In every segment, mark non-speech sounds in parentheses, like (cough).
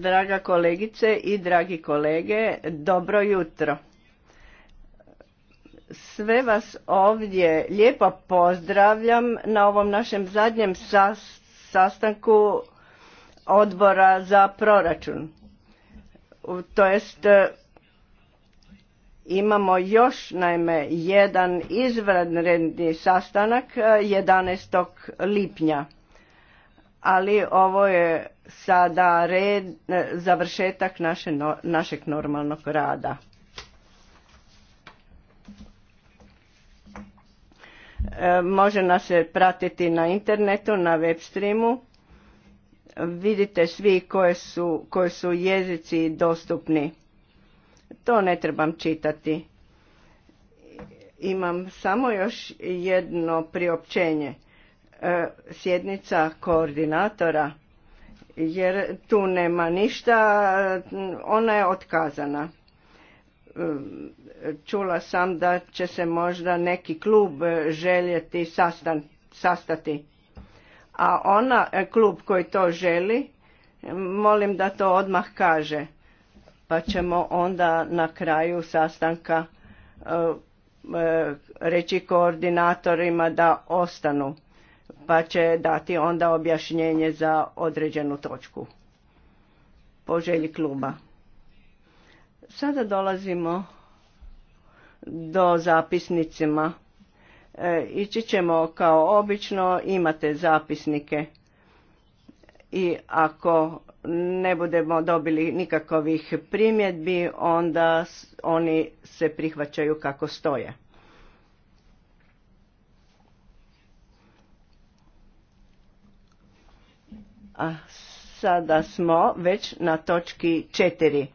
Draga kolegice i dragi kolege, dobro jutro. Sve vas ovdje lijepo pozdravljam na ovom našem zadnjem sastanku odbora za proračun. To jest e, imamo još naime jedan izvanredni sastanak 11. E, lipnja ali ovo je sada red, e, završetak naše, našeg normalnog rada. E, može nas se pratiti na internetu, na web streamu. Vidite svi koje su, su jezici dostupni. To ne trebam čitati. Imam samo još jedno priopćenje. E, sjednica koordinatora jer tu nema ništa, ona je otkazana. E, čula sam da će se možda neki klub željeti sastan, sastati. A ona, e, klub koji to želi, molim da to odmah kaže. Pa ćemo onda na kraju sastanka reći koordinatorima da ostanu pa će dati onda objašnjenje za određenu točku po želji kluba. Sada dolazimo do zapisnicima. E, ići ćemo kao obično, imate zapisnike i ako ne budemo dobili nikakvih primjedbi, onda oni se prihvaćaju kako stoje. A sada smo već na točki četiri,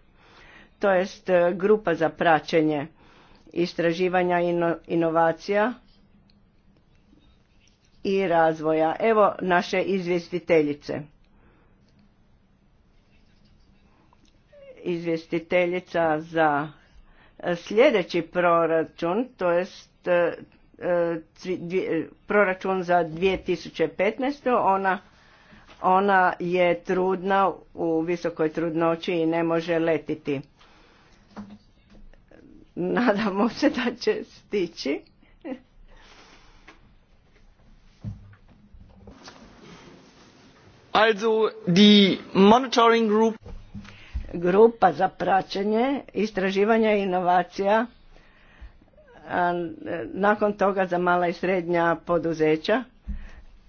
To jest e, grupa za praćenje istraživanja inovacija i razvoja. Evo naše izvjestiteljice. Izvjestiteljica za e, sljedeći proračun, to jest e, proračun za 2015. Ona ona je trudna u visokoj trudnoći i ne može letiti. Nadamo se da će stići. Also die monitoring group grupa za praćenje istraživanja i inovacija nakon toga za mala i srednja poduzeća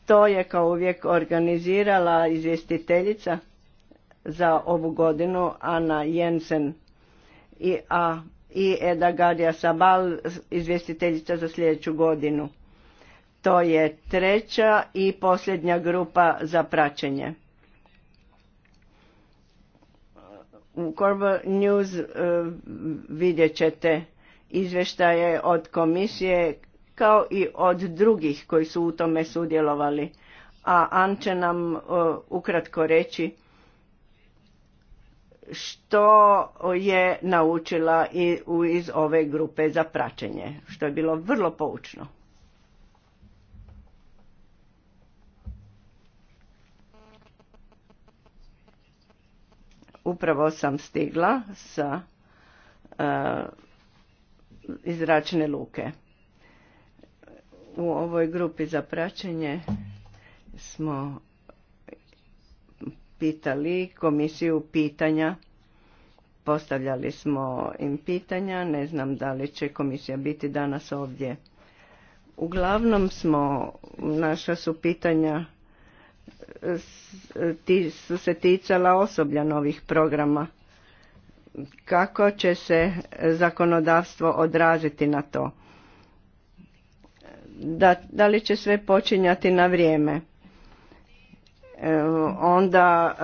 to je kao uvijek organizirala izvjestiteljica za ovu godinu Ana Jensen i, a, i Eda Gadija Sabal, izvjestiteljica za sljedeću godinu. To je treća i posljednja grupa za praćenje. U Corber News e, vidjet ćete izvještaje od komisije kao i od drugih koji su u tome sudjelovali. A An će nam e, ukratko reći što je naučila iz ove grupe za praćenje, što je bilo vrlo poučno. Upravo sam stigla sa uh, e, izračne luke u ovoj grupi za praćenje smo pitali komisiju pitanja postavljali smo im pitanja ne znam da li će komisija biti danas ovdje uglavnom smo naša su pitanja su se ticala osoblja novih programa kako će se zakonodavstvo odraziti na to da, da li će sve počinjati na vrijeme. E, onda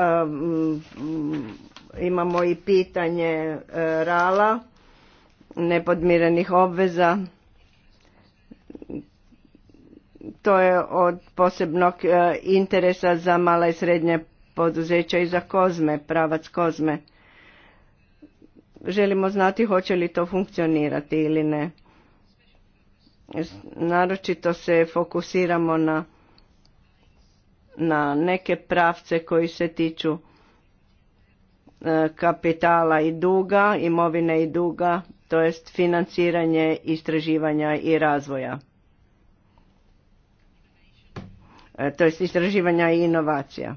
e, imamo i pitanje e, rala, nepodmirenih obveza. To je od posebnog interesa za mala i srednje poduzeća i za kozme, pravac kozme. Želimo znati hoće li to funkcionirati ili ne naročito se fokusiramo na, na neke pravce koji se tiču e, kapitala i duga, imovine i duga, to jest financiranje istraživanja i razvoja. E, to jest istraživanja i inovacija.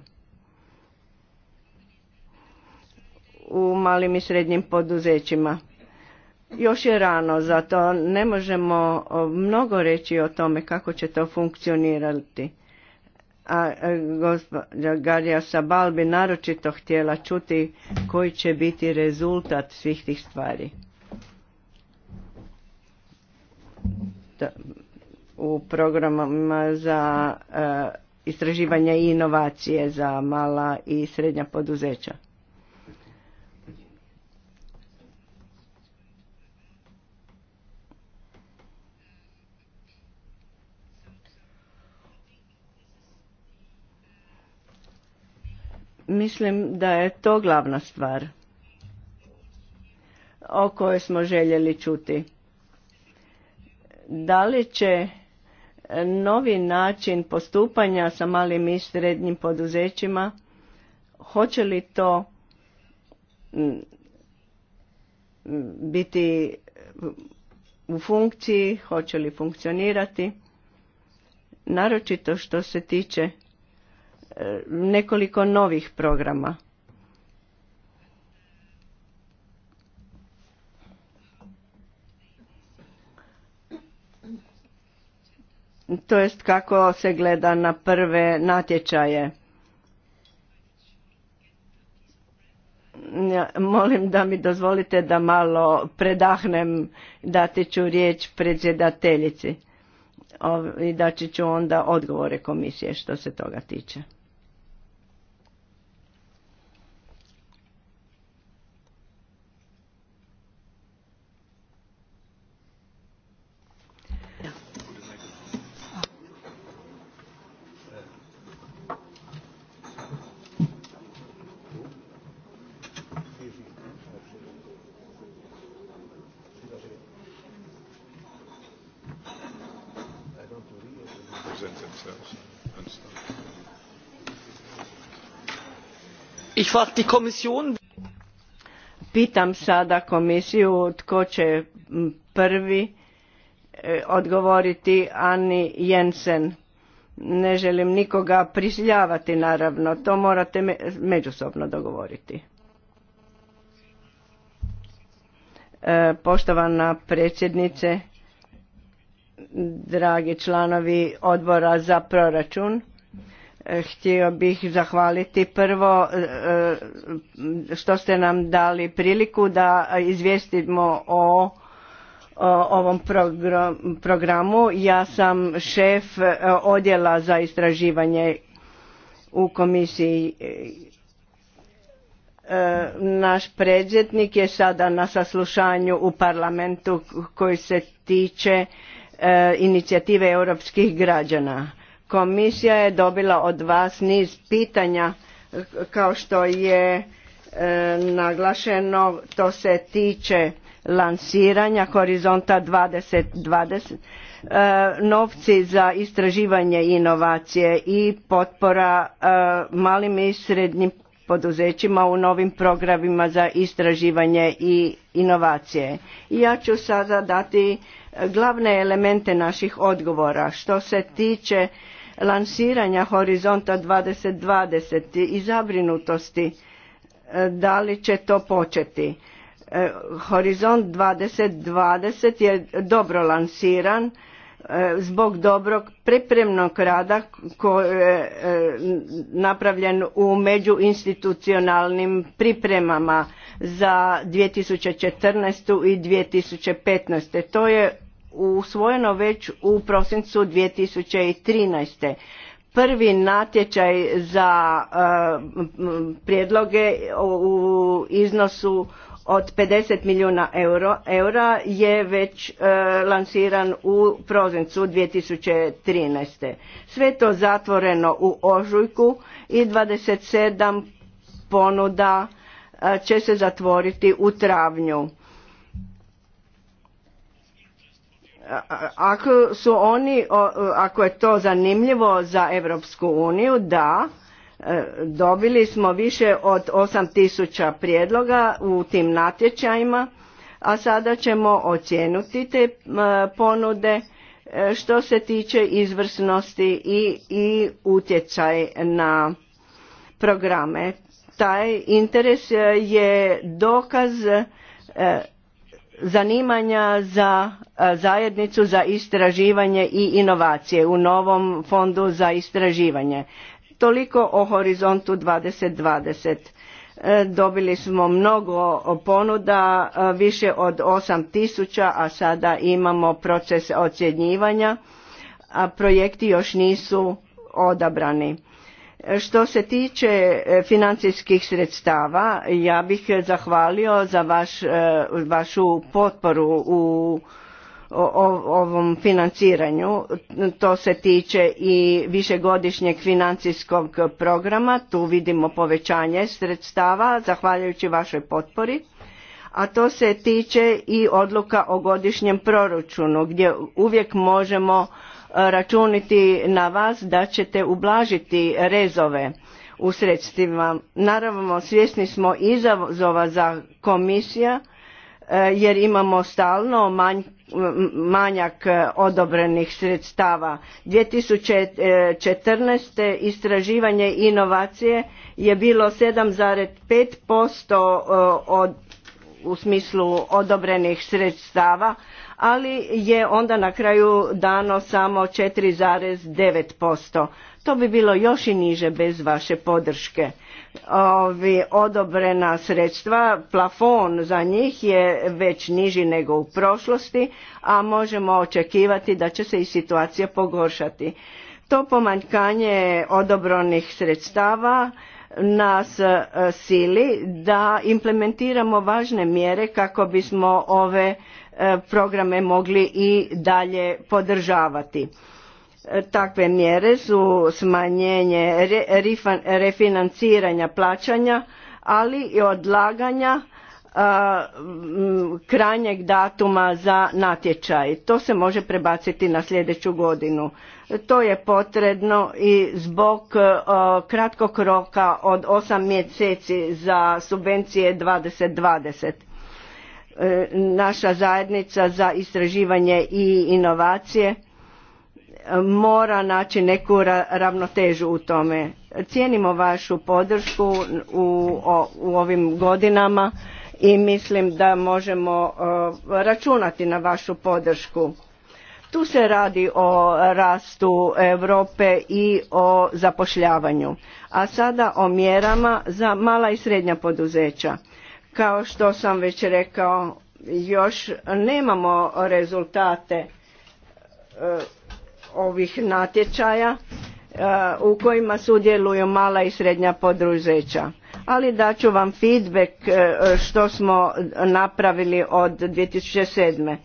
U malim i srednjim poduzećima još je rano, zato ne možemo mnogo reći o tome kako će to funkcionirati. A e, gospođa Garija Sabal bi naročito htjela čuti koji će biti rezultat svih tih stvari. u programama za e, istraživanje i inovacije za mala i srednja poduzeća. Mislim da je to glavna stvar o kojoj smo željeli čuti. Da li će novi način postupanja sa malim i srednjim poduzećima, hoće li to mm, biti u funkciji, hoće li funkcionirati, naročito što se tiče nekoliko novih programa. To jest kako se gleda na prve natječaje. Ja, molim da mi dozvolite da malo predahnem, dati ću riječ predsjedateljici i dati ću onda odgovore komisije što se toga tiče. pitam sada komisiju tko će prvi e, odgovoriti Ani Jensen. Ne želim nikoga prisiljavati naravno, to morate međusobno dogovoriti. E, poštovana predsjednice, dragi članovi odbora za proračun, htio bih zahvaliti prvo e, što ste nam dali priliku da izvijestimo o ovom programu. Ja sam šef e, odjela za istraživanje u komisiji. E, naš predsjednik je sada na saslušanju u parlamentu koji se tiče inicijative europskih građana Komisija je dobila od vas niz pitanja kao što je e, naglašeno to se tiče lansiranja Horizonta 2020 e, novci za istraživanje inovacije i potpora e, malim i srednjim poduzećima u novim programima za istraživanje i inovacije. Ja ću sada dati glavne elemente naših odgovora što se tiče lansiranja Horizonta 2020 i zabrinutosti e, da li će to početi. E, Horizont 2020 je dobro lansiran e, zbog dobrog pripremnog rada koji je napravljen u međuinstitucionalnim pripremama za 2014. i 2015. To je usvojeno već u prosincu 2013. Prvi natječaj za e, prijedloge u iznosu od 50 milijuna euro, eura je već e, lansiran u prozincu 2013. Sve to zatvoreno u ožujku i 27 ponuda e, će se zatvoriti u travnju. ako su oni, ako je to zanimljivo za Europsku uniju, da, e, dobili smo više od 8000 prijedloga u tim natječajima, a sada ćemo ocijenuti te e, ponude e, što se tiče izvrsnosti i, i utjecaj na programe. Taj interes je dokaz zanimanja za e, zajednicu za istraživanje i inovacije u novom fondu za istraživanje. Toliko o horizontu 2020. E, dobili smo mnogo ponuda, e, više od 8000, a sada imamo proces ocjenjivanja, a projekti još nisu odabrani što se tiče e, financijskih sredstava, ja bih zahvalio za vaš, e, vašu potporu u ovom financiranju. To se tiče i višegodišnjeg financijskog programa. Tu vidimo povećanje sredstava zahvaljujući vašoj potpori. A to se tiče i odluka o godišnjem proračunu gdje uvijek možemo računiti na vas da ćete ublažiti rezove u sredstvima. Naravno, svjesni smo izazova za komisija e, jer imamo stalno manjak odobrenih sredstava. 2014. istraživanje inovacije je bilo 7,5% e, od u smislu odobrenih sredstava ali je onda na kraju dano samo 4,9%. To bi bilo još i niže bez vaše podrške. Ovi odobrena sredstva, plafon za njih je već niži nego u prošlosti, a možemo očekivati da će se i situacija pogoršati. To pomanjkanje odobronih sredstava nas e, sili da implementiramo važne mjere kako bismo ove E, programe mogli i dalje podržavati. E, takve mjere su smanjenje refinanciranja plaćanja, ali i odlaganja e, krajnjeg datuma za natječaj. To se može prebaciti na sljedeću godinu. To je potrebno i zbog kratkog roka od 8 mjeseci za subvencije 2020. E, naša zajednica za istraživanje i inovacije e, mora naći neku ravnotežu u tome. Cijenimo vašu podršku u, ovim godinama i mislim da možemo e, računati na vašu podršku. Tu se radi o rastu Europe i o zapošljavanju. A sada o mjerama za mala i srednja poduzeća kao što sam već rekao, još nemamo rezultate e, ovih natječaja e, u kojima sudjeluju mala i srednja poduzeća. Ali daću vam feedback e, što smo napravili od 2007.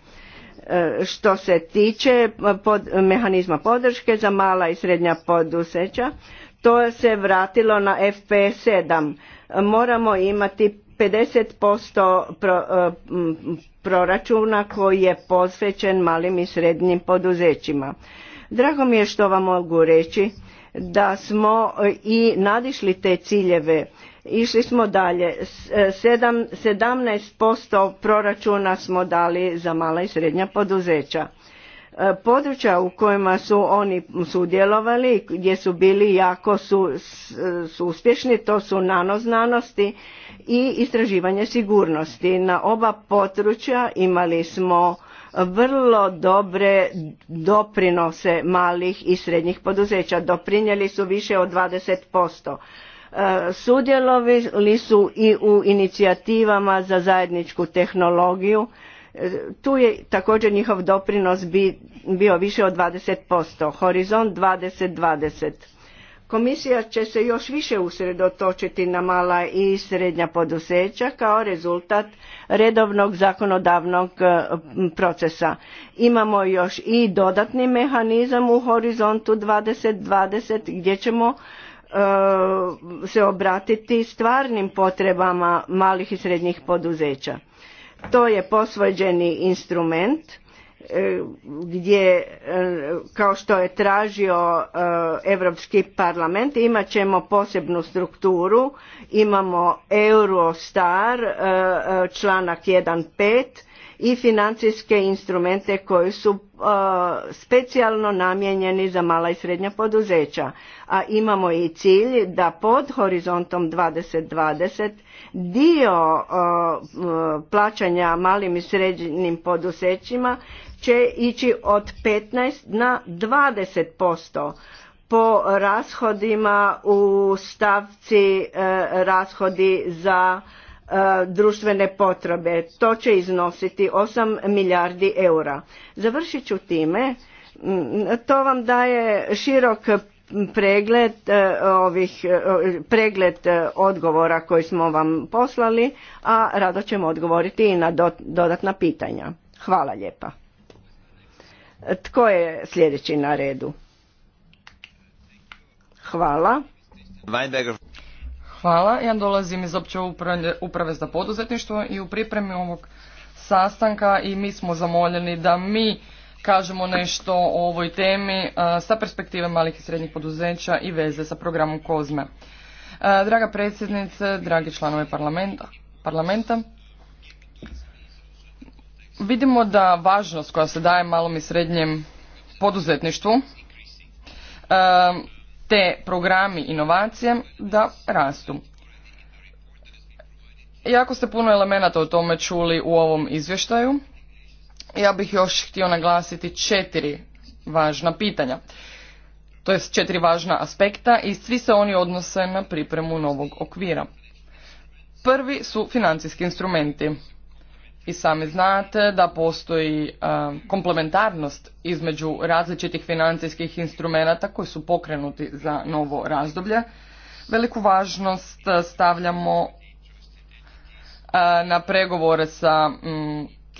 Što se tiče pod, mehanizma podrške za mala i srednja poduzeća, to se vratilo na FP7. Moramo imati 50% posto e, proračuna koji je posvećen malim i srednjim poduzećima. Drago mi je što vam mogu reći da smo e, i nadišli te ciljeve. Išli smo dalje. 7, 17% e, proračuna smo dali za mala i srednja poduzeća. E, područja u kojima su oni sudjelovali gdje su bili jako su, uspješni to su nanoznanosti i istraživanje sigurnosti na oba područja imali smo vrlo dobre doprinose malih i srednjih poduzeća Doprinjeli su više od 20% e, sudjelovali su i u inicijativama za zajedničku tehnologiju tu je također njihov doprinos bio više od 20%, horizont 2020. Komisija će se još više usredotočiti na mala i srednja poduzeća kao rezultat redovnog zakonodavnog e, procesa. Imamo još i dodatni mehanizam u horizontu 2020 gdje ćemo e, se obratiti stvarnim potrebama malih i srednjih poduzeća to je posvođeni instrument e, gdje e, kao što je tražio e, Europski parlament imat ćemo posebnu strukturu imamo Eurostar članak 1.5 i financijske instrumente koji su specijalno namijenjeni za mala i srednja poduzeća a imamo i cilj da pod horizontom 2020 Dio plaćanja malim i srednjim poduzećima će ići od 15 na 20% po rashodima u stavci e, rashodi za e, društvene potrebe. To će iznositi 8 milijardi eura. Završit ću time. Mm, to vam daje širok pregled e, ovih e, pregled e, odgovora koji smo vam poslali, a rado ćemo odgovoriti i na dodatna pitanja. Hvala lijepa. Tko je sljedeći na redu? Hvala. Hvala, ja dolazim iz opće uprave za poduzetništvo i u pripremi ovog sastanka i mi smo zamoljeni da mi kažemo nešto o ovoj temi sa perspektive malih i srednjih poduzeća i veze sa programom Kozme. Draga predsjednice, dragi članovi parlamenta, parlamenta vidimo da važnost koja se daje malom i srednjem poduzetništvu te programi inovacije da rastu. Jako ste puno elemenata o tome čuli u ovom izvještaju ja bih još htio naglasiti četiri važna pitanja. To je četiri važna aspekta i svi se oni odnose na pripremu novog okvira. Prvi su financijski instrumenti. I sami znate da postoji komplementarnost između različitih financijskih instrumenata koji su pokrenuti za novo razdoblje. Veliku važnost stavljamo na pregovore sa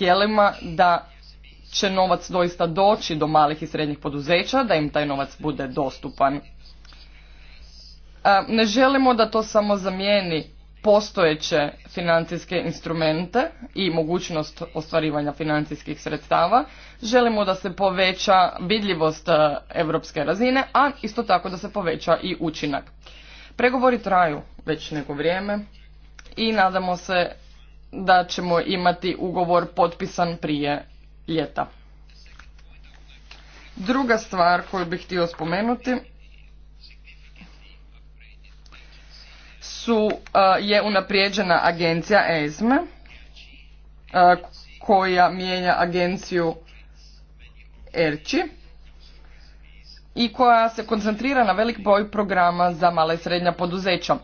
tijelima da će novac doista doći do malih i srednjih poduzeća, da im taj novac bude dostupan. E, ne želimo da to samo zamijeni postojeće financijske instrumente i mogućnost ostvarivanja financijskih sredstava. Želimo da se poveća vidljivost europske razine, a isto tako da se poveća i učinak. Pregovori traju već neko vrijeme i nadamo se da ćemo imati ugovor potpisan prije ljeta. Druga stvar koju bih htio spomenuti su, je unaprijeđena agencija ESME koja mijenja agenciju ERCI i koja se koncentrira na velik broj programa za mala i srednja poduzeća.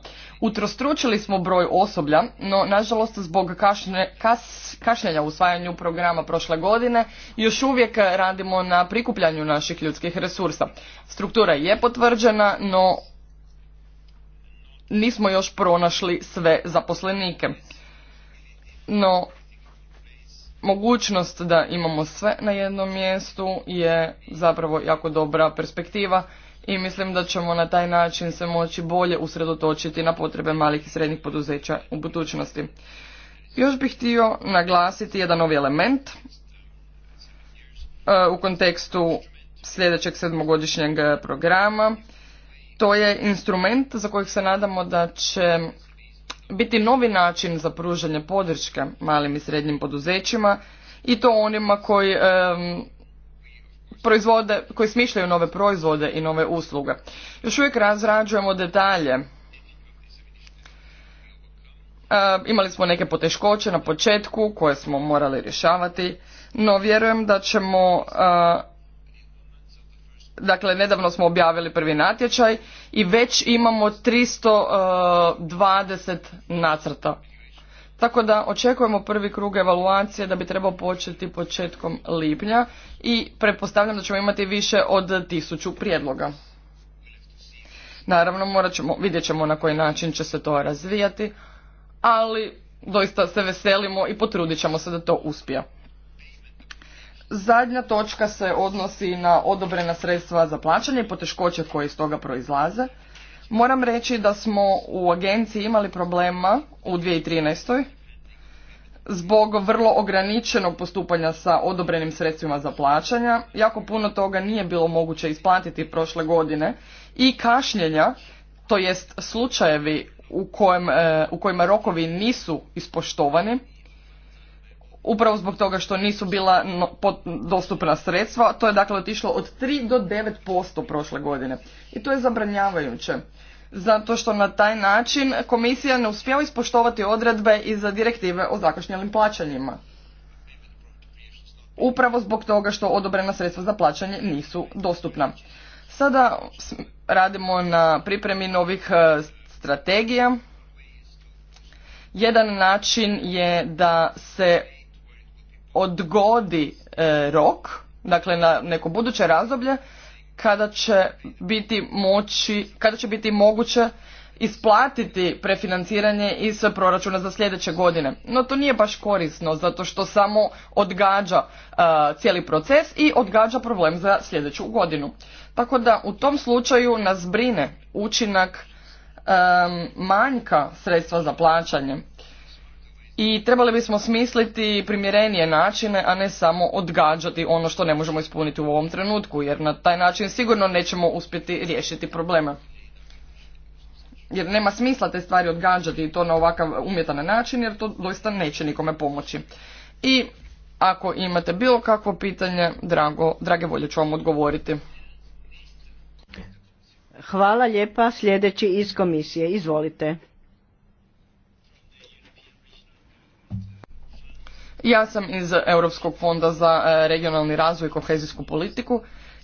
Utrostručili smo broj osoblja, no nažalost zbog kašnje, kas, kašnjenja u usvajanju programa prošle godine još uvijek radimo na prikupljanju naših ljudskih resursa. Struktura je potvrđena, no nismo još pronašli sve zaposlenike. No, mogućnost da imamo sve na jednom mjestu je zapravo jako dobra perspektiva i mislim da ćemo na taj način se moći bolje usredotočiti na potrebe malih i srednjih poduzeća u budućnosti. Još bih htio naglasiti jedan novi element e, u kontekstu sljedećeg sedmogodišnjeg programa. To je instrument za kojeg se nadamo da će biti novi način za pružanje podrške malim i srednjim poduzećima i to onima koji proizvode, koji smišljaju nove proizvode i nove usluge. Još uvijek razrađujemo detalje. E, imali smo neke poteškoće na početku koje smo morali rješavati, no vjerujem da ćemo e, Dakle, nedavno smo objavili prvi natječaj i već imamo 320 e, nacrta tako da očekujemo prvi krug evaluacije da bi trebao početi početkom lipnja i pretpostavljam da ćemo imati više od tisuću prijedloga. Naravno, morat ćemo, vidjet ćemo na koji način će se to razvijati, ali doista se veselimo i potrudit ćemo se da to uspije. Zadnja točka se odnosi na odobrena sredstva za plaćanje i poteškoće koje iz toga proizlaze. Moram reći da smo u agenciji imali problema u 2013. zbog vrlo ograničenog postupanja sa odobrenim sredstvima za plaćanja. Jako puno toga nije bilo moguće isplatiti prošle godine i kašnjenja, to jest slučajevi u, kojem, e, u kojima rokovi nisu ispoštovani, upravo zbog toga što nisu bila dostupna sredstva, to je dakle otišlo od 3 do 9% prošle godine. I to je zabranjavajuće zato što na taj način komisija ne uspijeva ispoštovati odredbe iz direktive o zakašnjelim plaćanjima. Upravo zbog toga što odobrena sredstva za plaćanje nisu dostupna. Sada radimo na pripremi novih e, strategija. Jedan način je da se odgodi e, rok, dakle na neko buduće razdoblje, kada će biti moći, kada će biti moguće isplatiti prefinanciranje iz proračuna za sljedeće godine. No to nije baš korisno zato što samo odgađa e, cijeli proces i odgađa problem za sljedeću godinu. Tako da u tom slučaju nas brine učinak e, manjka sredstva za plaćanje i trebali bismo smisliti primjerenije načine, a ne samo odgađati ono što ne možemo ispuniti u ovom trenutku, jer na taj način sigurno nećemo uspjeti riješiti problema. Jer nema smisla te stvari odgađati i to na ovakav umjetan način, jer to doista neće nikome pomoći. I ako imate bilo kakvo pitanje, drago, drage volje ću vam odgovoriti. Hvala lijepa, sljedeći iz komisije, izvolite. Ja sam iz Europskog fonda za e, regionalni razvoj i kohezijsku politiku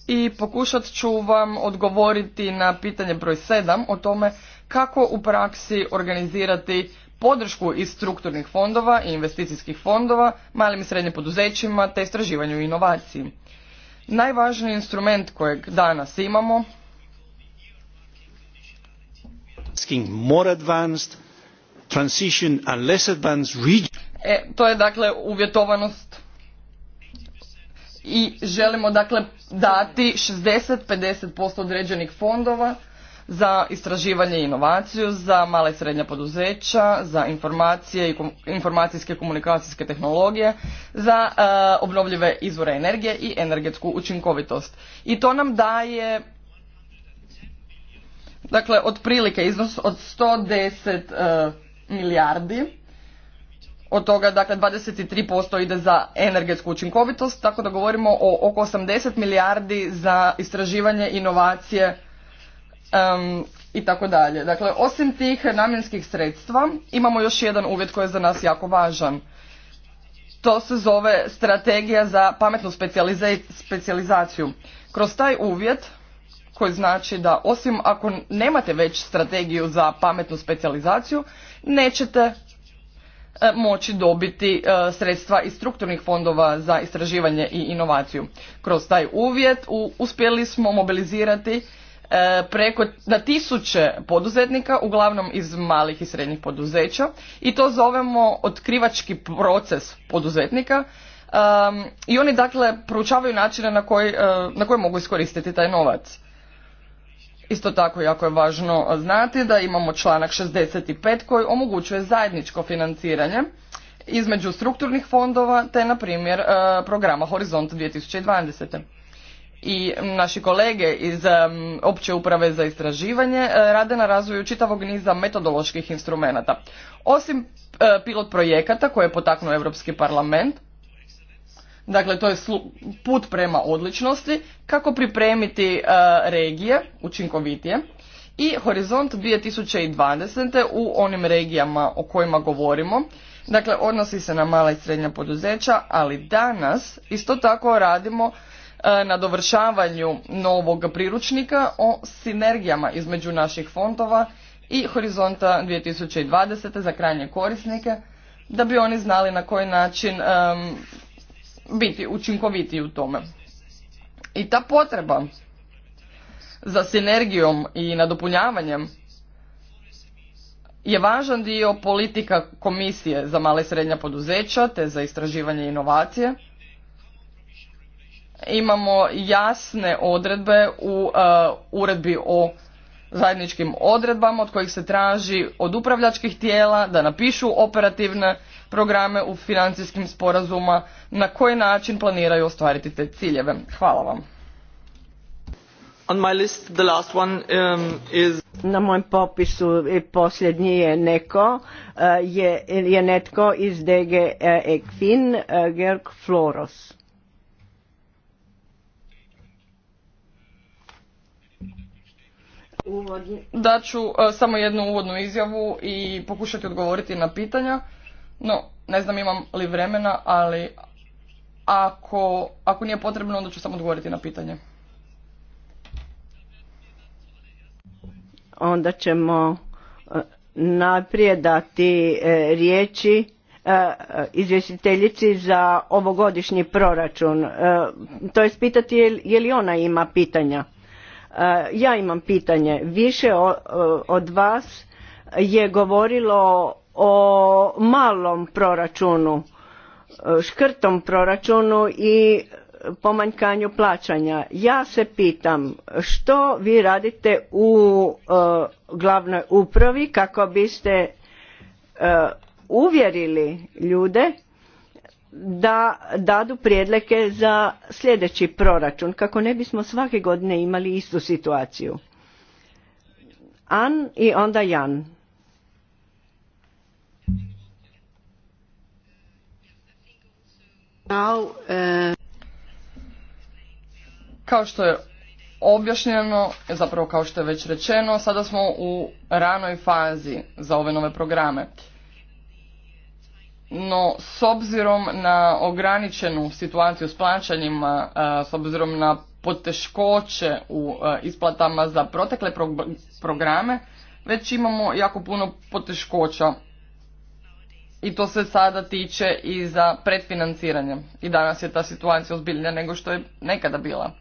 i pokušat ću vam odgovoriti na pitanje broj 7 o tome kako u praksi organizirati podršku iz strukturnih fondova i investicijskih fondova malim i srednjim poduzećima te istraživanju i inovaciji. Najvažniji instrument kojeg danas imamo more advanced, transition less advanced region E, to je dakle uvjetovanost i želimo dakle dati 60-50% određenih fondova za istraživanje i inovaciju, za male i srednja poduzeća, za informacije i informacijske komunikacijske tehnologije, za e, obnovljive izvore energije i energetsku učinkovitost. I to nam daje dakle otprilike iznos od 110 e, milijardi od toga dakle 23% ide za energetsku učinkovitost, tako da govorimo o oko 80 milijardi za istraživanje, inovacije i tako dalje. Dakle, osim tih namjenskih sredstva imamo još jedan uvjet koji je za nas jako važan. To se zove strategija za pametnu specijalizaciju. Kroz taj uvjet koji znači da osim ako nemate već strategiju za pametnu specijalizaciju, nećete E, moći dobiti e, sredstva iz strukturnih fondova za istraživanje i inovaciju. Kroz taj uvjet uspjeli smo mobilizirati e, preko na tisuće poduzetnika, uglavnom iz malih i srednjih poduzeća i to zovemo otkrivački proces poduzetnika i oni dakle proučavaju načine na na koje mogu iskoristiti taj novac. Isto tako jako je važno znati da imamo članak 65 koji omogućuje zajedničko financiranje između strukturnih fondova te na primjer e, programa Horizont 2020. I naši kolege iz e, opće uprave za istraživanje e, rade na razvoju čitavog niza metodoloških instrumenata. Osim pilot projekata koje je potaknuo Europski parlament, Dakle, to je put prema odličnosti, kako pripremiti e, regije učinkovitije i horizont 2020. u onim regijama o kojima govorimo. Dakle, odnosi se na mala i srednja poduzeća, ali danas isto tako radimo e, na dovršavanju novog priručnika o sinergijama između naših fondova i horizonta 2020. za krajnje korisnike, da bi oni znali na koji način biti učinkovitiji u tome. I ta potreba za sinergijom i nadopunjavanjem je važan dio politika komisije za male i srednja poduzeća te za istraživanje inovacije. Imamo jasne odredbe u e, uredbi o zajedničkim odredbama od kojih se traži od upravljačkih tijela da napišu operativne programe u financijskim sporazuma, na koji način planiraju ostvariti te ciljeve. Hvala vam. On list, the last one, um, Na mojem popisu posljednji je neko, uh, je, netko iz DG uh, Ekfin, uh, Gerg Floros. Uvodni. ću samo jednu uvodnu izjavu i pokušati odgovoriti na pitanja. No, ne znam imam li vremena, ali ako, ako nije potrebno, onda ću samo odgovoriti na pitanje. Onda ćemo e, naprijed dati e, riječi e, izvjestiteljici za ovogodišnji proračun. To je spitati je li ona ima pitanja. Ja imam pitanje. Više od vas je govorilo o malom proračunu, e, škrtom proračunu i pomanjkanju plaćanja. Ja se pitam što vi radite u e, glavnoj upravi kako biste e, uvjerili ljude da dadu prijedleke za sljedeći proračun kako ne bismo svake godine imali istu situaciju. An i onda Jan. Uh, kao što je objašnjeno, zapravo kao što je već rečeno, sada smo u ranoj fazi za ove nove programe. No, s obzirom na ograničenu situaciju s plaćanjima, uh, s obzirom na poteškoće u uh, isplatama za protekle programe, već imamo jako puno poteškoća i to se sada tiče i za predfinanciranje. I danas je ta situacija ozbiljnija nego što je nekada bila.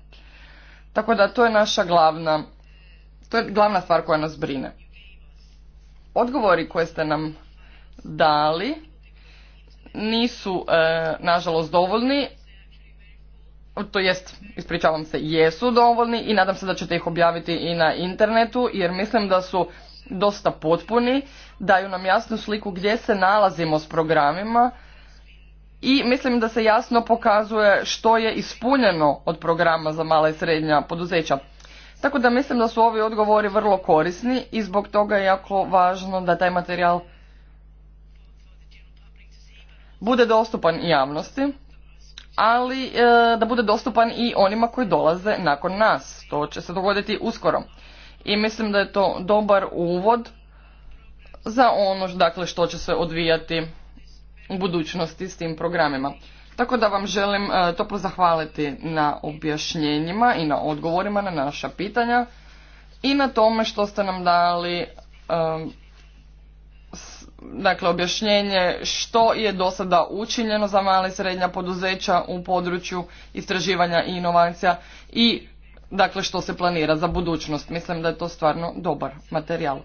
Tako da to je naša glavna, to je glavna stvar koja nas brine. Odgovori koje ste nam dali nisu e, nažalost dovoljni, to jest, ispričavam se, jesu dovoljni i nadam se da ćete ih objaviti i na internetu jer mislim da su dosta potpuni, daju nam jasnu sliku gdje se nalazimo s programima i mislim da se jasno pokazuje što je ispunjeno od programa za mala i srednja poduzeća. Tako da mislim da su ovi odgovori vrlo korisni i zbog toga je jako važno da taj materijal bude dostupan i javnosti, ali e, da bude dostupan i onima koji dolaze nakon nas. To će se dogoditi uskoro i mislim da je to dobar uvod za ono dakle, što će se odvijati u budućnosti s tim programima. Tako da vam želim e, toplo zahvaliti na objašnjenjima i na odgovorima na naša pitanja i na tome što ste nam dali e, dakle objašnjenje što je do sada učinjeno za male i srednja poduzeća u području istraživanja i inovacija i dakle što se planira za budućnost. Mislim da je to stvarno dobar materijal.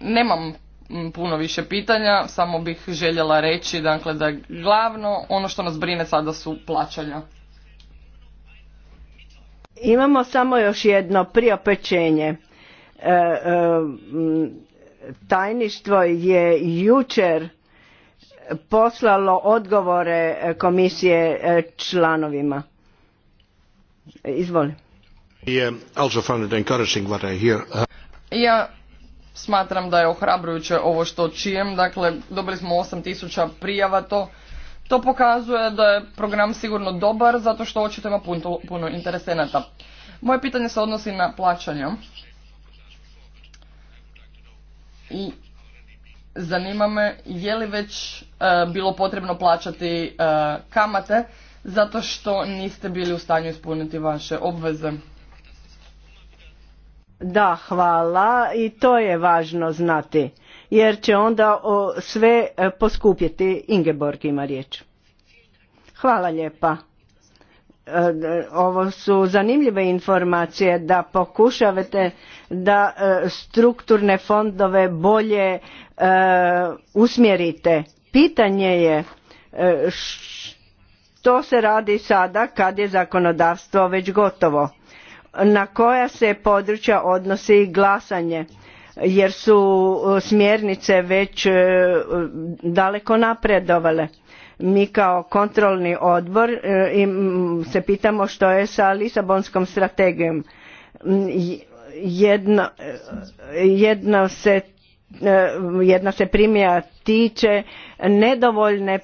Nemam mm, puno više pitanja, samo bih željela reći dakle, da glavno ono što nas brine sada su plaćanja. Imamo samo još jedno priopečenje. E, e, tajništvo je jučer poslalo odgovore e, komisije e, članovima. Izvoli. Um, uh, ja smatram da je ohrabrujuće ovo što čijem. Dakle, dobili smo 8000 prijava to. To pokazuje da je program sigurno dobar zato što očito ima puno, puno interesenata. Moje pitanje se odnosi na plaćanje. I zanima me je li već e, bilo potrebno plaćati e, kamate zato što niste bili u stanju ispuniti vaše obveze. Da, hvala i to je važno znati jer će onda sve e, poskupjeti. Ingeborg ima riječ. Hvala lijepa ovo su zanimljive informacije da pokušavate da e, strukturne fondove bolje e, usmjerite. Pitanje je e, što se radi sada kad je zakonodavstvo već gotovo? Na koja se područja odnosi glasanje? Jer su smjernice već daleko napredovale mi kao kontrolni odbor e, se pitamo što je sa Lisabonskom strategijom. Mm, jedna e, se e, jedna se primija tiče nedovoljne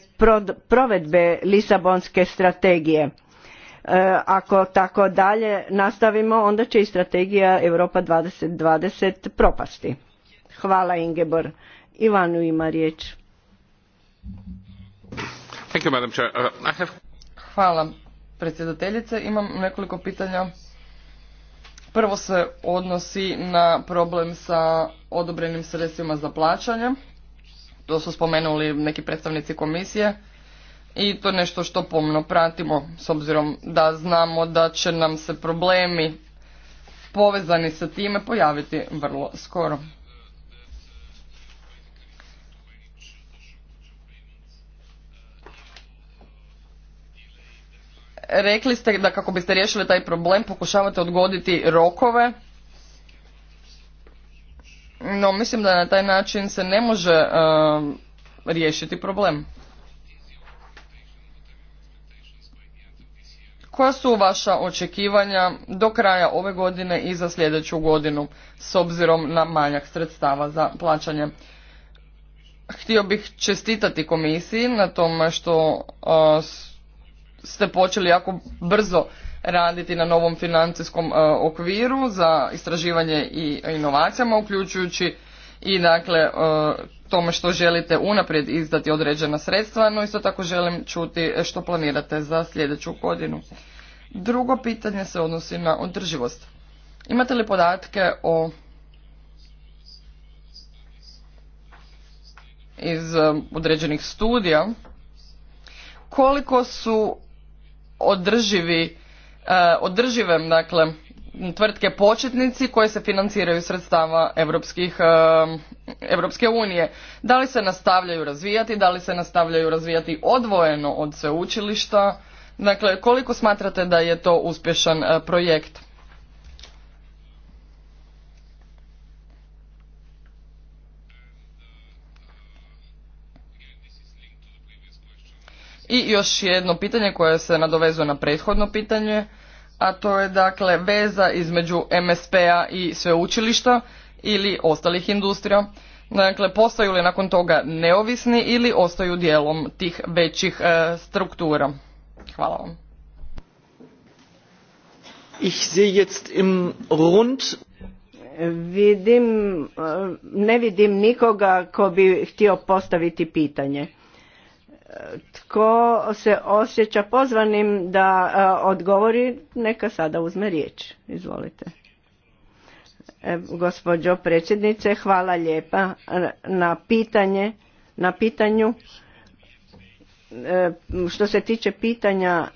provedbe Lisabonske strategije. Ako tako dalje nastavimo, onda će i strategija Europa 2020 propasti. Hvala Ingebor. Ivanu ima riječ. Uh, Hvala predsjedateljice. Imam nekoliko pitanja. Prvo se odnosi na problem sa odobrenim sredstvima za plaćanje. To su spomenuli neki predstavnici komisije. I to je nešto što pomno pratimo, s obzirom da znamo da će nam se problemi povezani sa time pojaviti vrlo skoro. rekli ste da kako biste riješili taj problem pokušavate odgoditi rokove no mislim da na taj način se ne može e, riješiti problem koja su vaša očekivanja do kraja ove godine i za sljedeću godinu s obzirom na manjak sredstava za plaćanje htio bih čestitati komisiji na tome što e, ste počeli jako brzo raditi na novom financijskom e, okviru za istraživanje i inovacijama, uključujući i dakle e, tome što želite unaprijed izdati određena sredstva, no isto tako želim čuti što planirate za sljedeću godinu. Drugo pitanje se odnosi na održivost. Imate li podatke o iz e, određenih studija koliko su održivi, e, održivem dakle tvrtke početnici koje se financiraju sredstava europskih, Europske unije. Da li se nastavljaju razvijati, da li se nastavljaju razvijati odvojeno od sveučilišta, dakle koliko smatrate da je to uspješan e, projekt? I još jedno pitanje koje se nadovezuje na prethodno pitanje, a to je dakle veza između MSP-a i sveučilišta ili ostalih industrija. Dakle, postaju li nakon toga neovisni ili ostaju dijelom tih većih e, struktura? Hvala vam. Ich sehe jetzt im Rund vidim, e, ne vidim nikoga ko bi htio postaviti pitanje tko se osjeća pozvanim da e, odgovori, neka sada uzme riječ. Izvolite. E, gospođo predsjednice, hvala lijepa na pitanje, na pitanju. E, što se tiče pitanja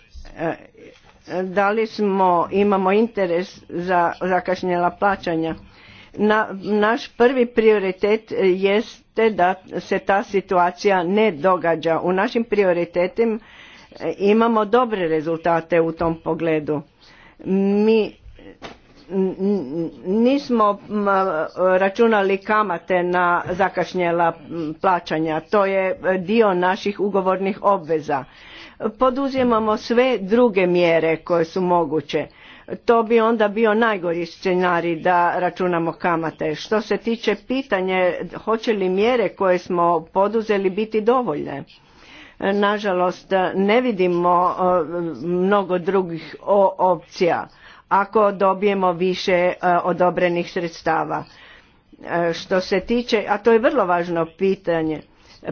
da li smo, imamo interes za zakašnjela plaćanja, naš prvi prioritet e, jeste da se ta situacija ne događa. U našim prioritetima e, imamo dobre rezultate u tom pogledu. Mi nismo računali kamate na zakašnjela plaćanja. To je e, dio naših ugovornih obveza. Poduzimamo sve druge mjere koje su moguće to bi onda bio najgori scenarij da računamo kamate. Što se tiče pitanje hoće li mjere koje smo poduzeli biti dovoljne? Nažalost, ne vidimo e, mnogo drugih opcija ako dobijemo više e, odobrenih sredstava. E, što se tiče, a to je vrlo važno pitanje,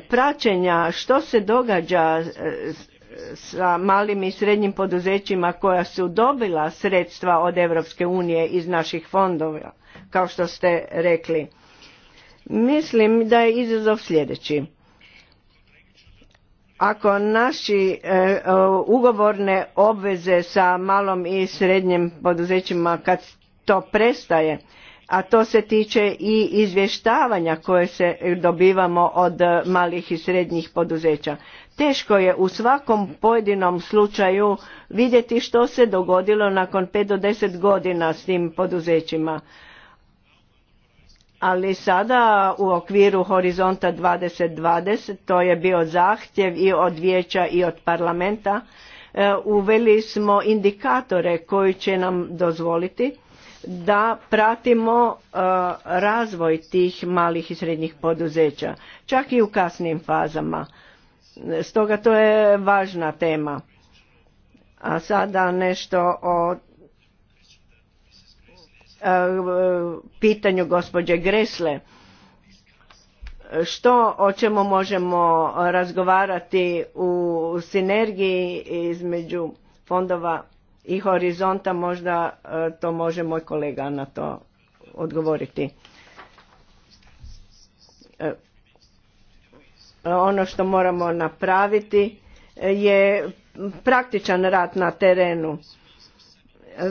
praćenja što se događa sa malim i srednjim poduzećima koja su dobila sredstva od Europske unije iz naših fondova, kao što ste rekli. Mislim da je izazov sljedeći. Ako naši e, ugovorne obveze sa malom i srednjim poduzećima kad to prestaje, a to se tiče i izvještavanja koje se dobivamo od malih i srednjih poduzeća. Teško je u svakom pojedinom slučaju vidjeti što se dogodilo nakon 5 do 10 godina s tim poduzećima. Ali sada u okviru Horizonta 2020, to je bio zahtjev i od vijeća i od parlamenta, e, uveli smo indikatore koji će nam dozvoliti da pratimo e, razvoj tih malih i srednjih poduzeća, čak i u kasnim fazama. Stoga to je važna tema. A sada nešto o e, pitanju gospođe Gresle. Što o čemu možemo razgovarati u sinergiji između fondova i horizonta, možda e, to može moj kolega na to odgovoriti. E, ono što moramo napraviti e, je praktičan rad na terenu.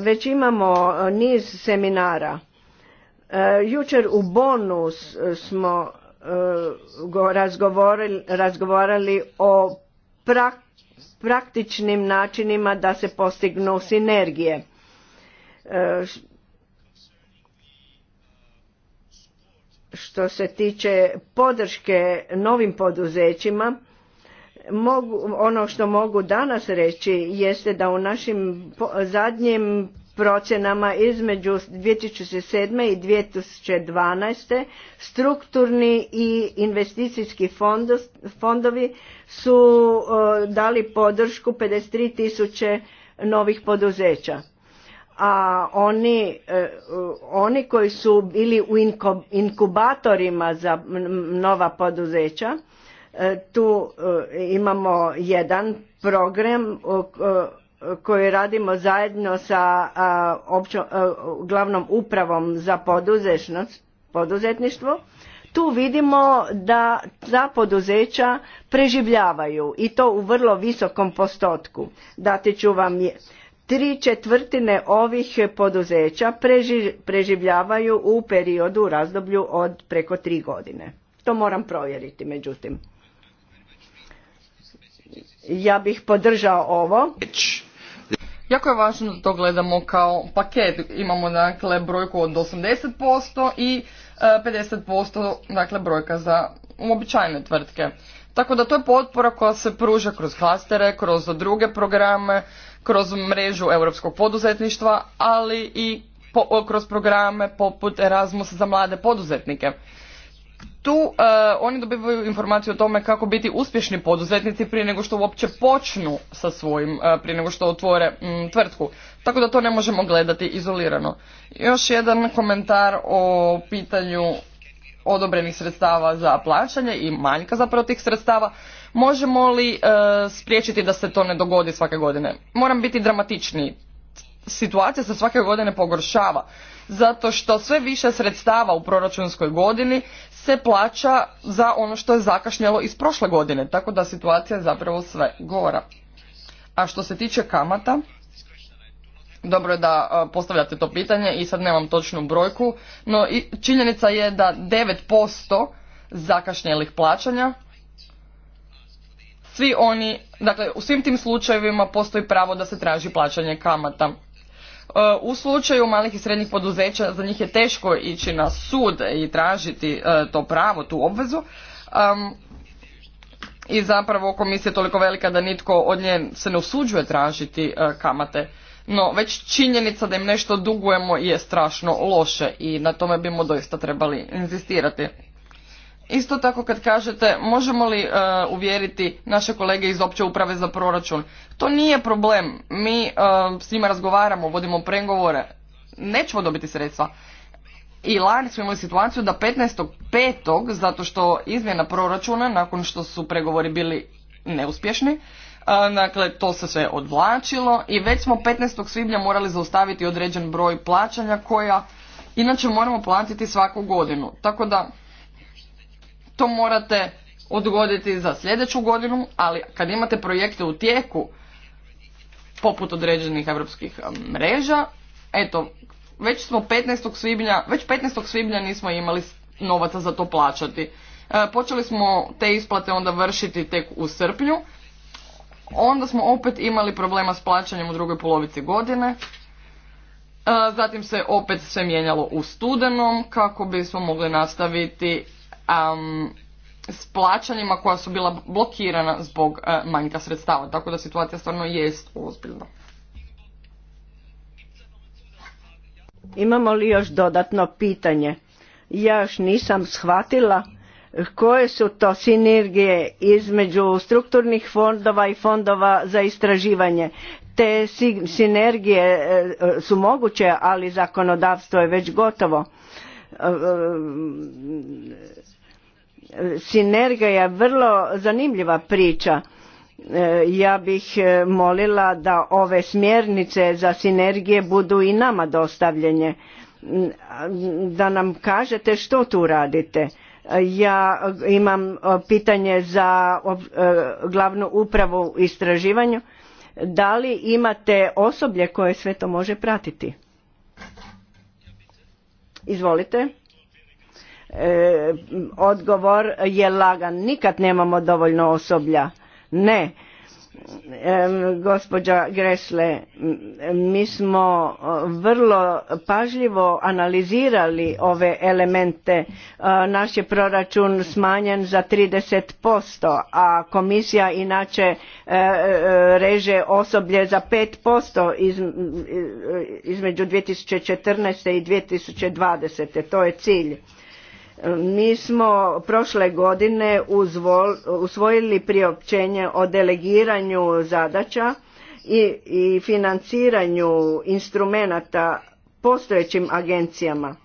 Već imamo e, niz seminara. E, jučer u bonus smo razgovarali o praktičnim načinima da se postignu sinergije što se tiče podrške novim poduzećima mogu, ono što mogu danas reći jeste da u našim zadnjim procjenama između 2007. i 2012. strukturni i investicijski fondovi su dali podršku 53 tisuće novih poduzeća a oni, e, oni koji su bili u inkubatorima za nova poduzeća, e, tu e, imamo jedan program koji radimo zajedno sa općo, glavnom upravom za poduzetništvo. Tu vidimo da ta poduzeća preživljavaju i to u vrlo visokom postotku. Dati ću vam Tri četvrtine ovih poduzeća preživljavaju u periodu u razdoblju od preko tri godine. To moram provjeriti, međutim. Ja bih podržao ovo. Jako je važno da to gledamo kao paket. Imamo dakle brojku od 80% i 50% e, dakle brojka za uobičajene tvrtke. Tako da to je potpora koja se pruža kroz klastere, kroz druge programe, kroz mrežu europskog poduzetništva, ali i kroz programe poput Erasmus za mlade poduzetnike. Tu e, oni dobivaju informaciju o tome kako biti uspješni poduzetnici prije nego što uopće počnu sa svojim, e, prije nego što otvore tvrtku. Tako da to ne možemo gledati izolirano. Još jedan komentar o pitanju odobrenih sredstava za plaćanje i manjka zapravo tih sredstava. Možemo li e, spriječiti da se to ne dogodi svake godine? Moram biti dramatičniji. Situacija se svake godine pogoršava zato što sve više sredstava u proračunskoj godini se plaća za ono što je zakašnjelo iz prošle godine, tako da situacija je zapravo sve gora. A što se tiče kamata, dobro je da e, postavljate to pitanje i sad nemam točnu brojku, no činjenica je da 9% zakašnjelih plaćanja svi oni, dakle u svim tim slučajevima postoji pravo da se traži plaćanje kamata. E, u slučaju malih i srednjih poduzeća za njih je teško ići na sud i tražiti e, to pravo, tu obvezu. I zapravo komisija je toliko velika da nitko od nje se ne usuđuje tražiti e, kamate. No, već činjenica da im nešto dugujemo je strašno loše i na tome bimo doista trebali inzistirati. Isto tako kad kažete možemo li e, uvjeriti naše kolege iz opće uprave za proračun. To nije problem. Mi e, s njima razgovaramo, vodimo pregovore. Nećemo dobiti sredstva. I lani smo imali situaciju da 15.5. zato što izmjena proračuna nakon što su pregovori bili neuspješni, e, Dakle, to se sve odvlačilo i već smo 15. svibnja morali zaustaviti određen broj plaćanja koja inače moramo platiti svaku godinu. Tako da to morate odgoditi za sljedeću godinu, ali kad imate projekte u tijeku, poput određenih europskih um, mreža, eto, već smo 15. svibnja, već 15. svibnja nismo imali novaca za to plaćati. E, počeli smo te isplate onda vršiti tek u srpnju, onda smo opet imali problema s plaćanjem u drugoj polovici godine, e, zatim se opet sve mijenjalo u studenom kako bismo mogli nastaviti um, s plaćanjima koja su bila blokirana zbog uh, manjka sredstava. Tako da situacija stvarno jest ozbiljna. Imamo li još dodatno pitanje? Ja još nisam shvatila koje su to sinergije između strukturnih fondova i fondova za istraživanje. Te sinergije e, su moguće, ali zakonodavstvo je već gotovo e, sinergija je vrlo zanimljiva priča e, ja bih e, molila da ove smjernice za sinergije budu i nama dostavljenje mm, da nam kažete što tu radite e, ja imam pitanje za glavnu upravu istraživanju da li imate osoblje koje sve to može pratiti izvolite E, odgovor je lagan. Nikad nemamo dovoljno osoblja. Ne. E, gospođa Gresle, mi smo e, vrlo pažljivo analizirali ove elemente. naš je proračun smanjen za 30%, a komisija inače reže osoblje za 5% između 2014. i 2020. To je cilj mi smo prošle godine usvojili priopćenje o delegiranju zadaća i, financiranju instrumenata postojećim agencijama.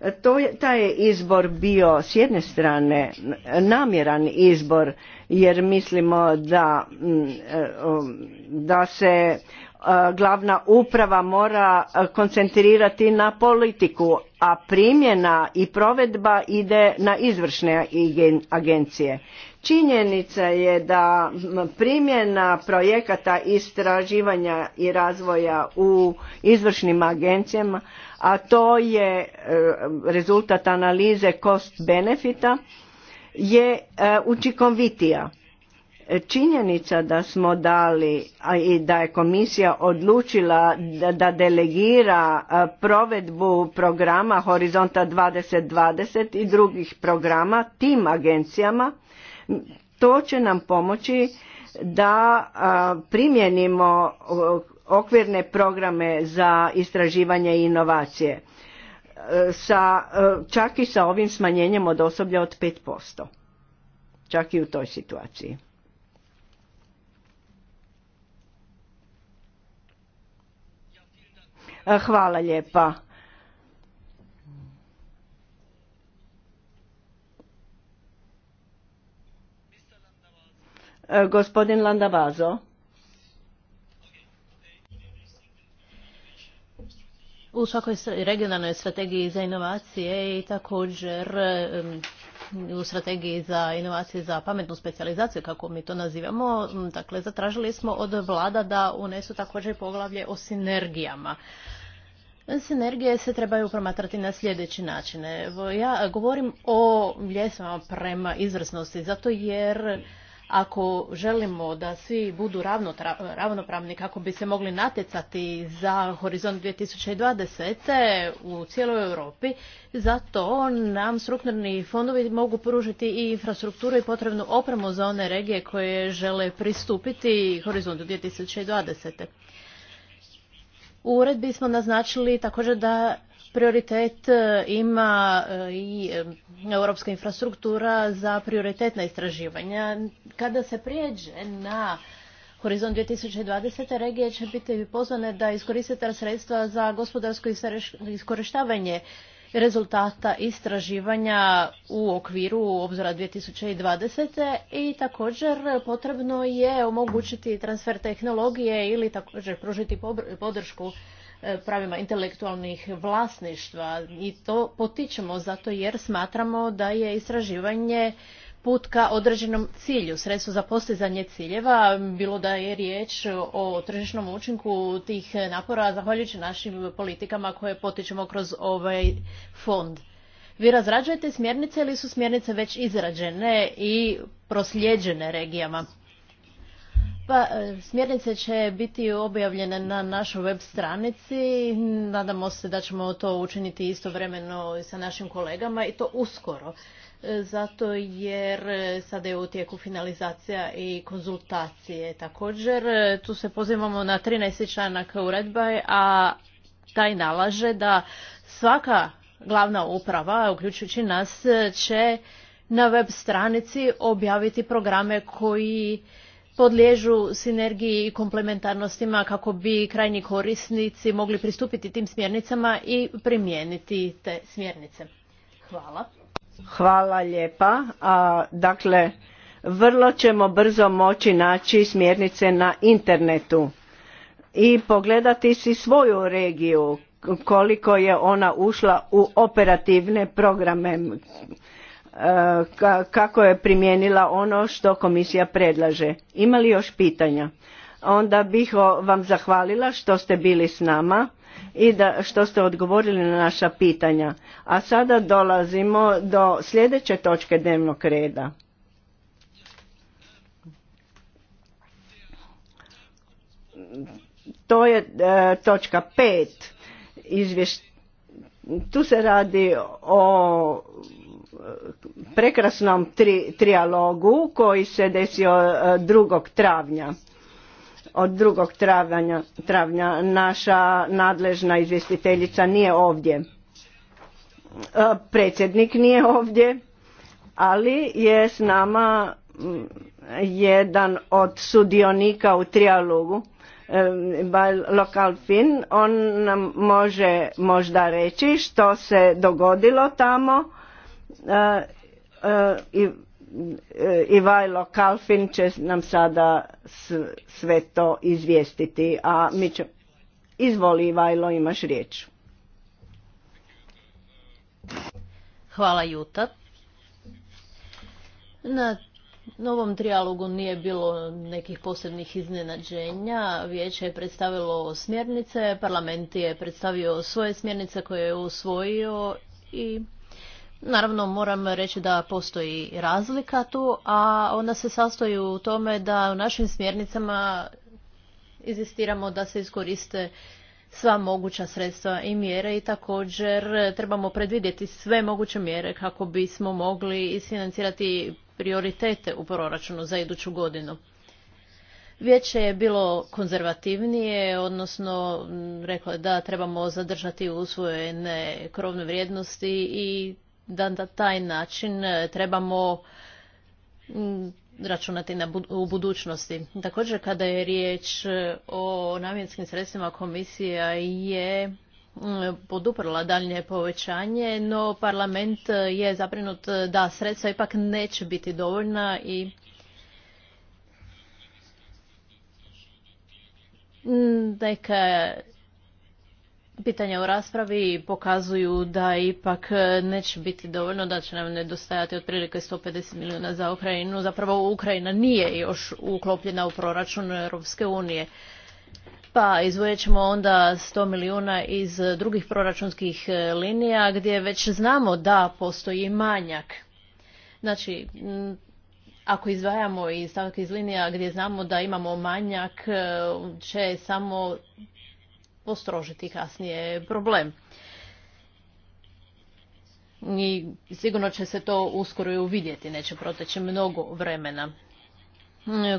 E, to je, taj je izbor bio s jedne strane namjeran izbor jer mislimo da, mm, e, da se E, glavna uprava mora e, koncentrirati na politiku, a primjena i provedba ide na izvršne agencije. Činjenica je da primjena projekata istraživanja i razvoja u izvršnim agencijama, a to je e, rezultat analize cost benefita, je učinkovitija Činjenica da smo dali i da je komisija odlučila da delegira provedbu programa Horizonta 2020 i drugih programa tim agencijama, to će nam pomoći da primjenimo okvirne programe za istraživanje i inovacije e, sa, e, čak i sa ovim smanjenjem od osoblja od 5%. Čak i u toj situaciji. E, hvala lijepa. E, gospodin Landavazo. U svakoj regionalnoj strategiji za inovacije i također u strategiji za inovacije za pametnu specijalizaciju, kako mi to nazivamo, dakle, zatražili smo od vlada da unesu također poglavlje o sinergijama. Sinergije se trebaju promatrati na sljedeći način. ja govorim o ljesama prema izvrsnosti, zato jer ako želimo da svi budu ravnopravni kako bi se mogli natjecati za horizont 2020. u cijeloj Europi, zato nam strukturni fondovi mogu pružiti i infrastrukturu i potrebnu opremu za one regije koje žele pristupiti horizontu 2020. U uredbi smo naznačili također da prioritet e, ima e, i e, europska infrastruktura za prioritetna istraživanja. Kada se prijeđe na Horizont 2020. regije će biti pozvane da iskoristite sredstva za gospodarsko iskorištavanje rezultata istraživanja u okviru obzora 2020. i također potrebno je omogućiti transfer tehnologije ili također pružiti podršku e, pravima intelektualnih vlasništva i to potičemo zato jer smatramo da je istraživanje put ka određenom cilju, sredstvu za postizanje ciljeva, bilo da je riječ o tržišnom učinku tih napora zahvaljujući našim politikama koje potičemo kroz ovaj fond. Vi razrađujete smjernice ili su smjernice već izrađene i prosljeđene regijama? Pa, e, smjernice će biti objavljene na našoj web stranici. Nadamo se da ćemo to učiniti istovremeno i sa našim kolegama i to uskoro zato jer e, sada je u tijeku finalizacija i konzultacije. Također, e, tu se pozivamo na 13. članak uredba, a taj nalaže da svaka glavna uprava, uključujući nas, će na web stranici objaviti programe koji podliježu sinergiji i komplementarnostima kako bi krajnji korisnici mogli pristupiti tim smjernicama i primijeniti te smjernice. Hvala. Hvala lijepa. A, dakle, vrlo ćemo brzo moći naći smjernice na internetu i pogledati si svoju regiju koliko je ona ušla u operativne programe e, kako je primijenila ono što komisija predlaže. Ima li još pitanja? Onda bih vam zahvalila što ste bili s nama i da što ste odgovorili na naša pitanja. A sada dolazimo do sljedeće točke dnevnog reda. To je e, točka pet. Tu se radi o e, prekrasnom tri, trialogu koji se desio 2. E, travnja od 2. travnja naša nadležna izvjestiteljica nije ovdje. E, predsjednik nije ovdje, ali je s nama mm, jedan od sudionika u trijalogu, e, FIN, on nam može možda reći što se dogodilo tamo e, i Eh, Ivajlo Kalfin će nam sada sve to izvijestiti, a mi ćemo... Izvoli Vajlo, imaš riječ. Hvala Juta. Na novom trijalogu nije bilo nekih posebnih iznenađenja. Vijeće je predstavilo smjernice, parlament je predstavio svoje smjernice koje je usvojio i Naravno moram reći da postoji razlika tu, a ona se sastoji u tome da u našim smjernicama izistiramo da se iskoriste sva moguća sredstva i mjere i također trebamo predvidjeti sve moguće mjere kako bismo mogli isfinancirati prioritete u proračunu za iduću godinu. Vijeće je bilo konzervativnije, odnosno reklo je da trebamo zadržati usvojene krovne vrijednosti i da na taj način e, trebamo računati na, u budućnosti. Također kada je riječ e, o namjenskim sredstvima komisija je poduprla daljnje povećanje, no parlament je zabrinut da sredstva ipak neće biti dovoljna i neka pitanja u raspravi pokazuju da ipak neće biti dovoljno, da će nam nedostajati otprilike 150 milijuna za Ukrajinu. Zapravo Ukrajina nije još uklopljena u proračun Europske unije. Pa izvojet ćemo onda 100 milijuna iz drugih proračunskih e, linija gdje već znamo da postoji manjak. Znači, ako izdvajamo i stavke iz linija gdje znamo da imamo manjak, e, će samo postrožiti kasnije problem. I sigurno će se to uskoro i uvidjeti, neće proteći mnogo vremena.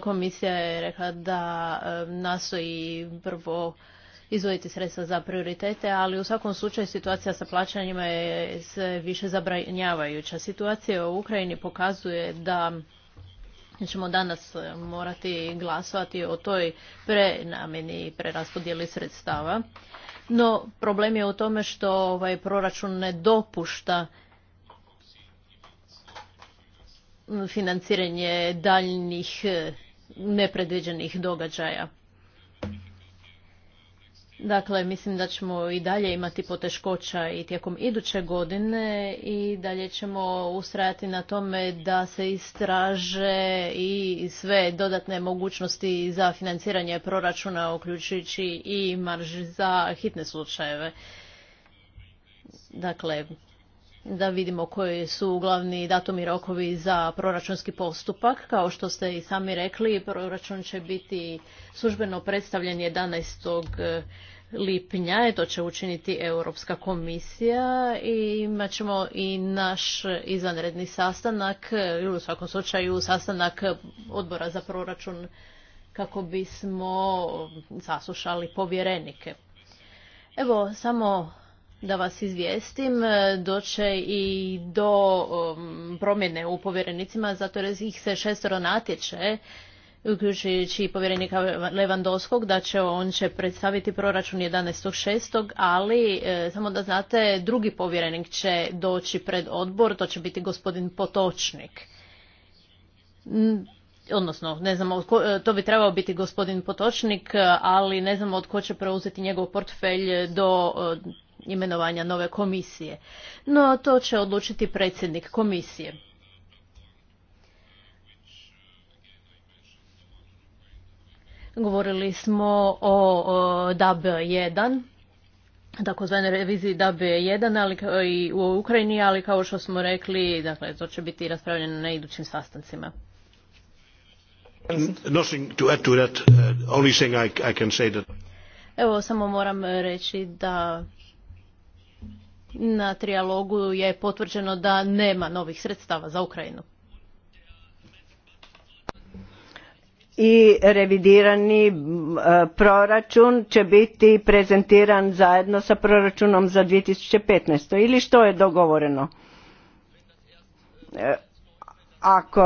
Komisija je rekla da e, nastoji prvo izvojiti sredstva za prioritete, ali u svakom slučaju situacija sa plaćanjima je sve više zabranjavajuća. Situacija u Ukrajini pokazuje da ćemo danas e, morati glasovati o toj prenamjeni i preraspodjeli sredstava. No problem je u tome što ovaj proračun ne dopušta financiranje daljnjih e, nepredviđenih događaja. Dakle, mislim da ćemo i dalje imati poteškoća i tijekom iduće godine i dalje ćemo ustrajati na tome da se istraže i sve dodatne mogućnosti za financiranje proračuna, uključujući i marž za hitne slučajeve. Dakle, da vidimo koji su glavni datumi rokovi za proračunski postupak. Kao što ste i sami rekli, proračun će biti službeno predstavljen 11 e, lipnja e, to će učiniti Europska komisija i imat ćemo i naš izvanredni sastanak e, ili u svakom slučaju sastanak odbora za proračun kako bismo saslušali povjerenike. Evo, samo da vas izvijestim, e, doće i do um, promjene u povjerenicima, zato jer ih se šestoro natječe, uključujući i povjerenika Levandovskog, da će on će predstaviti proračun 11.6. ali e, samo da znate, drugi povjerenik će doći pred odbor, to će biti gospodin Potočnik. Odnosno, ne znamo, e, to bi trebao biti gospodin Potočnik, ali ne znamo od ko će preuzeti njegov portfelj do imenovanja nove komisije. No to će odlučiti predsjednik komisije. Govorili smo o, DAB1, takozvane reviziji DAB1 ali, i u Ukrajini, ali kao što smo rekli, dakle, to će biti raspravljeno na idućim sastancima. Uh, Evo, samo moram reći da na trijalogu je potvrđeno da nema novih sredstava za Ukrajinu. i revidirani e, proračun će biti prezentiran zajedno sa proračunom za 2015. ili što je dogovoreno. E, ako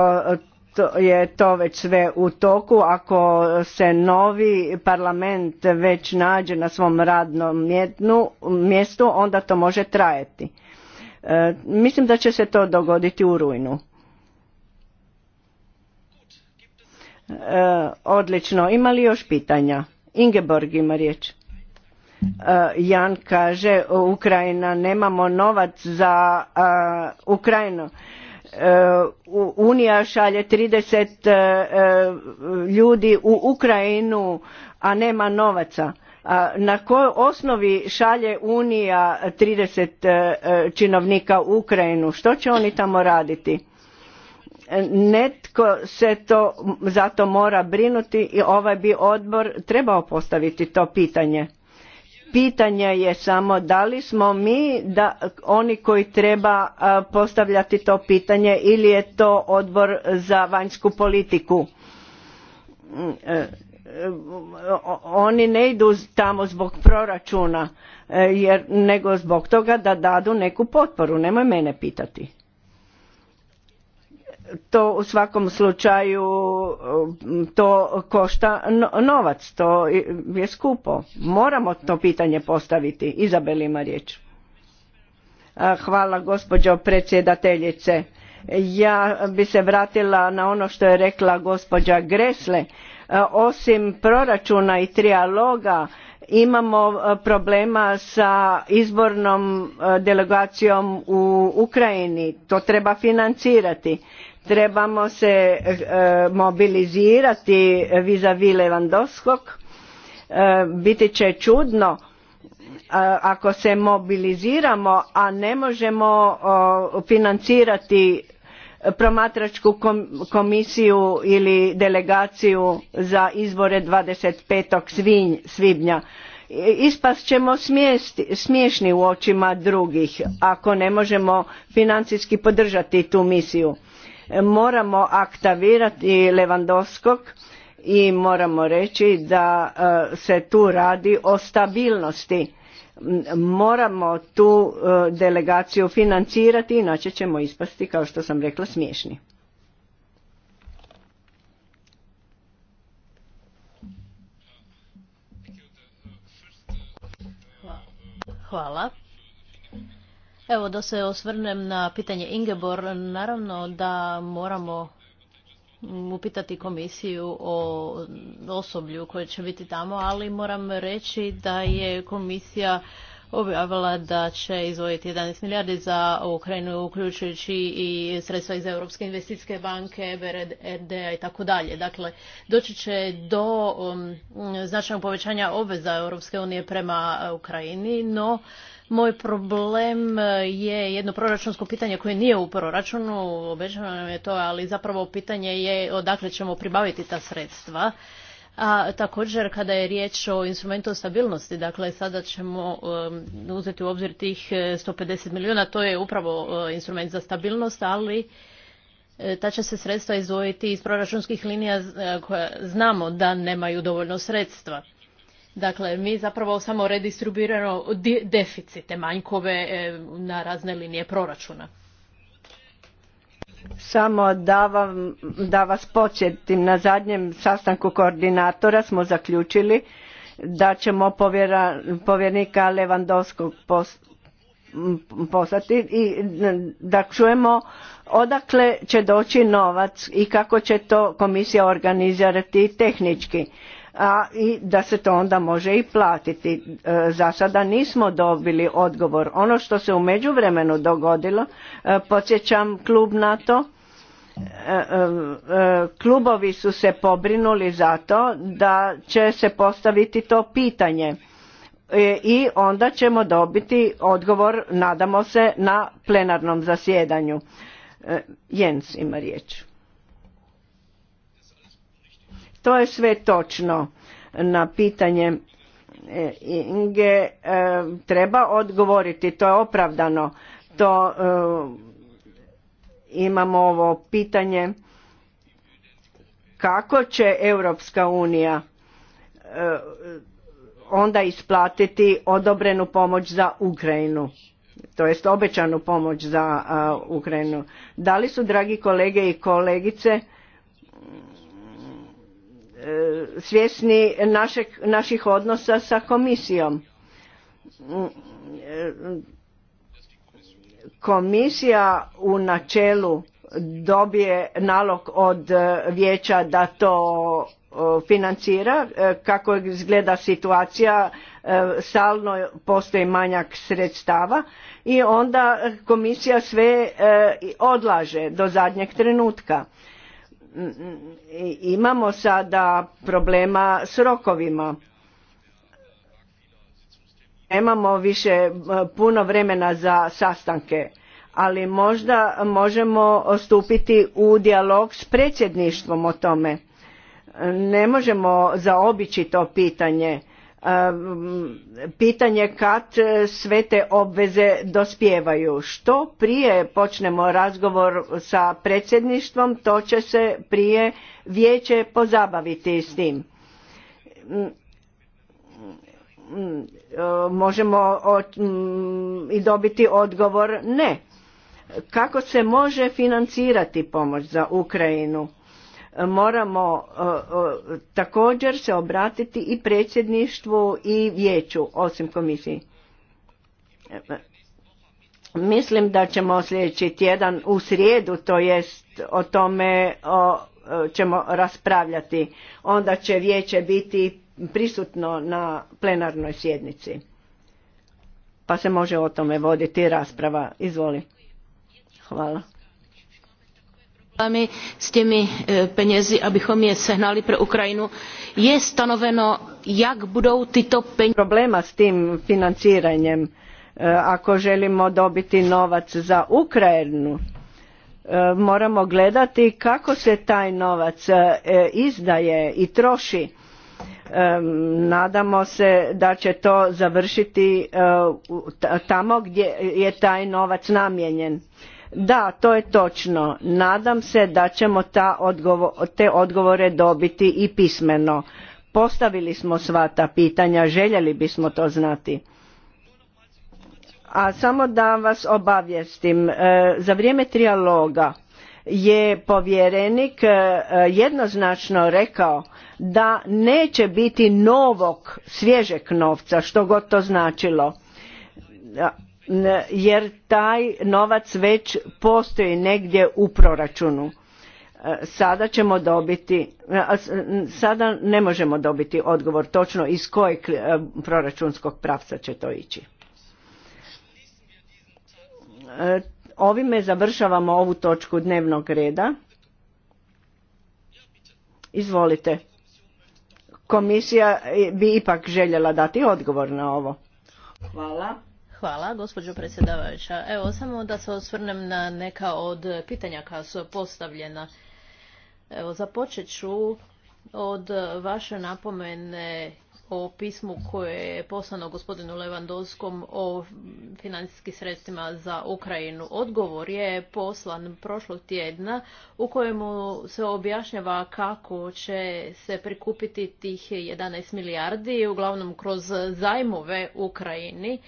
to je to već sve u toku ako se novi parlament već nađe na svom radnom mjestu onda to može trajati e, mislim da će se to dogoditi u rujnu e, odlično ima li još pitanja ingeborg ima riječ e, Jan kaže Ukrajina nemamo novac za uh, Ukrajinu Unija šalje 30 e, e, ljudi u Ukrajinu, a nema novaca. Na kojoj osnovi šalje Unija 30 e, činovnika u Ukrajinu? Što će oni tamo raditi? Netko se to, zato mora brinuti i ovaj bi odbor trebao postaviti to pitanje pitanje je samo da li smo mi da, oni koji treba postavljati to pitanje ili je to odbor za vanjsku politiku oni ne idu tamo zbog proračuna e, jer nego zbog toga da dadu neku potporu nemoj mene pitati to u svakom slučaju um, to košta novac, to je skupo. Moramo to pitanje postaviti. Izabel ima riječ. Hvala gospođo predsjedateljice. Ja bi se vratila na ono što je rekla gospođa Gresle. Osim proračuna i trijaloga imamo problema sa izbornom delegacijom u Ukrajini. To treba financirati trebamo se e, mobilizirati vis-a-vis Levandovskog. E, biti će čudno e, ako se mobiliziramo, a ne možemo financirati promatračku komisiju ili delegaciju za izbore 25. svibnja. Ispast ćemo smiješni u očima drugih ako ne možemo financijski podržati tu misiju moramo aktivirati Levandovskog i moramo reći da e, se tu radi o stabilnosti. Moramo tu e, delegaciju financirati, inače ćemo ispasti, kao što sam rekla, smiješni. Hvala. Evo da se osvrnem na pitanje Ingebor, naravno da moramo upitati komisiju o osoblju koje će biti tamo, ali moram reći da je komisija objavila da će izvojiti 11 milijardi za Ukrajinu, uključujući i sredstva iz Europske investicijske banke, brd i tako dalje. Dakle, doći će do um, značajnog povećanja obveza Europske unije prema Ukrajini, no moj problem e, je jedno proračunsko pitanje koje nije u proračunu, obećano nam je to, ali zapravo pitanje je odakle ćemo pribaviti ta sredstva. A također kada je riječ o instrumentu stabilnosti, dakle sada ćemo e, uzeti u obzir tih 150 e, milijuna, to je upravo instrument za stabilnost, ali ta će se sredstva izdvojiti iz proračunskih linija koja znamo da nemaju dovoljno sredstva. Dakle, mi zapravo samo redistribuiramo deficite manjkove e, na razne linije proračuna. Samo da, vam, da vas podsjetim, na zadnjem sastanku koordinatora smo zaključili da ćemo povjera, povjernika Levandovskog poslati i da čujemo odakle će doći novac i kako će to komisija organizirati tehnički a i da se to onda može i platiti. E, za sada nismo dobili odgovor. Ono što se u međuvremenu dogodilo, e, podsjećam klub NATO, e, klubovi su se pobrinuli za to da će se postaviti to pitanje i onda ćemo dobiti odgovor, nadamo se, na plenarnom zasjedanju. Jens ima riječ. To je sve točno na pitanje e, Inge e, treba odgovoriti, to je opravdano. To e, imamo ovo pitanje kako će Europska unija onda isplatiti odobrenu pomoć za Ukrajinu, to jest obećanu pomoć za Ukrajinu. Da li su, dragi kolege i kolegice, svjesni našeg, naših odnosa sa komisijom. Komisija u načelu dobije nalog od vijeća da to financira, kako izgleda situacija, e, stalno postoji manjak sredstava i onda komisija sve e, odlaže do zadnjeg trenutka imamo sada problema s rokovima. Nemamo više e, puno vremena za sastanke, ali možda možemo stupiti u dijalog s predsjedništvom o tome. E, ne možemo zaobići to pitanje pitanje kad e, sve te obveze dospijevaju. Što prije počnemo razgovor sa predsjedništvom, to će se prije vijeće pozabaviti s tim. Mm, mm, e, možemo mm, i dobiti odgovor ne. Kako se može financirati pomoć za Ukrajinu? moramo e, e, također se obratiti i predsjedništvu i vijeću osim komisiji. Mislim da ćemo sljedeći tjedan u srijedu, to jest o tome o, e, ćemo raspravljati. Onda će vijeće biti prisutno na plenarnoj sjednici. Pa se može o tome voditi rasprava. Izvoli. Hvala problémy s těmi e, penězi abychom je sehnali pro ukrajinu je stanoveno jak budou tyto peníze. problema s tim financiranjem e, ako želimo dobiti novac za ukrajinu e, moramo gledati kako se taj novac izdaje i troši nadamo se da će to završiti tamo gdje je taj novac namijenjen da, to je točno. Nadam se da ćemo te odgovore dobiti i pismeno. Postavili smo sva ta pitanja, željeli bismo to znati. A samo da vas obavijestim, e, za vrijeme trijaloga je povjerenik e, jednoznačno rekao da neće biti novog, svježeg novca, što god to značilo jer taj novac već postoji negdje u proračunu. E, sada ćemo dobiti, sada ne možemo dobiti odgovor točno iz kojeg e, proračunskog pravca će to ići. E, ovime završavamo ovu točku dnevnog reda. Izvolite. Komisija bi ipak željela dati odgovor na ovo. Hvala. Hvala, gospođo predsjedavajuća. Evo, samo da se osvrnem na neka od pitanja koja su postavljena. Evo, započet ću od vaše napomene o pismu koje je poslano gospodinu Levandovskom o financijskim sredstvima za Ukrajinu. Odgovor je poslan prošlog tjedna u kojemu se objašnjava kako će se prikupiti tih 11 milijardi, uglavnom kroz zajmove Ukrajini,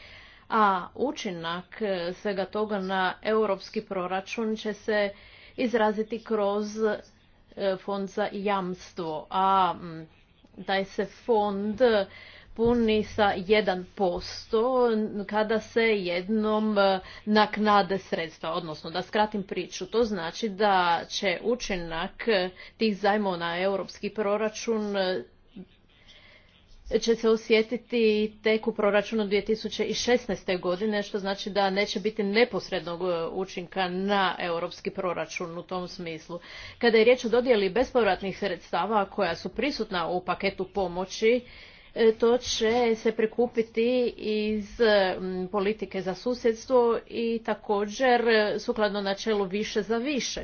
a učinak e, svega toga na europski proračun će se izraziti kroz e, fond za jamstvo, a taj se fond puni sa 1% kada se jednom e, naknade sredstva, odnosno da skratim priču. To znači da će učinak tih zajmova na europski proračun će se osjetiti tek u proračunu 2016. godine, što znači da neće biti neposrednog e, učinka na europski proračun u tom smislu. Kada je riječ o dodjeli bespovratnih sredstava koja su prisutna u paketu pomoći, e, to će se prikupiti iz e, politike za susjedstvo i također sukladno načelu više za više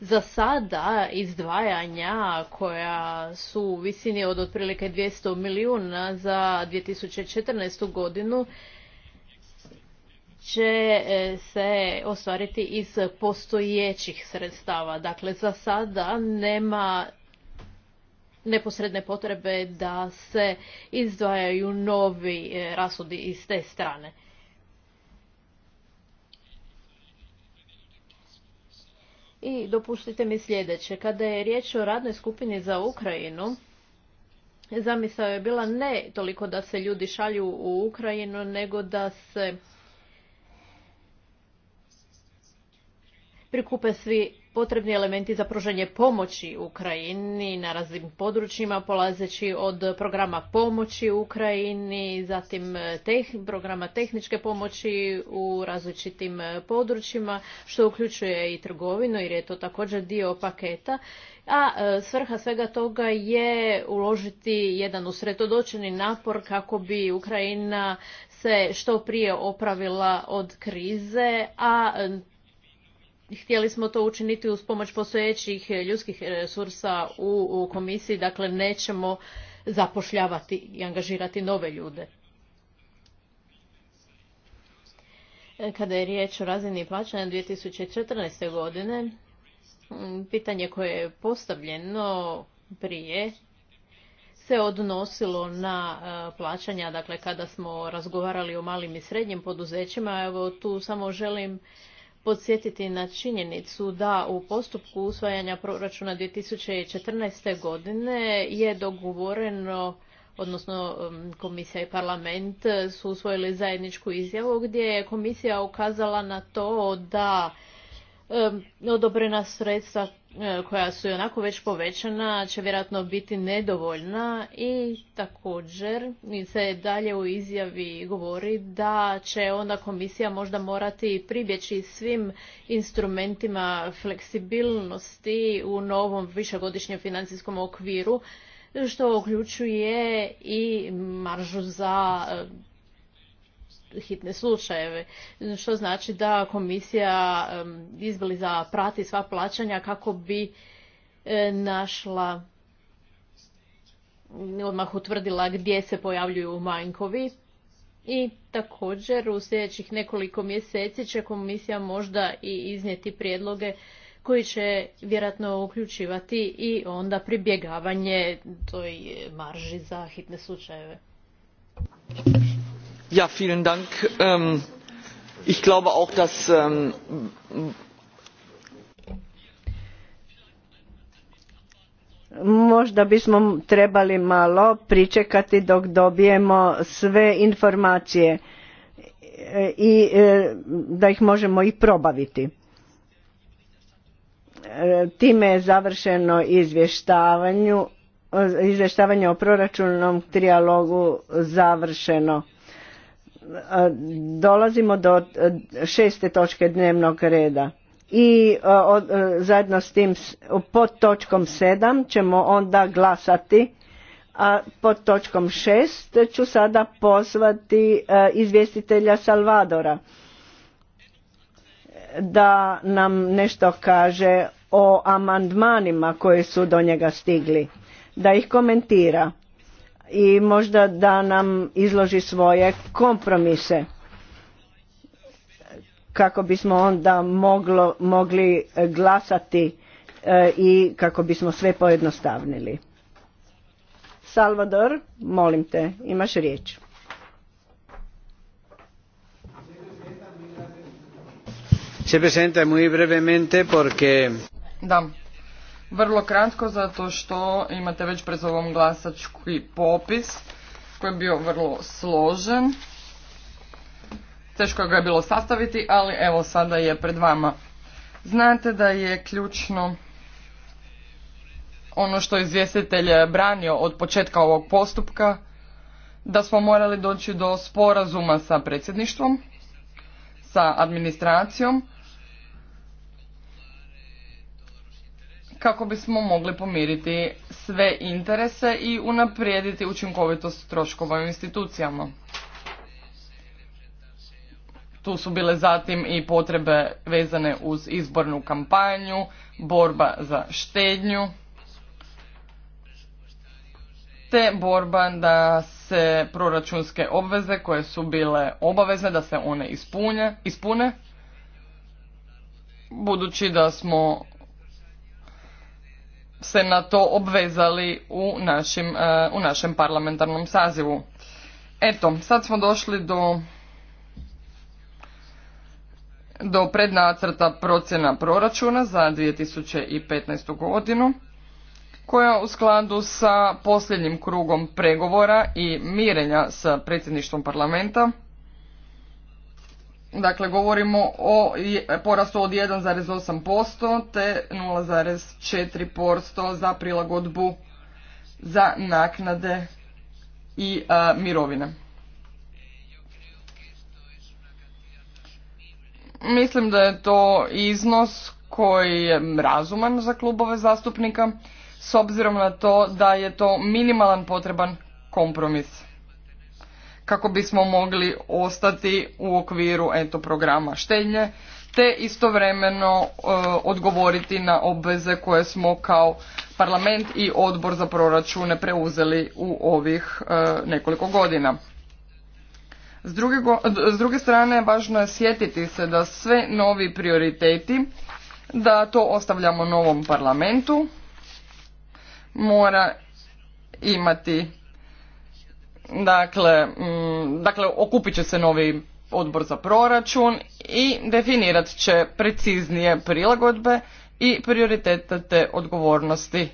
za sada izdvajanja koja su u visini od otprilike 200 milijuna za 2014. godinu će e, se ostvariti iz postojećih sredstava. Dakle, za sada nema neposredne potrebe da se izdvajaju novi e, rashodi iz te strane. I dopustite mi sljedeće. Kada je riječ o radnoj skupini za Ukrajinu, zamisao je bila ne toliko da se ljudi šalju u Ukrajinu, nego da se prikupe svi potrebni elementi za pružanje pomoći Ukrajini na raznim područjima, polazeći od programa pomoći Ukrajini, zatim eh, programa tehničke pomoći u različitim eh, područjima, što uključuje i trgovinu jer je to također dio paketa. A eh, svrha svega toga je uložiti jedan usretodočeni napor kako bi Ukrajina se što prije opravila od krize, a Htjeli smo to učiniti uz pomoć postojećih ljudskih resursa u, komisiji, dakle nećemo zapošljavati i angažirati nove ljude. Kada je riječ o razini plaćanja 2014. godine, pitanje koje je postavljeno prije se odnosilo na e, plaćanja, dakle kada smo razgovarali o malim i srednjim poduzećima, evo tu samo želim podsjetiti na činjenicu da u postupku usvajanja proračuna 2014. godine je dogovoreno odnosno um, komisija i parlament su usvojili zajedničku izjavu gdje je komisija ukazala na to da odobrena sredstva e, koja su i onako već povećana će vjerojatno biti nedovoljna i također se dalje u izjavi govori da će onda komisija možda morati pribjeći svim instrumentima fleksibilnosti u novom višegodišnjem financijskom okviru što uključuje i maržu za hitne slučajeve, što znači da komisija za prati sva plaćanja kako bi e, našla odmah utvrdila gdje se pojavljuju manjkovi i također u sljedećih nekoliko mjeseci će komisija možda i iznijeti prijedloge koji će vjerojatno uključivati i onda pribjegavanje toj marži za hitne slučajeve. Ja, ähm, ich glaube auch, dass ähm, možda bismo trebali malo pričekati dok dobijemo sve informacije e, i e, da ih možemo i probaviti. E, time je završeno izvještavanje o proračunskom trijalogu završeno dolazimo do e, šeste točke dnevnog reda i e, e, zajedno s tim pod točkom sedam ćemo onda glasati a pod točkom šest ću sada pozvati izvjestitelja Salvadora da nam nešto kaže o amandmanima koji su do njega stigli da ih komentira i možda da nam izloži svoje kompromise kako bismo onda moglo, mogli glasati e, i kako bismo sve pojednostavnili. Salvador, molim te, imaš riječ. Se presenta muy brevemente porque... Da, vrlo kratko, zato što imate već pred ovom glasački popis koji je bio vrlo složen. Teško ga je bilo sastaviti, ali evo sada je pred vama. Znate da je ključno ono što izvjestitelj branio od početka ovog postupka, da smo morali doći do sporazuma sa predsjedništvom, sa administracijom, kako bismo mogli pomiriti sve interese i unaprijediti učinkovitost troškova u institucijama. Tu su bile zatim i potrebe vezane uz izbornu kampanju, borba za štednju, te borba da se proračunske obveze koje su bile obavezne, da se one ispune, ispune budući da smo se na to obvezali u e, u našem parlamentarnom sazivu. Eto, sad smo došli do do prednacrta procjena proračuna za 2015. godinu koja u skladu sa posljednjim krugom pregovora i mirenja sa predsjedništvom parlamenta Dakle, govorimo o porastu od 1,8% te 0,4% za prilagodbu za naknade i mirovine. Mislim da je to iznos koji je razuman za klubove zastupnika s obzirom na to da je to minimalan potreban kompromis kako bismo mogli ostati u okviru eto programa štednje te istovremeno e, odgovoriti na obveze koje smo kao parlament i odbor za proračune preuzeli u ovih e, nekoliko godina. S druge, s druge strane, važno je sjetiti se da sve novi prioriteti, da to ostavljamo novom parlamentu, mora imati Dakle, mm, dakle, okupit će se novi odbor za proračun i definirat će preciznije prilagodbe i prioritete te odgovornosti,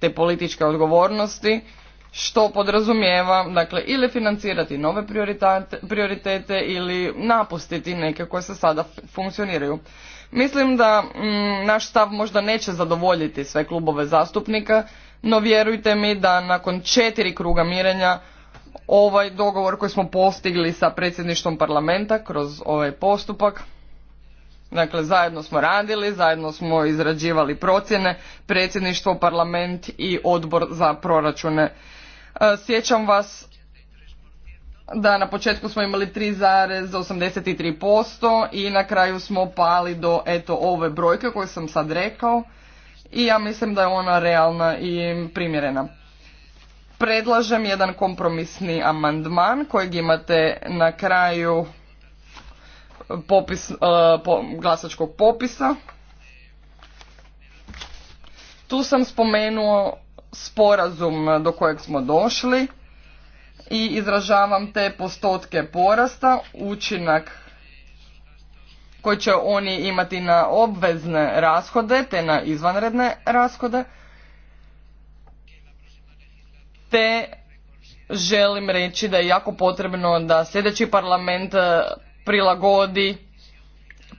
te političke odgovornosti, što podrazumijeva dakle, ili financirati nove prioritete ili napustiti neke koje se sada funkcioniraju. Mislim da mm, naš stav možda neće zadovoljiti sve klubove zastupnika no vjerujte mi da nakon četiri kruga mirenja ovaj dogovor koji smo postigli sa predsjedništvom parlamenta kroz ovaj postupak Dakle, zajedno smo radili, zajedno smo izrađivali procjene, predsjedništvo, parlament i odbor za proračune. E, sjećam vas da na početku smo imali 3,83% i na kraju smo pali do eto ove brojke koje sam sad rekao i ja mislim da je ona realna i primjerena. Predlažem jedan kompromisni amandman kojeg imate na kraju popis, e, glasačkog popisa. Tu sam spomenuo sporazum do kojeg smo došli i izražavam te postotke porasta, učinak koje će oni imati na obvezne rashode te na izvanredne rashode. Te želim reći da je jako potrebno da sljedeći parlament e, prilagodi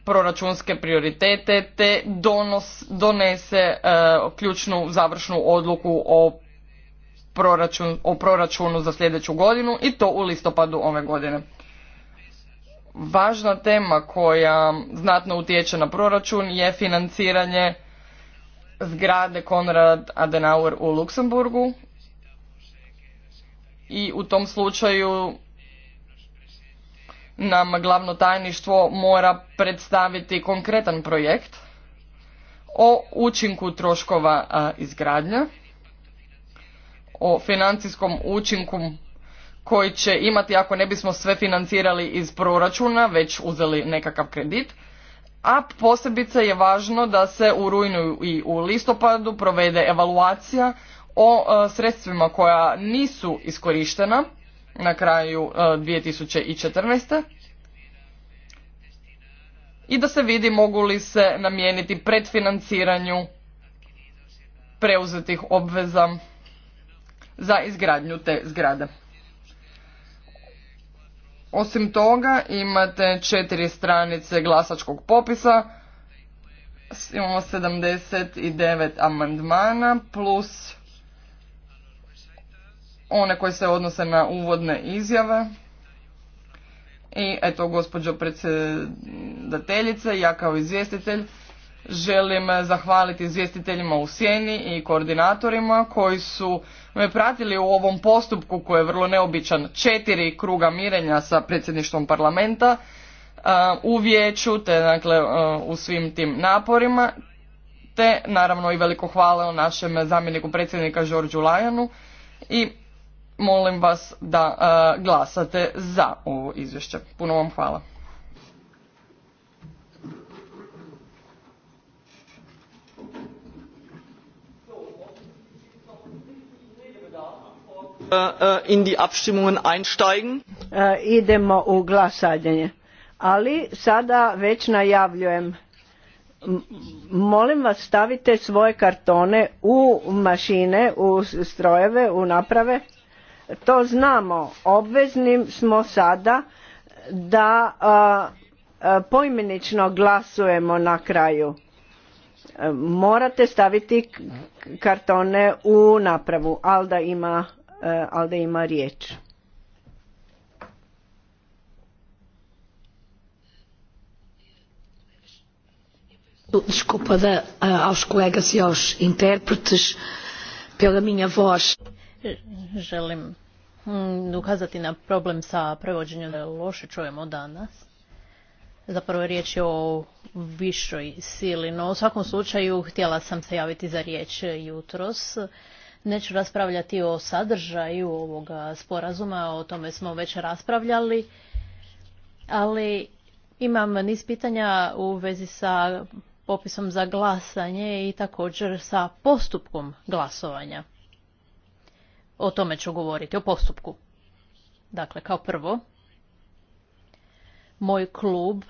proračunske prioritete te donos, donese e, ključnu završnu odluku o, proračun, o proračunu za sljedeću godinu i to u listopadu ove godine. Važna tema koja znatno utječe na proračun je financiranje zgrade Konrad Adenauer u Luksemburgu i u tom slučaju nam glavno tajništvo mora predstaviti konkretan projekt o učinku troškova izgradnja, o financijskom učinku koji će imati ako ne bismo sve financirali iz proračuna, već uzeli nekakav kredit. A posebice je važno da se u rujnu i u listopadu provede evaluacija o e, sredstvima koja nisu iskorištena na kraju 2014. E, I da se vidi mogu li se namijeniti pretfinanciranju preuzetih obveza za izgradnju te zgrade. Osim toga imate četiri stranice glasačkog popisa, imamo 79 amandmana plus one koje se odnose na uvodne izjave. I eto, gospođo predsjedateljice, ja kao izvjestitelj želim zahvaliti izvjestiteljima u Sjeni i koordinatorima koji su me pratili u ovom postupku koji je vrlo neobičan. Četiri kruga mirenja sa predsjedništvom parlamenta e, u vijeću te dakle e, u svim tim naporima te naravno i veliko hvala našem zamjeniku predsjednika Žorđu Lajanu i molim vas da e, glasate za ovo izvješće. Puno vam hvala. Äh, äh, in die einsteigen. Äh, idemo u glasanje. Ali sada već najavljujem. Molim vas stavite svoje kartone u mašine, u strojeve, u naprave. To znamo. Obvezni smo sada da poimenično glasujemo na kraju morate staviti kartone u napravu. da ima E, da ima riječ. Desculpa da, aos colegas e aos intérpretes pela minha voz. Želim hm, ukazati na problem sa prevođenjem da loše čujemo danas. Zapravo riječ je o višoj sili, no u svakom slučaju htjela sam se javiti za riječ jutros. Neću raspravljati o sadržaju ovoga sporazuma, o tome smo već raspravljali, ali imam niz pitanja u vezi sa popisom za glasanje i također sa postupkom glasovanja. O tome ću govoriti, o postupku. Dakle, kao prvo, moj klub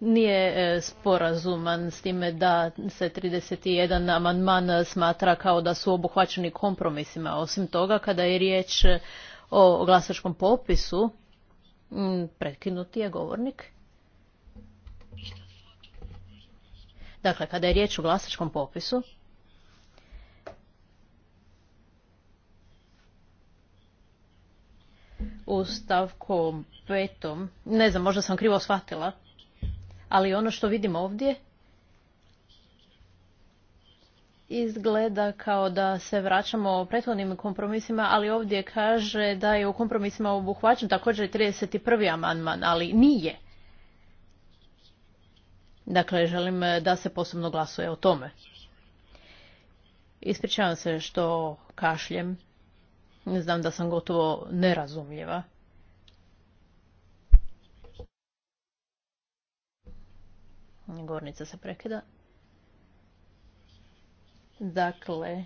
nije e, sporazuman s time da se 31 amandman smatra kao da su obuhvaćeni kompromisima. Osim toga, kada je riječ o glasačkom popisu, prekinuti je govornik. Dakle, kada je riječ o glasačkom popisu, u stavku petom, ne znam, možda sam krivo shvatila, ali ono što vidim ovdje izgleda kao da se vraćamo o prethodnim kompromisima, ali ovdje kaže da je u kompromisima obuhvaćen također 31. amandman, ali nije. Dakle, želim eh, da se posebno glasuje o tome. Ispričavam se što kašljem. Znam da sam gotovo nerazumljiva. Gornica se prekida. Dakle,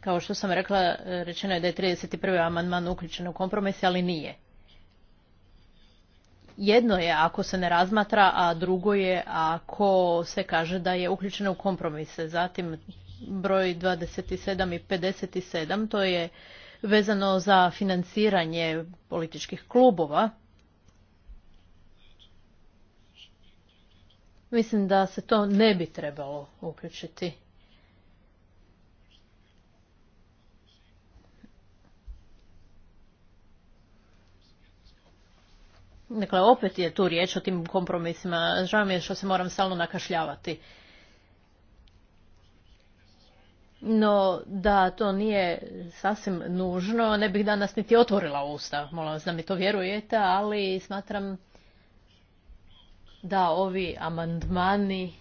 kao što sam rekla, rečeno je da je 31. amandman uključen u kompromis, ali nije. Jedno je ako se ne razmatra, a drugo je ako se kaže da je uključeno u kompromise. Zatim broj 27 i 57, to je vezano za financiranje političkih klubova. Mislim da se to ne bi trebalo uključiti. Dakle, opet je tu riječ o tim kompromisima. Žao mi je što se moram stalno nakašljavati. No, da to nije sasvim nužno, ne bih danas niti otvorila usta, molim vas da mi to vjerujete, ali smatram da ovi amandmani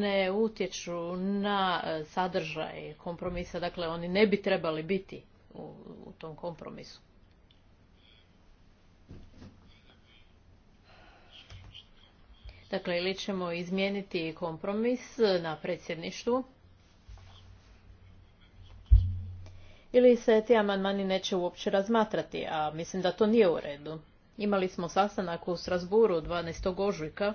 ne utječu na e, sadržaj kompromisa, dakle oni ne bi trebali biti u, tom kompromisu. Dakle, ili ćemo izmijeniti kompromis na predsjedništvu, ili se ti amandmani neće uopće razmatrati, a mislim da to nije u redu. Imali smo sastanak u Strasburu 12. ožujka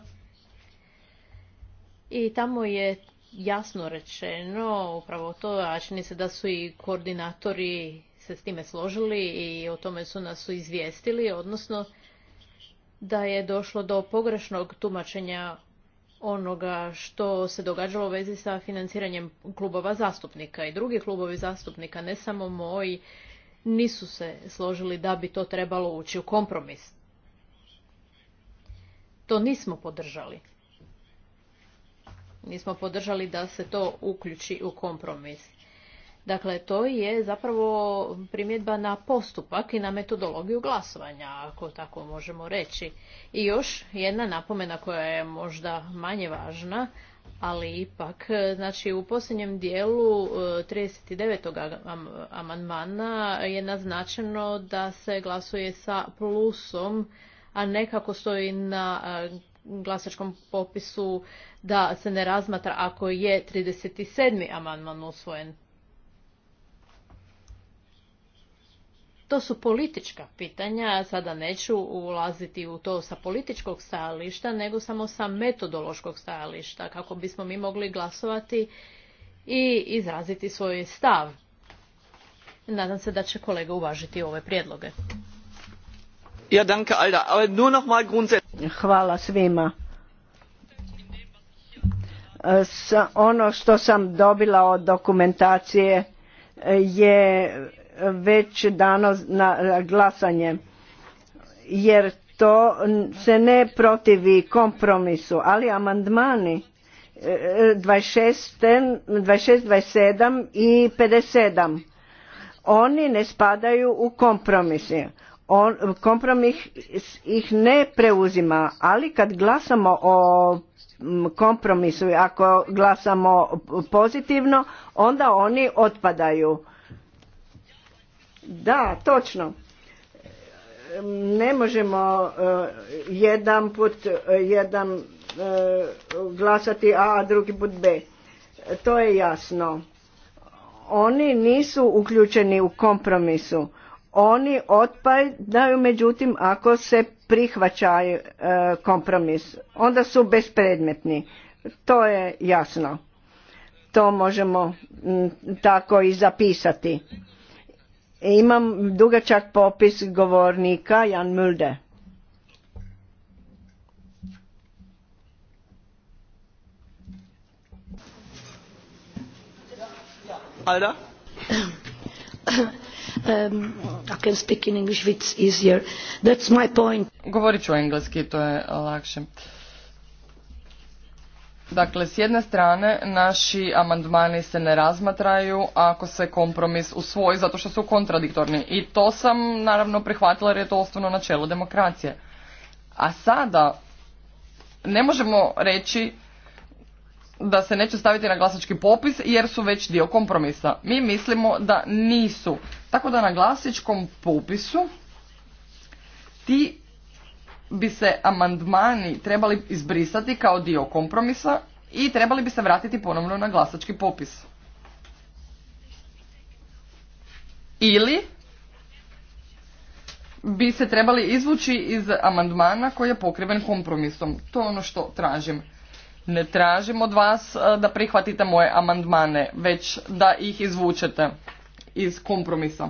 i tamo je jasno rečeno upravo to, a čini se da su i koordinatori se s time složili i o tome su nas izvijestili, odnosno da je došlo do pogrešnog tumačenja onoga što se događalo u vezi sa financiranjem klubova zastupnika i drugi klubovi zastupnika, ne samo moji, nisu se složili da bi to trebalo ući u kompromis. To nismo podržali. Nismo podržali da se to uključi u kompromis. Dakle, to je zapravo primjedba na postupak i na metodologiju glasovanja, ako tako možemo reći. I još jedna napomena koja je možda manje važna, ali ipak, e, znači u posljednjem dijelu 39. E, amandmana je naznačeno da se glasuje sa plusom, a nekako stoji na e, glasačkom popisu da se ne razmatra ako je 37. amandman usvojen. To su politička pitanja, sada neću ulaziti u to sa političkog stajališta, nego samo sa metodološkog stajališta, kako bismo mi mogli glasovati i izraziti svoj stav. Nadam se da će kolega uvažiti ove prijedloge. Hvala svima. ono što sam dobila od dokumentacije je već dano na glasanje jer to se ne protivi kompromisu, ali amandmani 26, e, 27 i 57 oni ne spadaju u kompromise. On, kompromis ih ne preuzima, ali kad glasamo o kompromisu, ako glasamo pozitivno, onda oni otpadaju. Da, točno. Ne možemo e, e, jedan put e, jedan glasati A, a drugi put B. To je jasno. Oni nisu uključeni u kompromisu. Oni otpadaju, međutim, ako se prihvaćaju kompromis. Onda su bespredmetni. To je jasno. To možemo tako i zapisati. E, imam dugačak popis govornika, Jan Mulde. Alda? (coughs) Um, I can speak in English, it's easier. That's my point. Govorit ću engleski, to je lakše. Uh, Dakle, s jedne strane, naši amandmani se ne razmatraju ako se kompromis usvoji zato što su kontradiktorni. I to sam, naravno, prihvatila jer je to osnovno načelo demokracije. A sada ne možemo reći da se neće staviti na glasački popis jer su već dio kompromisa. Mi mislimo da nisu. Tako da na glasičkom popisu ti bi se amandmani trebali izbrisati kao dio kompromisa i trebali bi se vratiti ponovno na glasački popis. Ili bi se trebali izvući iz amandmana koji je pokriven kompromisom. To je ono što tražim. Ne tražim od vas e, da prihvatite moje amandmane, već da ih izvučete iz kompromisa.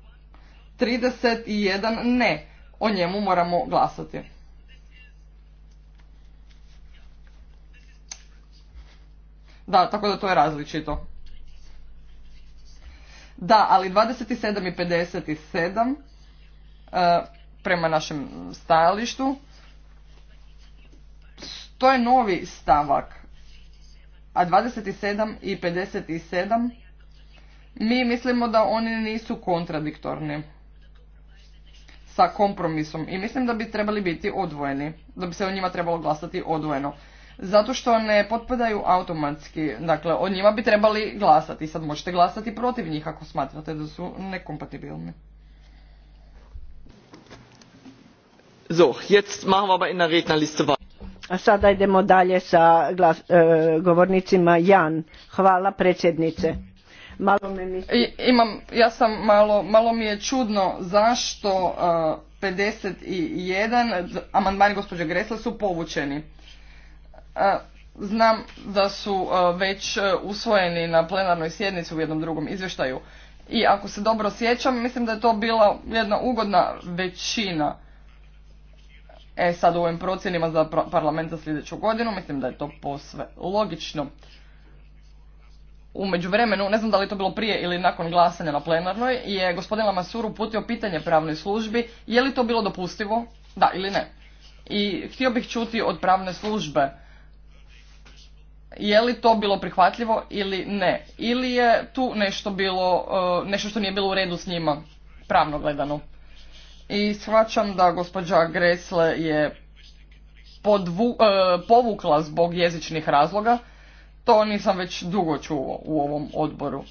31 ne. O njemu moramo glasati. Da, tako da to je različito. Da, ali 27 i 57 uh, e, prema našem stajalištu to je novi stavak. A 27 i 57 mi mislimo da oni nisu kontradiktorni sa kompromisom i mislim da bi trebali biti odvojeni, da bi se o njima trebalo glasati odvojeno. Zato što ne potpadaju automatski, dakle o njima bi trebali glasati, sad možete glasati protiv njih ako smatrate da su nekompatibilni. So, jetzt machen wir aber in der a sada idemo dalje sa e, govornicima Jan. Hvala predsjednice. Malo imam, ja sam malo, malo mi je čudno zašto uh, 51 amandmani gospođe Gresla su povučeni. znam da su već e, usvojeni na plenarnoj sjednici u jednom drugom izvještaju. I ako se dobro sjećam, mislim da je to bila jedna ugodna većina. E sad u ovim procjenima za pa-, parlament za sljedeću godinu, mislim da je to posve logično u međuvremenu, ne znam da li to bilo prije ili nakon glasanja na plenarnoj, je gospodin Lamasur uputio pitanje pravnoj službi je li to bilo dopustivo, da ili ne. I htio bih čuti od pravne službe je li to bilo prihvatljivo ili ne. Ili je tu nešto bilo, e, nešto što nije bilo u redu s njima, pravno gledano. I shvaćam da gospođa Gresle je e, povukla zbog jezičnih razloga, to nisam već dugo čuo u ovom odboru.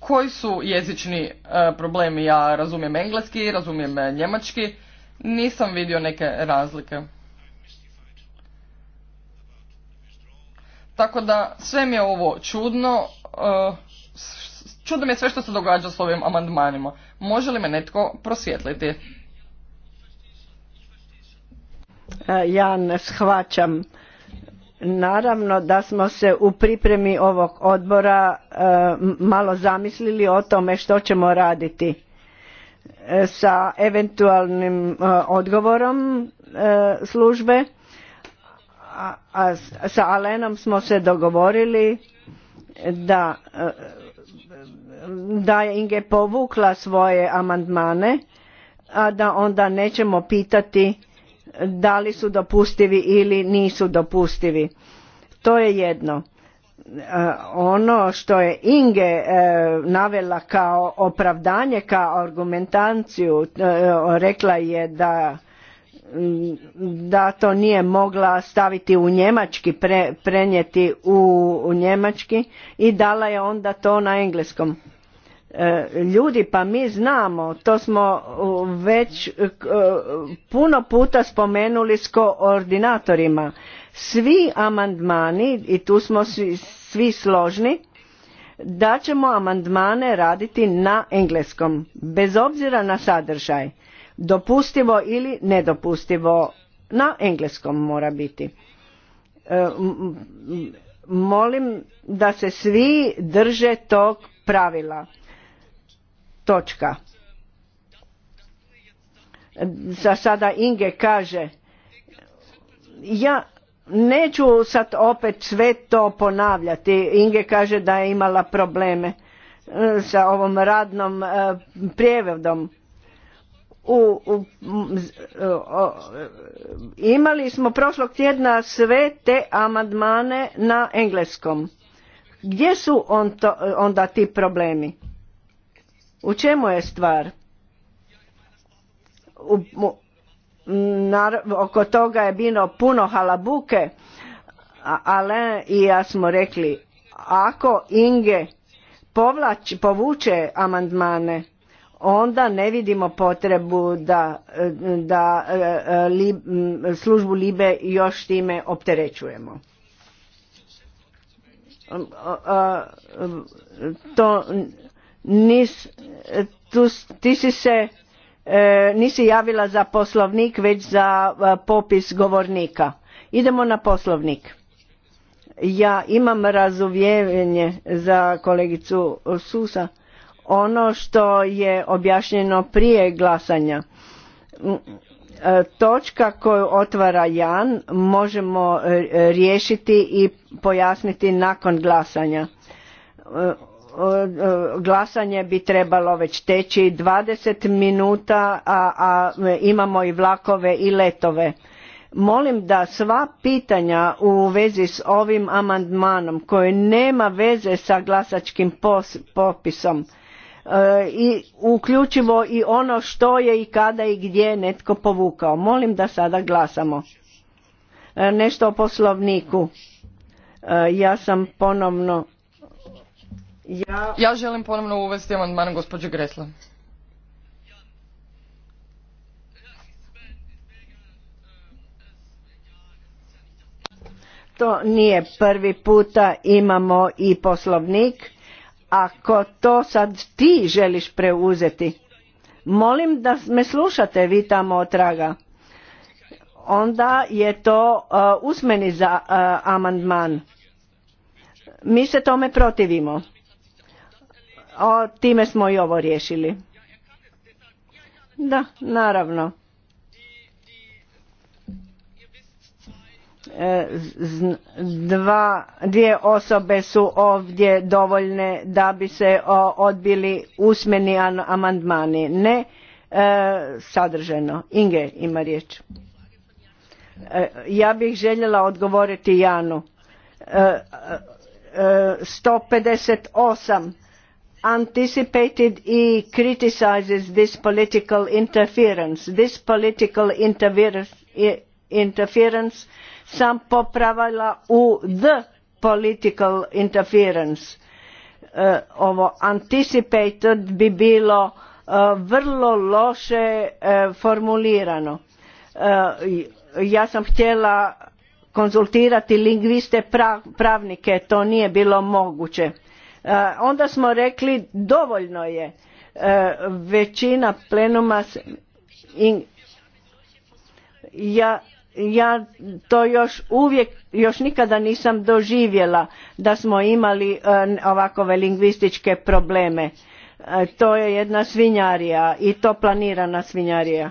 Koji su jezični e, problemi? Ja razumijem engleski, razumijem e, njemački. Nisam vidio neke razlike. Tako da sve mi je ovo čudno. E, čudno mi je sve što se događa s ovim amandmanima. Može li me netko prosvjetliti? Ja ne shvaćam Naravno da smo se u pripremi ovog odbora e, malo zamislili o tome što ćemo raditi e, sa eventualnim e, odgovorom službe. A sa Alenom smo se dogovorili da da je Inge povukla svoje amandmane, a da onda nećemo pitati da li su dopustivi ili nisu dopustivi. To je jedno. E, ono što je Inge e, navela kao opravdanje, kao argumentaciju, e, rekla je da da to nije mogla staviti u njemački, pre, prenijeti u, u njemački i dala je onda to na engleskom. E, ljudi pa mi znamo to smo već e, e, puno puta spomenuli s koordinatorima svi amandmani i tu smo svi, svi složni da ćemo amandmane raditi na engleskom bez obzira na sadržaj dopustivo ili nedopustivo na engleskom mora biti molim da se svi drže tog pravila točka. Za sada Inge kaže, ja neću sad opet sve to ponavljati. Inge kaže da je imala probleme e, sa ovom radnom e, prijevodom. U, e, imali smo prošlog tjedna sve te amandmane na engleskom. Gdje su on to, onda ti problemi? U čemu je stvar? U, oko toga je bilo puno halabuke, ali i ja smo rekli, ako Inge povuče amandmane, onda ne vidimo potrebu da, da e, e, službu Libe još time opterećujemo. E, to Nis, tu, ti si se e, nisi javila za poslovnik već za e, popis govornika. Idemo na poslovnik. Ja imam razuvjerenje za kolegicu Susa ono što je objašnjeno prije glasanja. Mm, e, točka koju otvara Jan možemo riješiti i pojasniti nakon glasanja glasanje bi trebalo već teći 20 minuta, a, a imamo i vlakove i letove. Molim da sva pitanja u vezi s ovim amandmanom koje nema veze sa glasačkim popisom e, i uključivo i ono što je i kada i gdje netko povukao. Molim da sada glasamo. E, nešto o poslovniku. E, ja sam ponovno ja... želim ponovno uvesti amandman gospođe Gresla. To nije prvi puta imamo i poslovnik. Ako to sad ti želiš preuzeti, molim da me slušate vi tamo traga. Onda je to uh, usmeni za uh, amandman. Mi se tome protivimo. O, time smo i ovo riješili. Da, naravno. E, dva, dvije osobe su ovdje dovoljne da bi se odbili usmeni amandmani. Ne e, sadrženo. Inge ima riječ. E, ja bih željela odgovoriti Janu. 158 anticipated he criticizes this political interference. This political interference sam popravila u the political interference. Uh, ovo anticipated bi bilo uh, vrlo loše uh, formulirano. Ja sam htjela konzultirati lingviste pravnike, to nije bilo moguće E, onda smo rekli dovoljno je e, većina plenuma ja, ja to još uvijek još nikada nisam doživjela da smo imali e, ovakove lingvističke probleme to je jedna svinjarija i to planirana svinjarija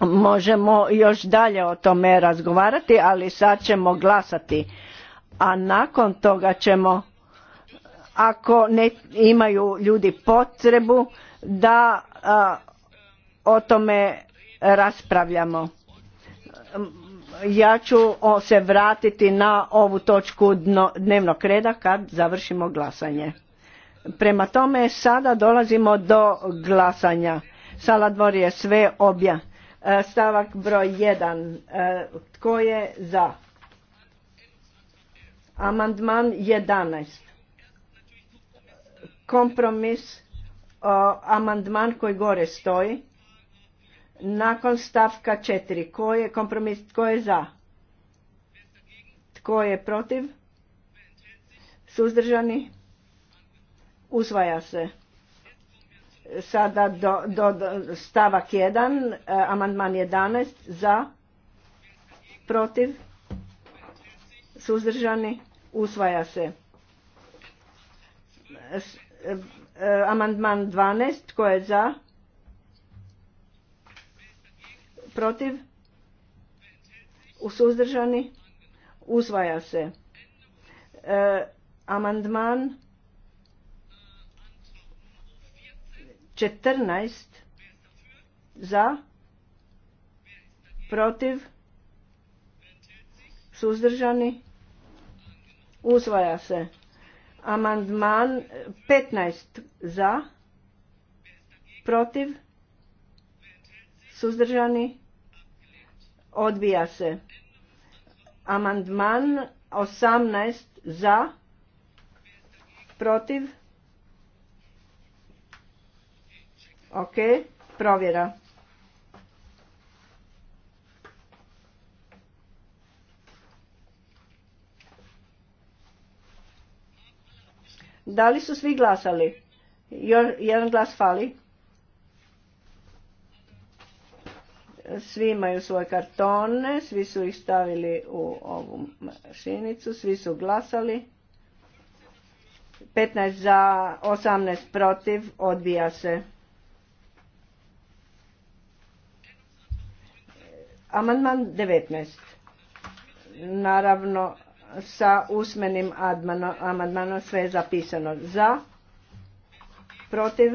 možemo još dalje o tome razgovarati ali sad ćemo glasati a nakon toga ćemo ako ne imaju ljudi potrebu da o tome raspravljamo ja ću se vratiti na ovu točku dnevnog reda kad završimo glasanje prema tome sada dolazimo do glasanja Sala dvor je sve obja e, stavak broj jedan, e, tko je za Amandman 11. Kompromis, o, amandman koji gore stoji. Nakon stavka 4. Ko je kompromis, tko je za? Tko je protiv? Suzdržani? Usvaja se. Sada do, do, do stavak 1, e, amandman 11, za, protiv, suzdržani, usvaja se. E, amandman 12, tko je za? Protiv? Suzdržani? Usvaja se. E, amandman 14 za, protiv, suzdržani, Usvaja se. Amandman 15 za, protiv, suzdržani, odbija se. Amandman 18 za, protiv, ok, provjera. Da li su svi glasali? Jedan glas fali. Svi imaju svoje kartone, svi su ih stavili u ovu mašinicu, svi su glasali. 15 za, 18 protiv, odbija se. Amandman 19. Naravno, sa usmenim amandmanom sve je zapisano za, protiv,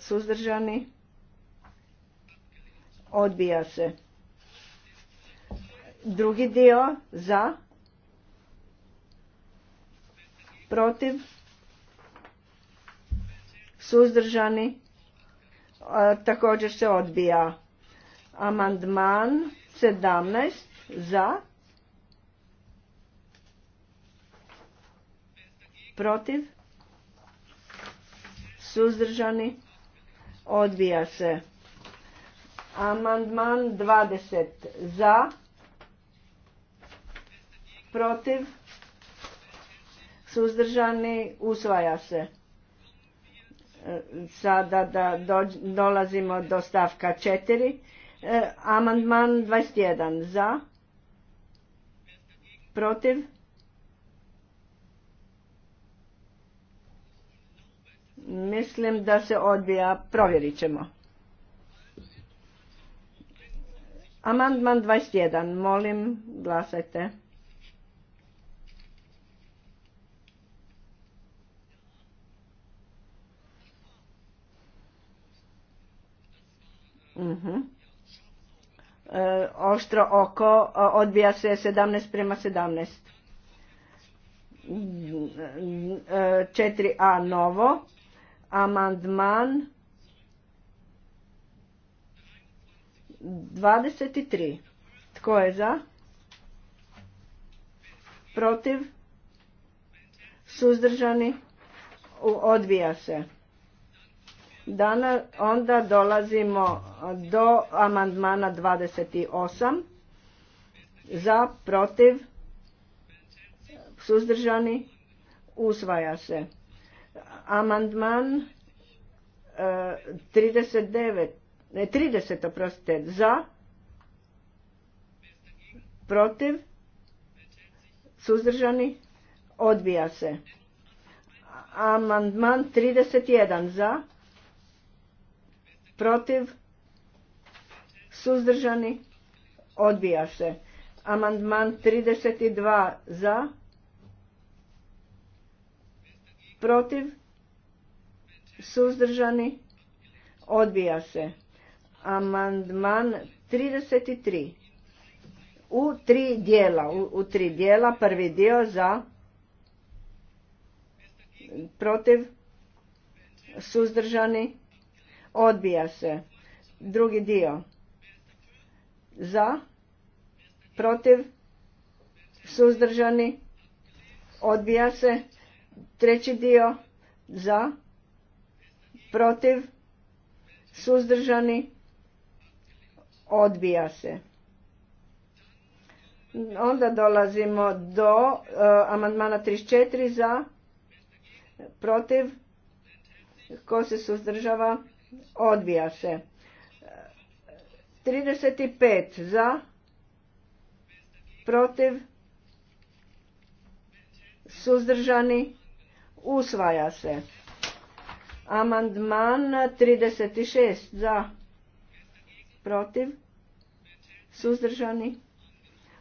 suzdržani, odbija se. Drugi dio za, protiv, suzdržani, e, također se odbija. Amandman sedamnaest za, protiv, suzdržani, odbija se. Amandman 20 za, protiv, suzdržani, usvaja se. E, sada da dolazimo do stavka 4. E, amandman 21 za, protiv mislim da se odbija provjerit ćemo amandman 21 molim glasajte Mhm. E, oštro oko e, odbija se 17 prema 17 4a e, novo amandman 23 tko je za protiv suzdržani odbija se Dana, onda dolazimo do amandmana 28. Za, protiv, suzdržani, usvaja se. Amandman 39, e, ne 30, oprostite, za, protiv, suzdržani, odbija se. Amandman 31 za, protiv, suzdržani, odbija se. Amandman 32 za, protiv, suzdržani, odbija se. Amandman 33 u tri dijela, u, tri dijela, prvi dio za, protiv, suzdržani, odbija se drugi dio za protiv suzdržani odbija se treći dio za protiv suzdržani odbija se onda dolazimo do uh, amandmana 34 za protiv ko se suzdržava odbija se. 35 za, protiv, suzdržani, usvaja se. Amandman 36 za, protiv, suzdržani,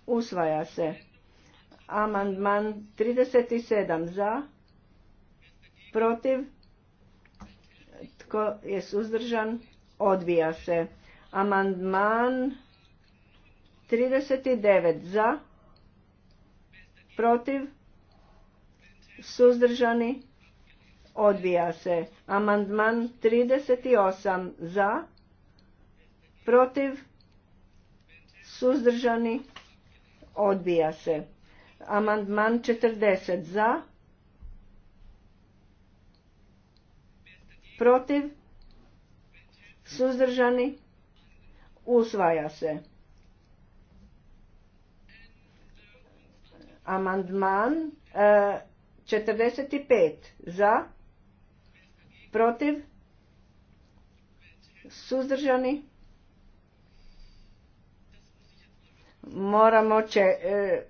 usvaja se. Amandman 37 za, protiv, tko je suzdržan, odbija se. Amandman 39 za, protiv, suzdržani, odbija se. Amandman 38 za, protiv, suzdržani, odbija se. Amandman 40 za, protiv, suzdržani, usvaja se. Amandman 45 e, za, protiv, suzdržani, moramo će e,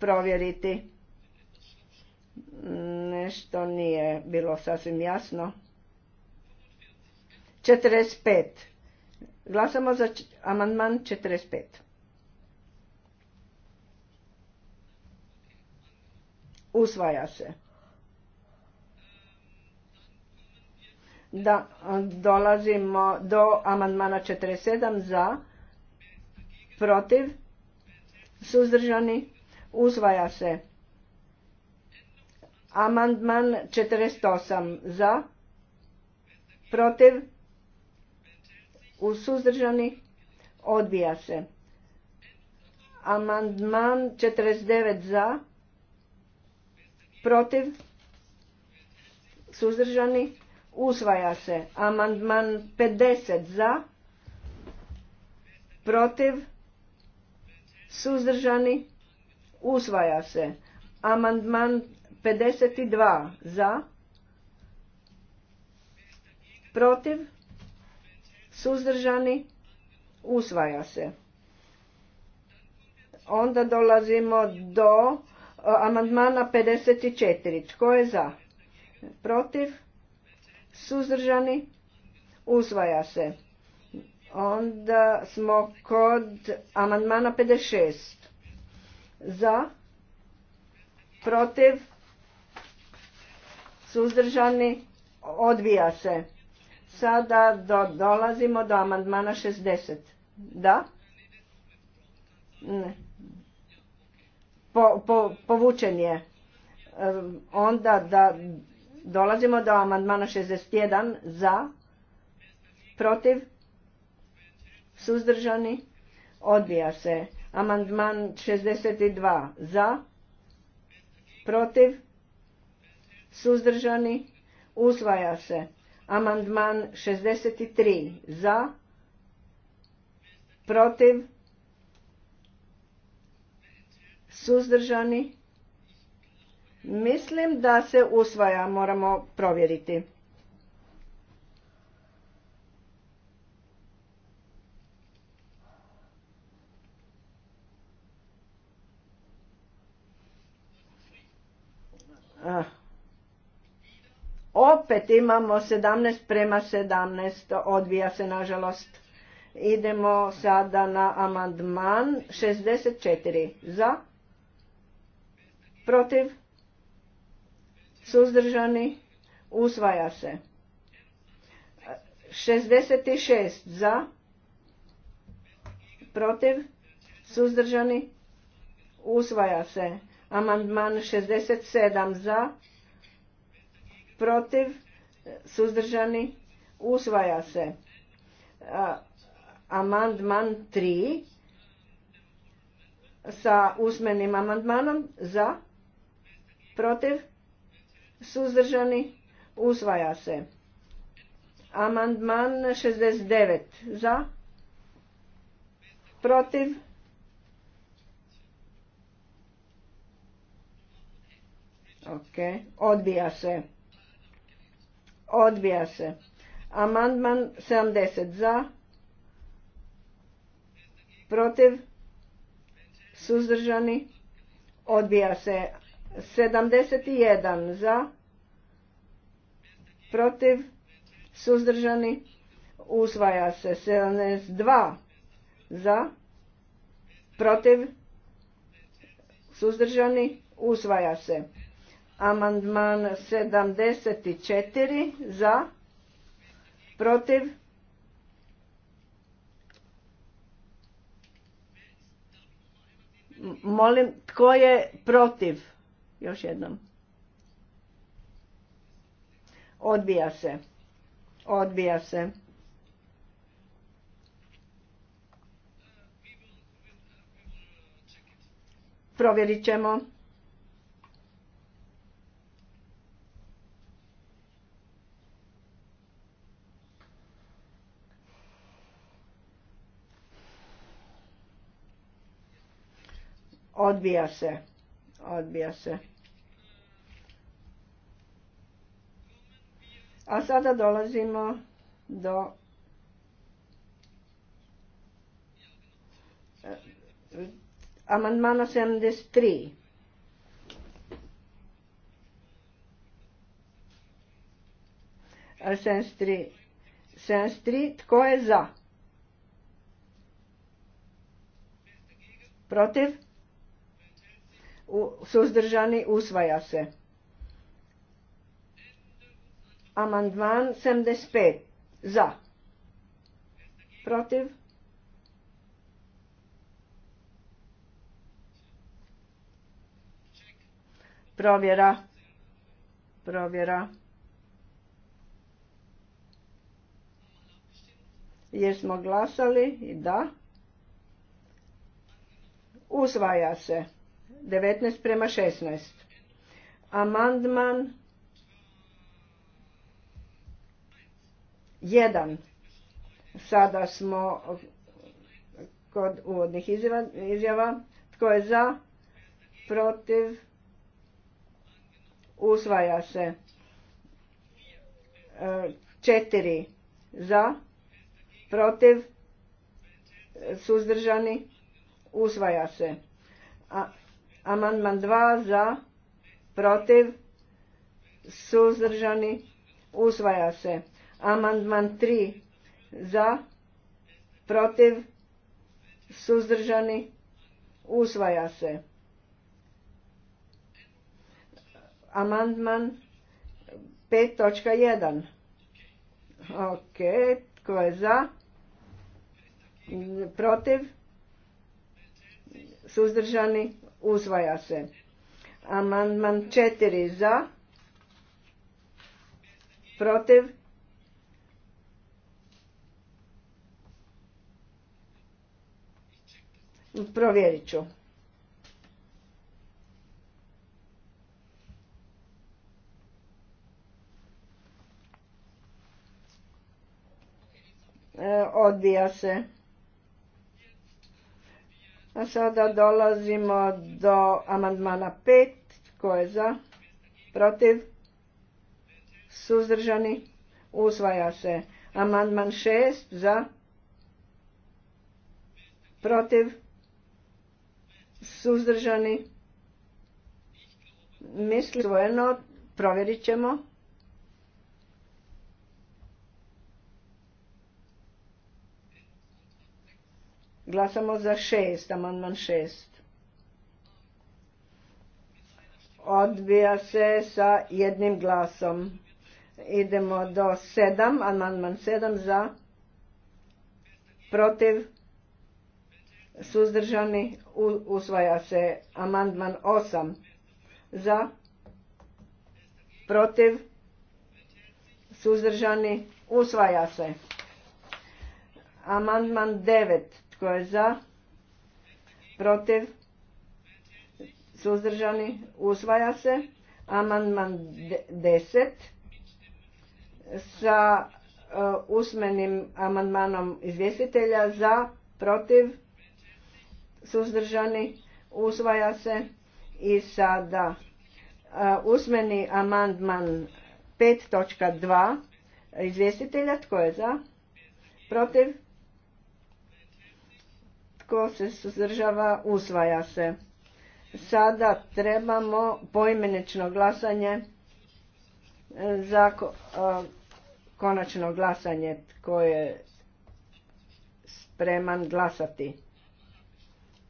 provjeriti. Nešto nije bilo sasvim jasno. 45. Glasamo za amandman 45. Usvaja se. Da, dolazimo do amandmana 47 za, protiv, suzdržani, usvaja se. Amandman 48 za, protiv, u suzdržani odbija se amandman 49 za protiv suzdržani usvaja se amandman 50 za protiv suzdržani usvaja se amandman 52 za protiv suzdržani, usvaja se. Onda dolazimo do e, amandmana 54. Tko je za? Protiv? Suzdržani? Usvaja se. Onda smo kod amandmana 56. Za? Protiv? Suzdržani? Odvija se. Sada dolazimo do amandmana 60. Da? Ne. povučen je. Onda da dolazimo do amandmana 61 za, protiv, suzdržani, odbija se. Amandman 62 za, protiv, suzdržani, usvaja se. Amandman 63 za, protiv, suzdržani. Mislim da se usvaja, moramo provjeriti. Ah. Opet imamo 17 prema 17, odvija se nažalost. Idemo sada na amandman 64. Za? Protiv? Suzdržani? Usvaja se. 66 za? Protiv? Suzdržani? Usvaja se. Amandman 67 za? protiv, suzdržani, usvaja se. Amandman 3 sa usmenim amandmanom za, protiv, suzdržani, usvaja se. Amandman 69 za, protiv, ok, odbija se. Odbija se. Amandman 70 za. Protiv. Suzdržani. Odbija se. 71 za. Protiv. Suzdržani. Usvaja se. 72 za. Protiv. Suzdržani. Usvaja se. Amandman 74 za, protiv, molim, tko je protiv? Još jednom. Odbija se. Odbija se. Provjerit ćemo. Odbija se. Odbija se. A sada dolazimo do eh, amandmana 73. Sens 73. 73. Tko je za? Protiv? suzdržani, usvaja se. Amandman 75. Za. Protiv. Provjera. Provjera. Jesmo glasali? Da. Usvaja se. 19 prema 16. Amandman 1. Sada smo kod uvodnih izjava. Tko je za? Protiv? Usvaja se. 4. E, za, protiv, suzdržani, usvaja se. A Amandman 2 za, protiv, suzdržani, usvaja se. Amandman 3 za, protiv, suzdržani, usvaja se. Amandman 5.1. Ok, tko je za? Protiv? Suzdržani? Uzvaja se. Amandman 4 za. Protiv. Provjerit ću. E, odbija se. A sada dolazimo do amandmana 5. Tko je za? Protiv? Suzdržani? Usvaja se. Amandman 6. Za? Protiv? Suzdržani? Mislim, svojeno, provjerit ćemo. Glasamo za šest, amandman šest. Odbija se sa jednim glasom. Idemo do sedam, amandman sedam za, protiv, suzdržani, usvaja se amandman osam za, protiv, suzdržani, usvaja se. Amandman devet. Tko je za? Protiv? Suzdržani? Usvaja se. Amandman 10 sa e, usmenim amandmanom izvjestitelja za, protiv, suzdržani, usvaja se i sada e, usmeni amandman 5.2 izvjestitelja, tko je za, protiv, tko se suzdržava, usvaja se. Sada trebamo poimenično glasanje e, za e, konačno glasanje tko je spreman glasati.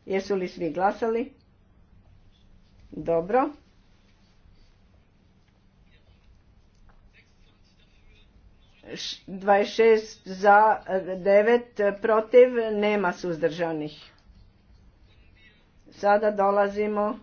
Jesu li svi glasali? Dobro. 26 za, 9 protiv, nema suzdržanih. Sada dolazimo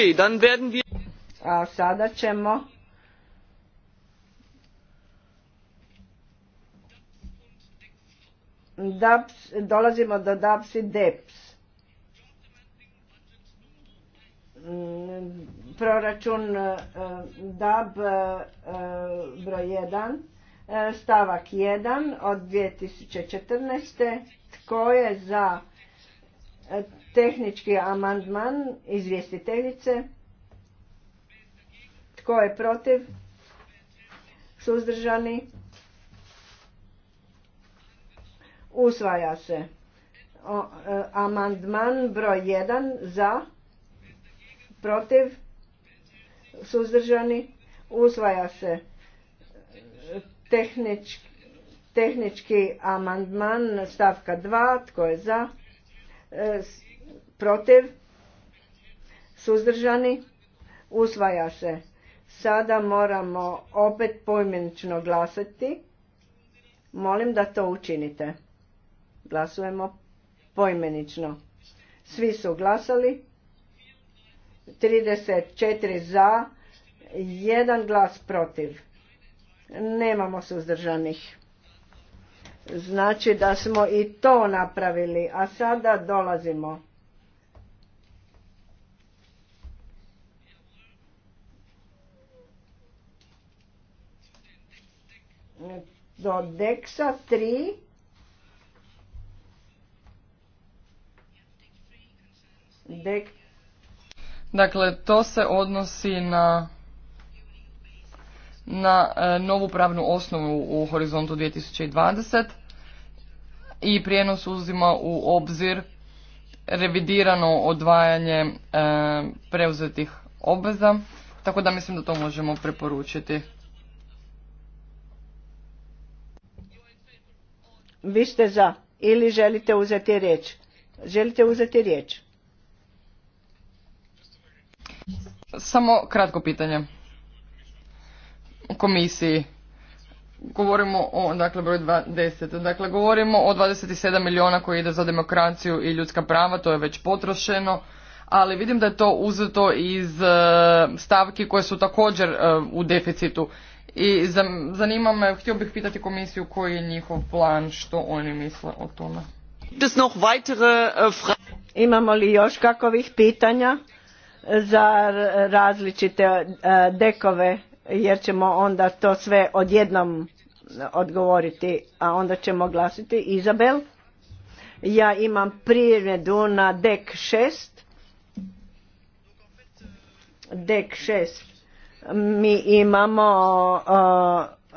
Okay, dann werden wir... A sada ćemo... Dubs, dolazimo do DAPS i DEPS. Mm, proračun e, e, DAB e, broj 1, stavak 1 od 2014. Tko je za Tehnički amandman izvjestiteljice. Tko je protiv? Suzdržani? Usvaja se. E, amandman broj 1 za, protiv, suzdržani, usvaja se tehnički, amandman stavka 2, tko je za, e, protiv, suzdržani, usvaja se. Sada moramo opet pojmenično glasati. Molim da to učinite. Glasujemo pojmenično. Svi su glasali. 34 za, jedan glas protiv. Nemamo suzdržanih. Znači da smo i to napravili, a sada dolazimo do Deksa 3 Dakle, to se odnosi na na e, novu pravnu osnovu u horizontu 2020 i prijenos uzima u obzir revidirano odvajanje e, preuzetih obveza, tako da mislim da to možemo preporučiti. Vi ste za ili želite uzeti riječ? Želite uzeti riječ? Samo kratko pitanje. U komisiji govorimo o dakle broj 20. Dakle govorimo o 27 milijuna koji ide za demokraciju i ljudska prava, to je već potrošeno, ali vidim da je to uzeto iz e, stavki koje su također e, u deficitu. I zanima me, htio bih pitati komisiju koji je njihov plan, što oni misle o tome. Äh, Imamo li još kakovih pitanja za različite e, dekove, jer ćemo onda to sve odjednom odgovoriti, a onda ćemo glasiti. Izabel, ja imam primjedu na dek šest. Dek šest mi imamo e,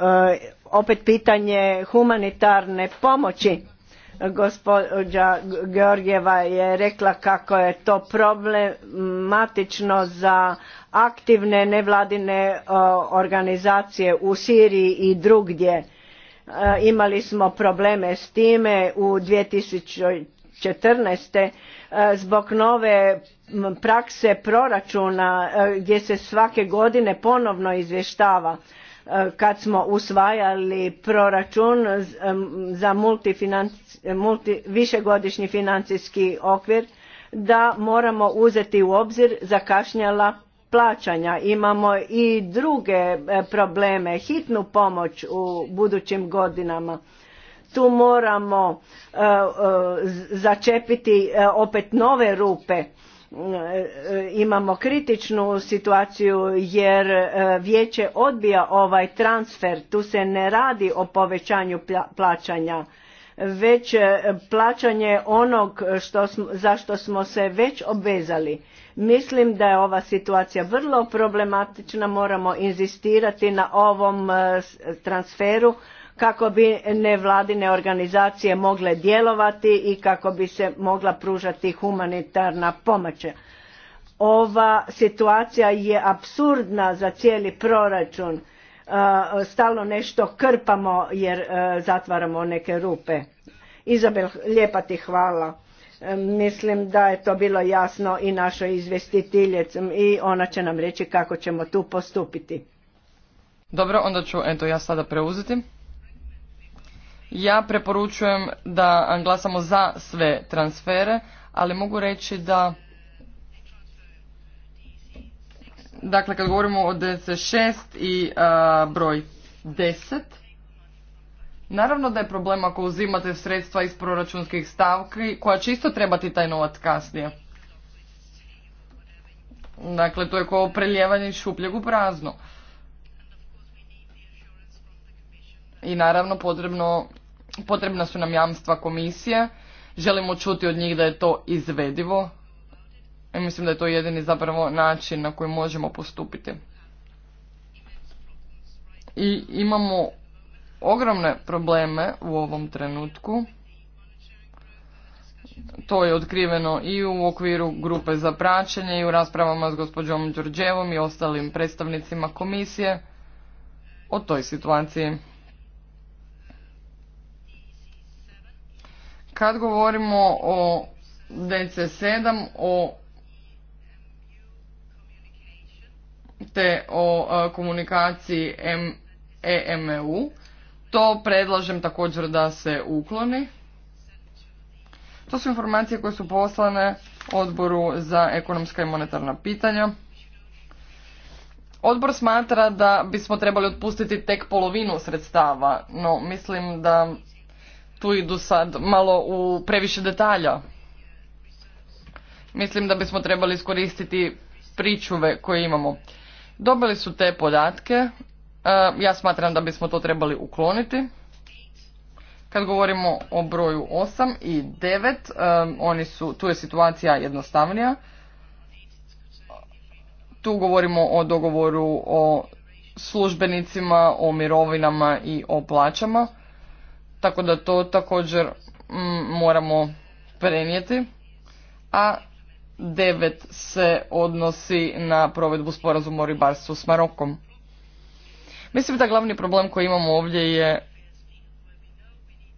e, opet pitanje humanitarne pomoći gospođa Georgijeva je rekla kako je to problematično za aktivne nevladine e, organizacije u Siriji i drugdje. Imali smo probleme s time u 2014. E, zbog nove prakse proračuna e, gdje se svake godine ponovno izvještava e, kad smo usvajali proračun za višegodišnji financijski okvir da moramo uzeti u obzir zakašnjala plaćanja. Imamo i druge probleme, hitnu pomoć u budućim godinama tu moramo e, e, začepiti e, opet nove rupe imamo kritičnu situaciju jer vijeće odbija ovaj transfer tu se ne radi o povećanju plaćanja već plaćanje onog što, za što smo se već obvezali mislim da je ova situacija vrlo problematična moramo inzistirati na ovom transferu kako bi nevladine organizacije mogle djelovati i kako bi se mogla pružati humanitarna pomoć. Ova situacija je apsurdna za cijeli proračun. E, stalno nešto krpamo jer e, zatvaramo neke rupe. Izabel, lijepa ti hvala. E, mislim da je to bilo jasno i našoj izvjestiteljici i ona će nam reći kako ćemo tu postupiti. Dobro, onda ću eto ja sada preuzeti. Ja preporučujem da glasamo za sve transfere, ali mogu reći da dakle kad govorimo o DC6 i broj 10 Naravno da je problem ako uzimate sredstva iz proračunskih stavki koja će isto trebati taj novac kasnije. Dakle, to je kao preljevanje šupljeg u prazno. I naravno potrebno Potrebna su nam jamstva komisije. Želimo čuti od njih da je to izvedivo. I mislim da je to jedini zapravo način na koji možemo postupiti. I imamo ogromne probleme u ovom trenutku. To je otkriveno i u okviru grupe za praćenje i u raspravama s gospođom Đorđevom i ostalim predstavnicima komisije o toj situaciji. Kad govorimo o DC7, o te o e, komunikaciji EMU, e to predlažem također da se ukloni. To su informacije koje su poslane Odboru za ekonomska i monetarna pitanja. Odbor smatra da bismo trebali otpustiti tek polovinu sredstava, no mislim da tu idu sad malo u previše detalja. Mislim da bismo trebali iskoristiti pričuve koje imamo. Dobili su te podatke, e, ja smatram da bismo to trebali ukloniti. Kad govorimo o broju 8 i 9, e, oni su, tu je situacija jednostavnija. Tu govorimo o dogovoru o službenicima, o mirovinama i o plaćama. Tako da to također mm, moramo prenijeti. A devet se odnosi na provedbu sporazuma o ribarstvu s Marokom. Mislim da glavni problem koji imamo ovdje je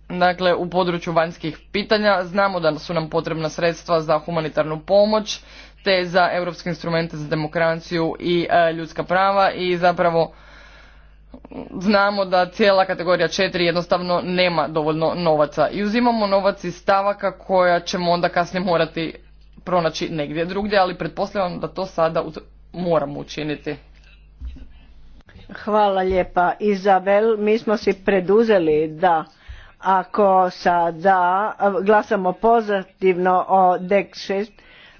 Dakle, u području vanjskih pitanja znamo da su nam potrebna sredstva za humanitarnu pomoć, te za europske instrumente za demokraciju i e, ljudska prava i zapravo znamo da cijela kategorija 4 jednostavno nema dovoljno novaca i uzimamo novac iz stavaka koja ćemo onda kasnije morati pronaći negdje drugdje, ali pretpostavljam da to sada moramo učiniti. Hvala lijepa Izabel. Mi smo si preduzeli da ako sada glasamo pozitivno o DEX 6,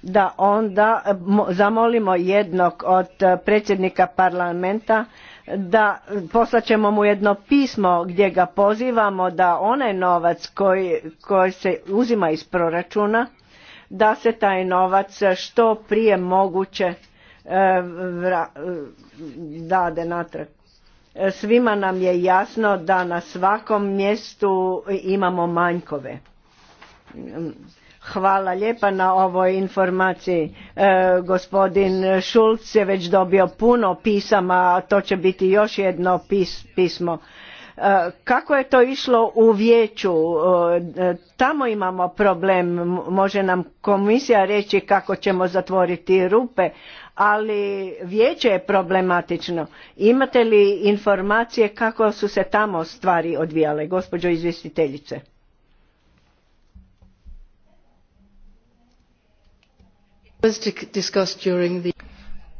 da onda zamolimo jednog od predsjednika parlamenta da ćemo mu jedno pismo gdje ga pozivamo da onaj novac koji, koji se uzima iz proračuna da se taj novac što prije moguće e, dade natrag. E, svima nam je jasno da na svakom mjestu imamo manjkove Hvala lijepa na ovoj informaciji. E, gospodin Šulc je već dobio puno pisama, to će biti još jedno pismo. E, kako je to išlo u vijeću? E, tamo imamo problem, može nam komisija reći kako ćemo zatvoriti rupe, ali vijeće je problematično. Imate li informacije kako su se tamo stvari odvijale, gospođo izvjestiteljice?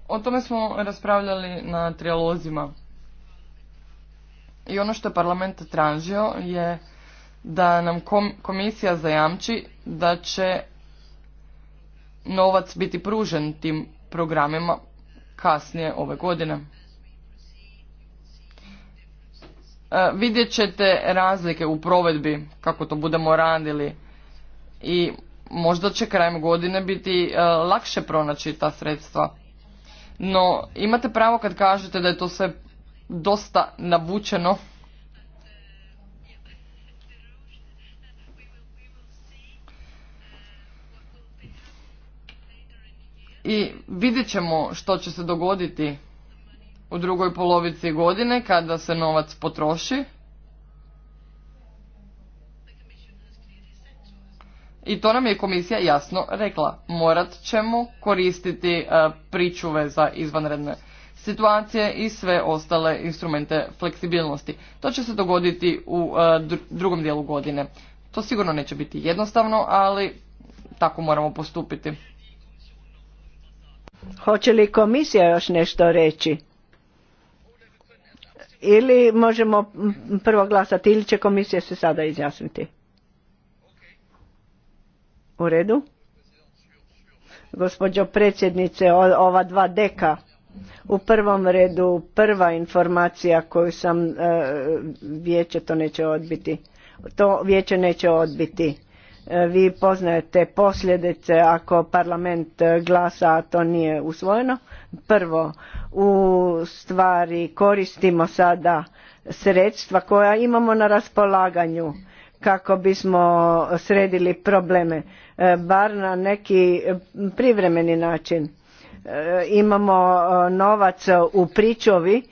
O tome smo raspravljali na trijalozima. I ono što je parlament tražio je da nam komisija zajamči da će novac biti pružen tim programima kasnije ove godine. E, vidjet ćete razlike u provedbi kako to budemo radili i možda će krajem godine biti e, lakše pronaći ta sredstva. No, imate pravo kad kažete da je to sve dosta navučeno. I vidjet ćemo što će se dogoditi u drugoj polovici godine kada se novac potroši. I to nam je komisija jasno rekla. Morat ćemo koristiti e, pričuve za izvanredne situacije i sve ostale instrumente fleksibilnosti. To će se dogoditi u e, drugom dijelu godine. To sigurno neće biti jednostavno, ali tako moramo postupiti. Hoće li komisija još nešto reći? Ili možemo prvo glasati ili će komisija se sada izjasniti? U redu? Gospođo predsjednice, ova dva deka. U prvom redu prva informacija koju sam, e, vijeće to neće odbiti. To vijeće neće odbiti. E, vi poznajete posljedice ako parlament glasa, a to nije usvojeno. Prvo, u stvari koristimo sada sredstva koja imamo na raspolaganju kako bismo sredili probleme E, bar na neki privremeni način. E, imamo e, novac u pričovi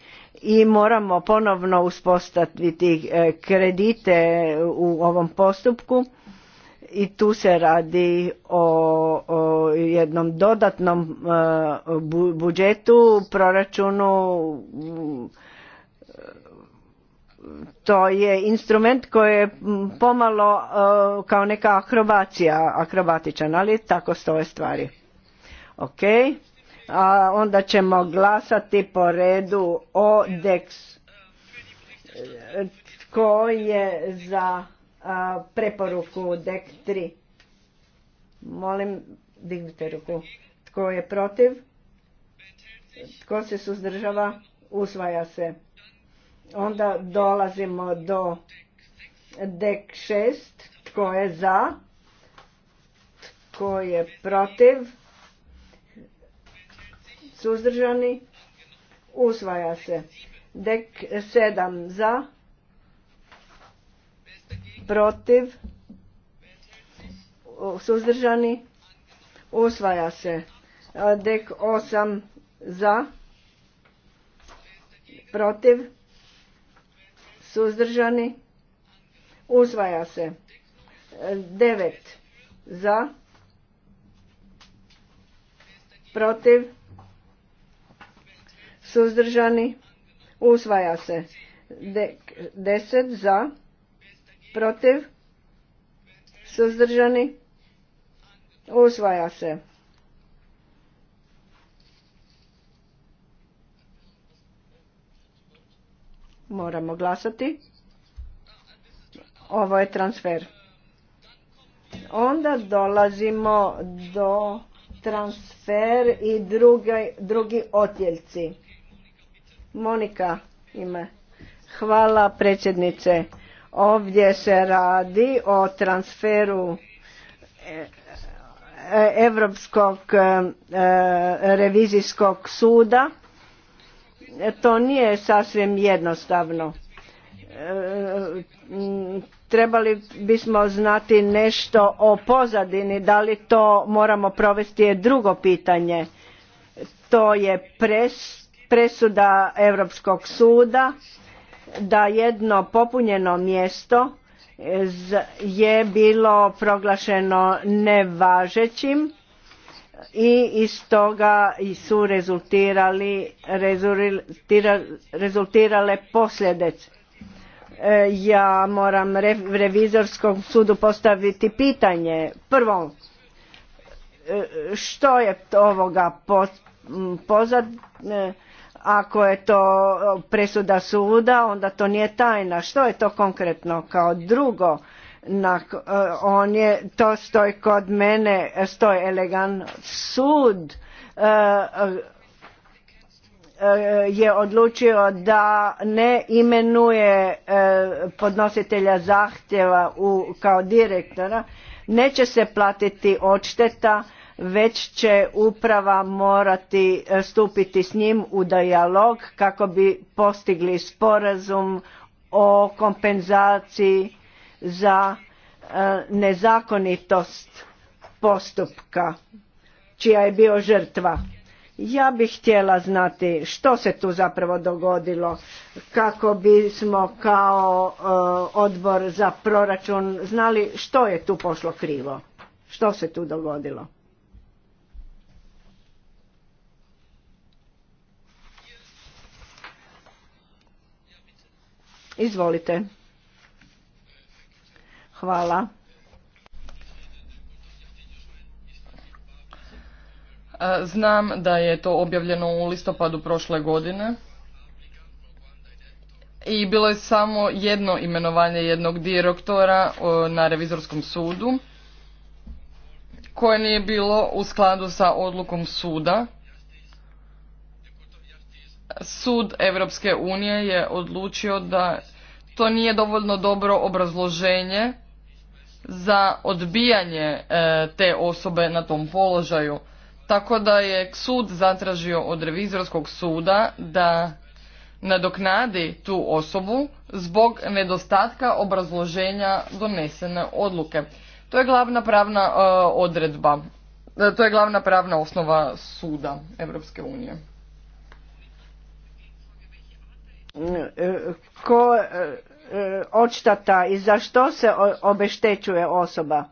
i moramo ponovno uspostaviti kredite u ovom postupku i tu se radi o, jednom dodatnom budžetu, proračunu to je instrument koji je pomalo e, kao neka akrobacija, akrobatičan, ali tako stoje stvari. Ok, a onda ćemo glasati po redu o DEX. Tko je za preporuku DEC 3? Molim, dignite ruku. Tko je protiv? Tko se suzdržava? Usvaja se. Onda dolazimo do dek 6. Tko je za? Tko je protiv? Suzdržani? Usvaja se. Dek 7 za? Protiv? Suzdržani? Usvaja se. Dek 8 za? Protiv? suzdržani, uzvaja se. 9 za, protiv, suzdržani, usvaja se. 10 za, protiv, suzdržani, usvaja se. Moramo glasati. Ovo je transfer. Onda dolazimo do transfer i drugi otjeljci. Monika ima. Hvala predsjednice. Ovdje se radi o transferu Europskog e, e, revizijskog suda to nije sasvim jednostavno. E, trebali bismo znati nešto o pozadini, da li to moramo provesti je drugo pitanje. To je presuda Europskog suda da jedno popunjeno mjesto je bilo proglašeno nevažećim i iz toga su rezultirali, rezultirale posljedice. E, ja moram revizorskom sudu postaviti pitanje. Prvo, e, što je ovoga pozad, e, ako je to presuda suda, onda to nije tajna. Što je to konkretno kao drugo? Eh, on je, to stoji kod mene, stoji elegan sud eh, eh, je odlučio da ne imenuje podnositelja zahtjeva u, kao direktora, neće se platiti odšteta, već će uprava morati stupiti s njim u dijalog kako bi postigli sporazum o kompenzaciji za e, nezakonitost postupka čija je bio žrtva. Ja bih htjela znati što se tu zapravo dogodilo kako bismo kao e, odbor za proračun znali što je tu pošlo krivo, što se tu dogodilo. Izvolite. Hvala. E, znam da je to objavljeno u listopadu prošle godine i bilo je samo jedno imenovanje jednog direktora e, na revizorskom sudu koje nije bilo u skladu sa odlukom suda. Sud Europske unije je odlučio da to nije dovoljno dobro obrazloženje za odbijanje e, te osobe na tom položaju. Tako da je sud zatražio od revizorskog suda da nadoknadi tu osobu zbog nedostatka obrazloženja donesene odluke. To je glavna pravna e, odredba. E, to je glavna pravna osnova suda Europske unije. Ko, E, odštata i za što se obeštećuje osoba?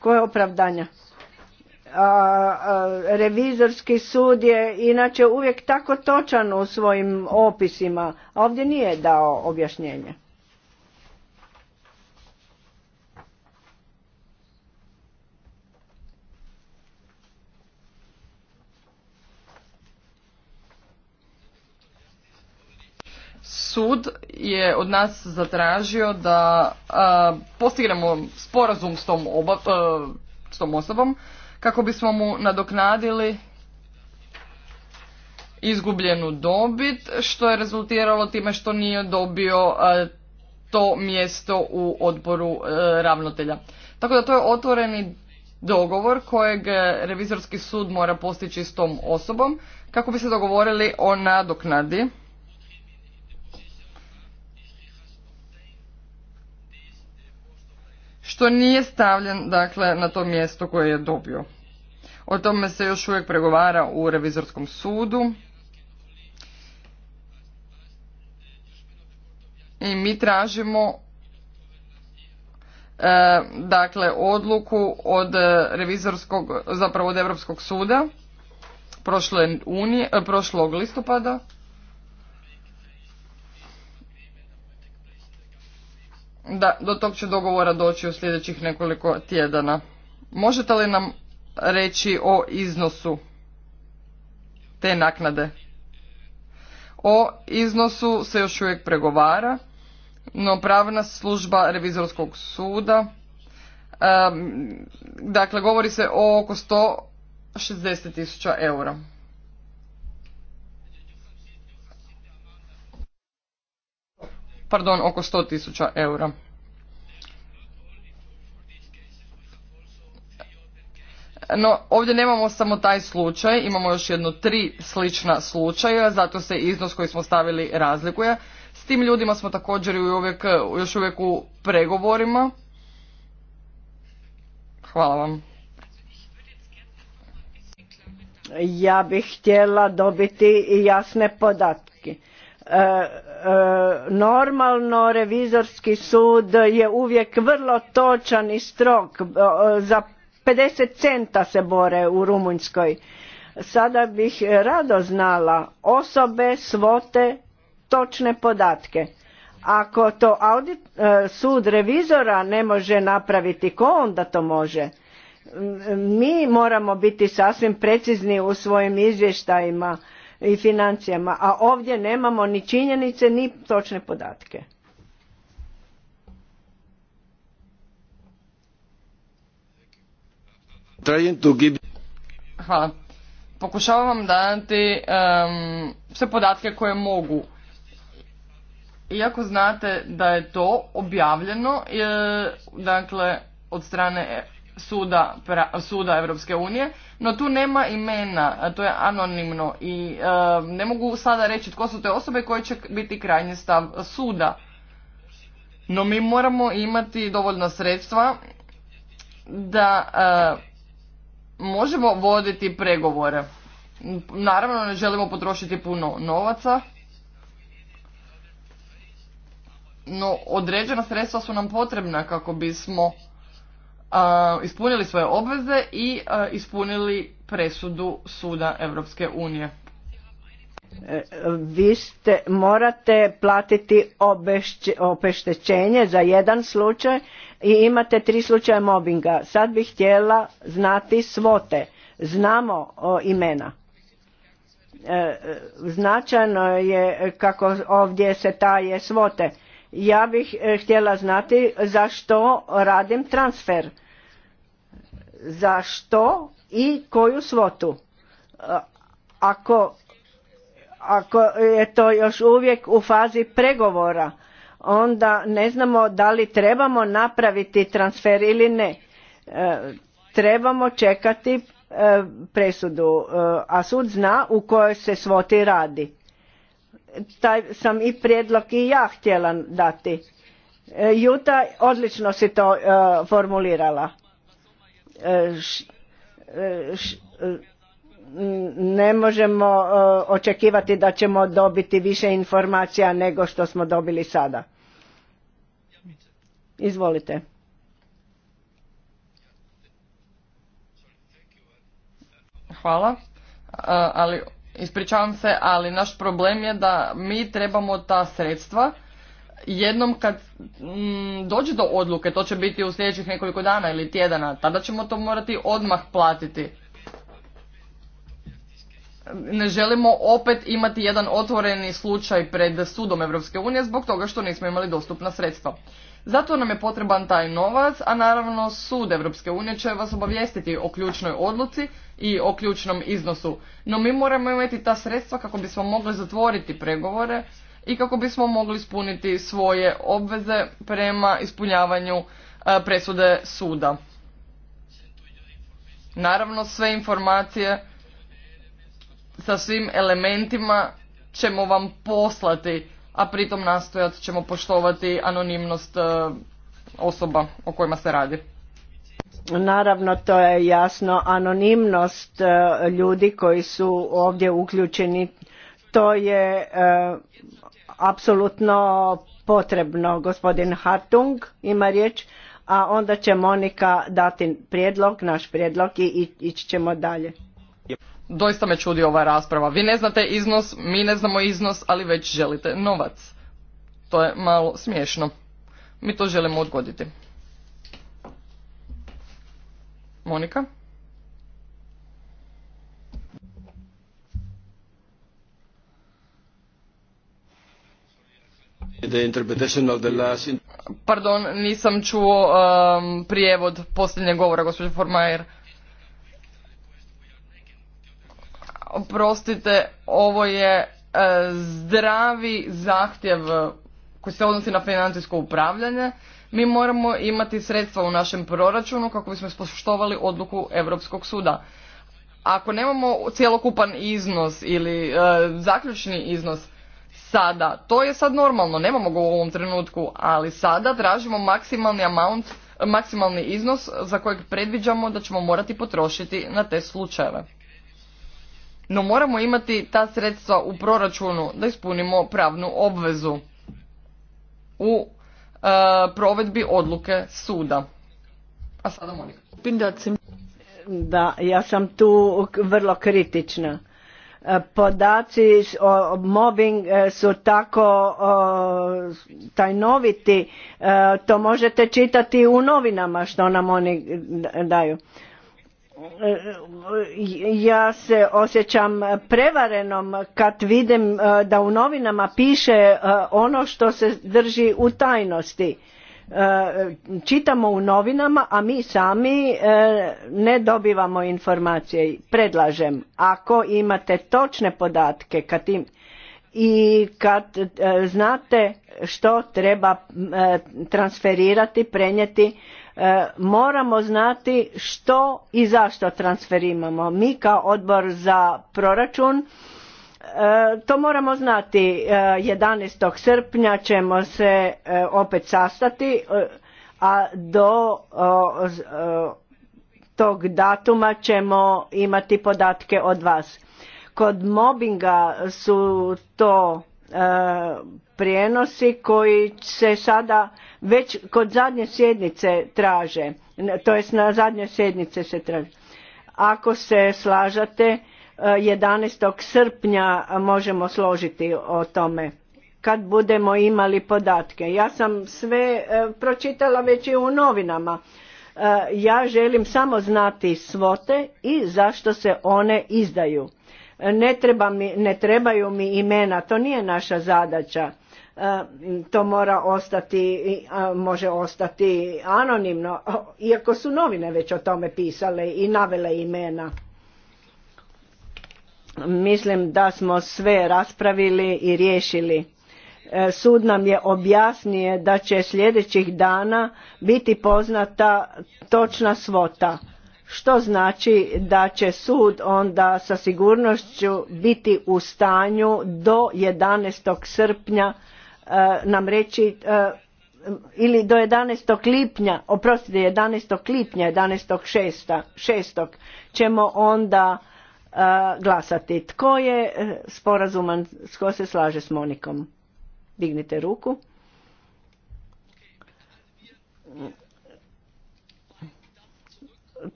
Koje opravdanja? A, revizorski sud je inače uvijek tako točan u svojim opisima, a ovdje nije dao objašnjenje. sud je od nas zatražio da postignemo sporazum s tom, osobom kako bismo mu nadoknadili izgubljenu dobit što je rezultiralo time što nije dobio to mjesto u odboru e, ravnatelja. Tako da to je otvoreni dogovor kojeg revizorski sud mora postići s tom osobom kako bi se dogovorili o nadoknadi što nije stavljen dakle, na to mjesto koje je dobio. O tome se još uvijek pregovara u revizorskom sudu. I mi tražimo e, dakle odluku od revizorskog, zapravo od Europskog suda e, prošlog listopada da do tog će dogovora doći u sljedećih nekoliko tjedana. Možete li nam reći o iznosu te naknade? O iznosu se još uvijek pregovara, no pravna služba revizorskog suda, dakle govori se o oko 160.000 tisuća eura. pardon, oko 100 tisuća eura. No, ovdje nemamo samo taj slučaj, imamo još jedno tri slična slučaja, zato se iznos koji smo stavili razlikuje. S tim ljudima smo također uvijek, još uvijek u pregovorima. Hvala vam. Ja bih htjela dobiti jasne podatke E, e, normalno revizorski sud je uvijek vrlo točan i strog e, za 50 centa se bore u Rumunjskoj sada bih rado znala osobe, svote, točne podatke ako to audit, sud revizora ne može napraviti, ko onda to može? Mi moramo biti sasvim precizni u svojim izvještajima i financijama, a ovdje nemamo ni činjenice ni točne podatke. Hvala. Pokušavam vam dati sve podatke koje mogu. Iako znate da je to objavljeno, je, dakle, od strane suda, pra, suda Europske unije, no tu nema imena, to je anonimno i e, ne mogu sada reći tko su te osobe koje će biti krajnji stav suda. No mi moramo imati dovoljno sredstva da e, možemo voditi pregovore. Naravno ne želimo potrošiti puno novaca, no određena sredstva su nam potrebna kako bismo ispunili svoje obveze i ispunili presudu suda Europske unije. E, vi ste, morate platiti obeštećenje opeštećenje za jedan slučaj i imate tri slučaja mobinga. Sad bih htjela znati svote. Znamo imena. E, e, značajno je kako ovdje se taje svote. Ja bih e, htjela znati zašto radim transfer. Zašto i koju svotu. E, ako, ako je to još uvijek u fazi pregovora, onda ne znamo da li trebamo napraviti transfer ili ne. E, trebamo čekati presudu, a sud zna u kojoj se svoti radi taj sam i prijedlog i ja htjela dati. E, Juta odlično si to e, formulirala. E, ne možemo očekivati da ćemo dobiti više informacija nego što smo dobili sada. Izvolite. Hvala. ali Ispričavam se, ali naš problem je da mi trebamo ta sredstva jednom kad mm, dođe do odluke, to će biti u sljedećih nekoliko dana ili tjedana, tada ćemo to morati odmah platiti. Ne želimo opet imati jedan otvoreni slučaj pred sudom Europske unije zbog toga što nismo imali dostupna sredstva. Zato nam je potreban taj novac, a naravno sud Europske unije će vas obavijestiti o ključnoj odluci i o ključnom iznosu. No mi moramo imati ta sredstva kako bismo mogli zatvoriti pregovore i kako bismo mogli ispuniti svoje obveze prema ispunjavanju e, presude suda. Naravno sve informacije sa svim elementima ćemo vam poslati, a pritom nastojat ćemo poštovati anonimnost e, osoba o kojima se radi. Naravno, to je jasno, anonimnost e, ljudi koji su ovdje uključeni, to je e, apsolutno potrebno. Gospodin Hartung ima riječ, a onda će Monika dati prijedlog, naš prijedlog i ići ćemo dalje. Doista me čudi ova rasprava. Vi ne znate iznos, mi ne znamo iznos, ali već želite novac. To je malo smiješno. Mi to želimo odgoditi. Monika? Pardon, nisam čuo um, prijevod posljednjeg govora, gospođo Formajer. Oprostite, ovo je e, zdravi zahtjev koji se odnosi na financijsko upravljanje. Mi moramo imati sredstva u našem proračunu kako bismo spoštovali odluku Europskog suda. Ako nemamo cjelokupan iznos ili e, zaključni iznos sada, to je sad normalno, nemamo ga u ovom trenutku, ali sada tražimo maksimalni amount, maksimalni iznos za kojeg predviđamo da ćemo morati potrošiti na te slučajeve. No moramo imati ta sredstva u proračunu da ispunimo pravnu obvezu u E, provedbi odluke suda. A sada Monika. Da, ja sam tu vrlo kritična. E, podaci o mobbing e, su tako tajnoviti, to možete čitati u novinama što nam oni daju ja se osjećam prevarenom kad vidim e, da u novinama piše e, ono što se drži u tajnosti. E, čitamo u novinama, a mi sami ne dobivamo informacije. Predlažem, ako imate točne podatke kad i kad znate što treba transferirati, prenijeti, E, moramo znati što i zašto transferimamo. Mi kao odbor za proračun e, to moramo znati. 11. E, srpnja ćemo se opet sastati, a do tog datuma ćemo imati podatke od vas. Kod mobinga su to prijenosi koji se sada već kod zadnje sjednice traže, to jest na zadnje sjednice se traže. Ako se slažete, 11. E, srpnja možemo složiti o tome kad budemo imali podatke. Ja sam sve e, pročitala već i u novinama. E, ja želim samo znati svote i zašto se one izdaju. Ne, treba mi, ne trebaju mi imena, to nije naša zadaća. E, to mora ostati, može ostati anonimno, iako su novine već o tome pisale i navele imena. Mislim da smo sve raspravili i riješili. E, sud nam je objasnije da će sljedećih dana biti poznata točna svota, što znači da će sud onda sa sigurnošću biti u stanju do 11. srpnja Eh, nam reći eh, ili do 11. lipnja, oprostite 11. lipnja, 11. 6. ćemo onda eh, glasati. Tko je sporazuman, tko se slaže s Monikom? Dignite ruku.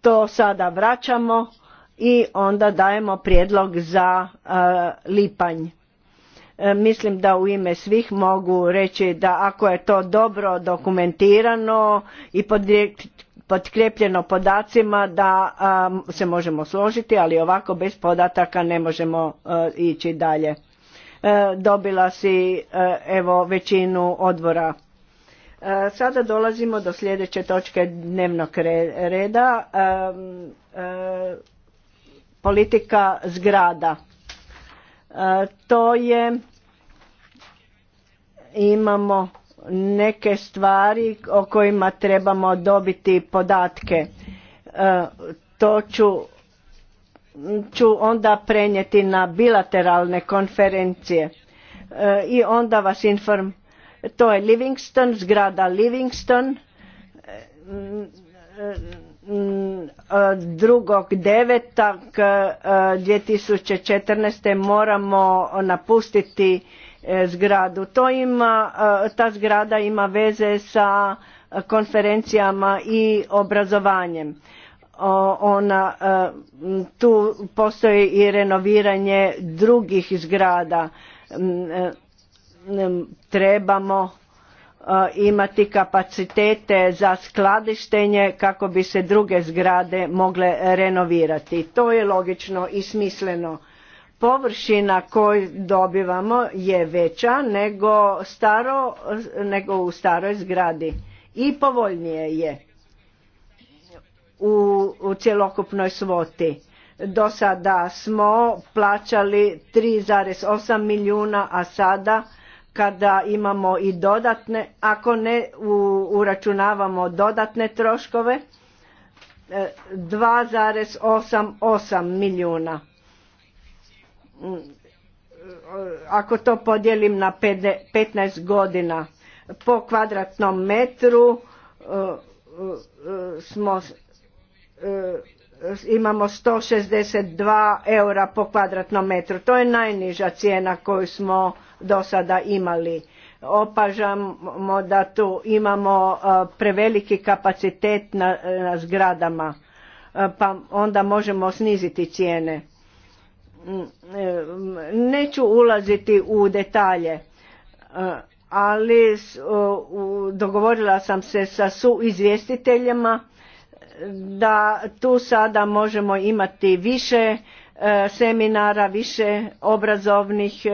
To sada vraćamo i onda dajemo prijedlog za lipanj. E, mislim da u ime svih mogu reći da ako je to dobro dokumentirano i potkrijepljeno podacima da se možemo složiti ali ovako bez podataka ne možemo e, ići dalje e, dobila si evo većinu odbora Sada dolazimo do sljedeće točke dnevnog reda, politika zgrada. E, to je, imamo neke stvari o kojima trebamo dobiti podatke. E, to ću, ću onda prenijeti na bilateralne konferencije e, i onda vas inform. To je Livingston, zgrada Livingston E, drugog devetak 2014. E, moramo napustiti e, zgradu. To ima, ta zgrada ima veze sa konferencijama i obrazovanjem. Ona, tu postoji i renoviranje drugih zgrada. Trebamo E, imati kapacitete za skladištenje kako bi se druge zgrade mogle renovirati. To je logično i smisleno. Površina koju dobivamo je veća nego, staro, nego u staroj zgradi i povoljnije je u, u cjelokupnoj svoti. Do sada smo plaćali 3,8 milijuna, a sada kada imamo i dodatne, ako ne uračunavamo dodatne troškove, 2,88 e, milijuna. Mm, ako to podijelim na 15 godina, po kvadratnom metru e, e, smo imamo 162 eura po kvadratnom metru. To je najniža cijena koju smo do sada imali. Opažamo da tu imamo preveliki kapacitet na, na zgradama, pa onda možemo sniziti cijene. Mm, e, neću ulaziti u detalje, ali dogovorila sam se sa suizvjestiteljima da tu sada možemo imati više E, seminara, više obrazovnih e,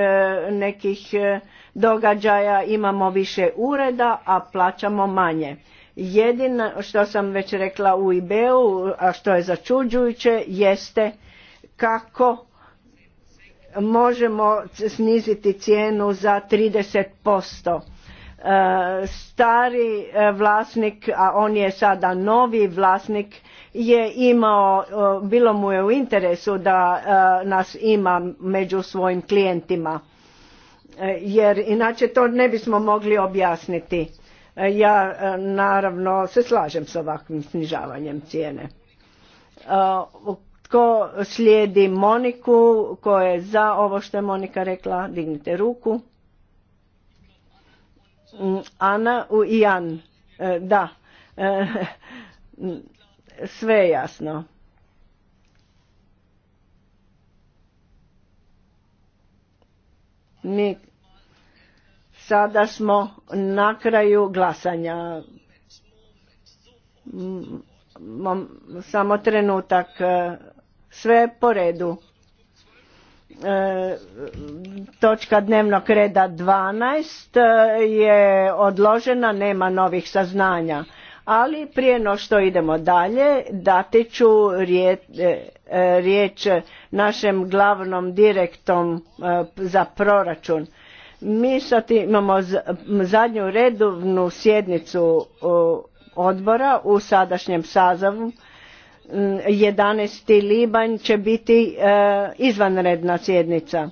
nekih e, događaja, imamo više ureda, a plaćamo manje. Jedino što sam već rekla u IB-u, a što je začuđujuće, jeste kako možemo sniziti cijenu za 30% stari e, vlasnik, a on je sada novi vlasnik, je imao, e, bilo mu je u interesu da e, nas ima među svojim klijentima. Jer inače to ne bismo mogli objasniti. Ja naravno se slažem s ovakvim snižavanjem cijene. Tko slijedi Moniku, ko je za ovo što je Monika rekla, dignite ruku. Mm, Ana i Jan. E, da, e, (laughs) sve je jasno. Mi sada smo na kraju glasanja. Mm, samo trenutak, e, sve po redu. E, točka dnevnog reda 12 e, je odložena, nema novih saznanja. Ali prije no što idemo dalje, dati ću e, riječ našem glavnom direktom za proračun. Mi sad imamo zadnju redovnu sjednicu odbora u sadašnjem sazavu 11. libanj će biti e, izvanredna sjednica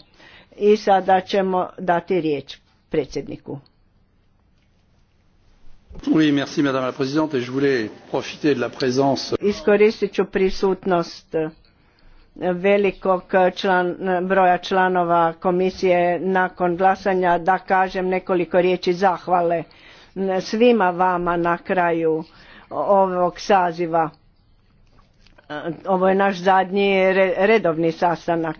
i sada ćemo dati riječ predsjedniku. Iskoristit ću prisutnost velikog broja članova komisije nakon glasanja da kažem nekoliko riječi zahvale svima vama na kraju ovog saziva ovo je naš zadnji redovni sastanak.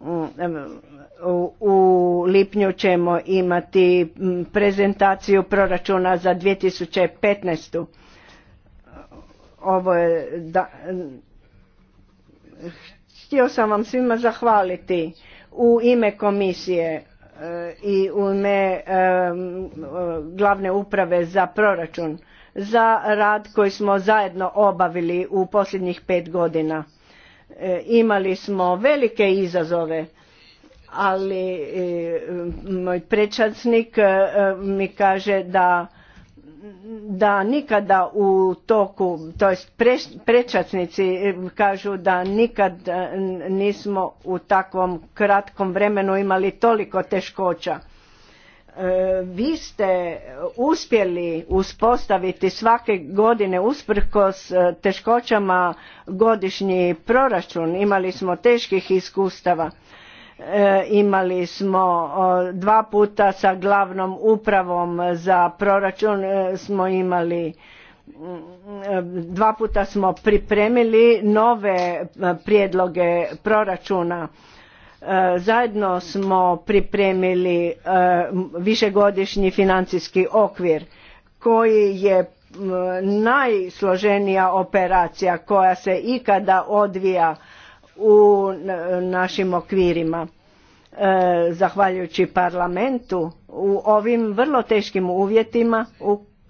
Mm, u lipnju ćemo imati mm, prezentaciju proračuna za 2015. Ovo je da, htio sam vam svima zahvaliti u ime komisije e, i u ime glavne uprave za proračun za rad koji smo zajedno obavili u posljednjih pet godina. E, imali smo velike izazove, ali e, moj prečasnik e, mi kaže da da nikada u toku, to jest prečasnici kažu da nikad nismo u takvom kratkom vremenu imali toliko teškoća. E, vi ste uspjeli uspostaviti svake godine usprkos e, teškoćama godišnji proračun imali smo teških iskustava e, imali smo dva puta sa glavnom upravom za proračun smo imali dva puta smo pripremili nove prijedloge proračuna E, zajedno smo pripremili e, višegodišnji financijski okvir koji je najsloženija operacija koja se ikada odvija u našim okvirima. E, zahvaljujući parlamentu u ovim vrlo teškim uvjetima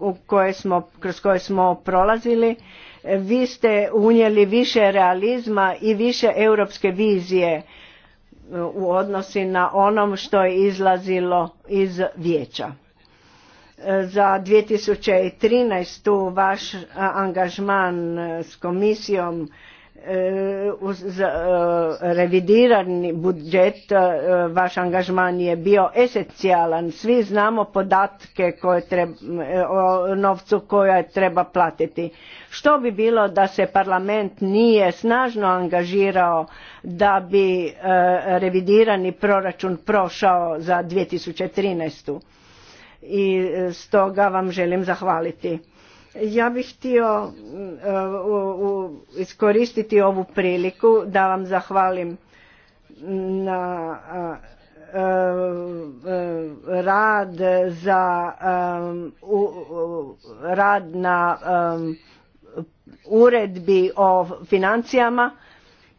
u koje smo, kroz koje smo prolazili, vi ste unijeli više realizma i više europske vizije u odnosi na onom što je izlazilo iz vijeća. Za 2013. vaš angažman s komisijom E, uz e, revidirani budžet e, vaš angažman je bio esencijalan. Svi znamo podatke koje o novcu koje treba platiti. Što bi bilo da se parlament nije snažno angažirao da bi revidirani proračun prošao za 2013. I stoga vam želim zahvaliti ja bih htio eh, iskoristiti ovu priliku da vam zahvalim na eh, eh, rad za rad na uredbi o financijama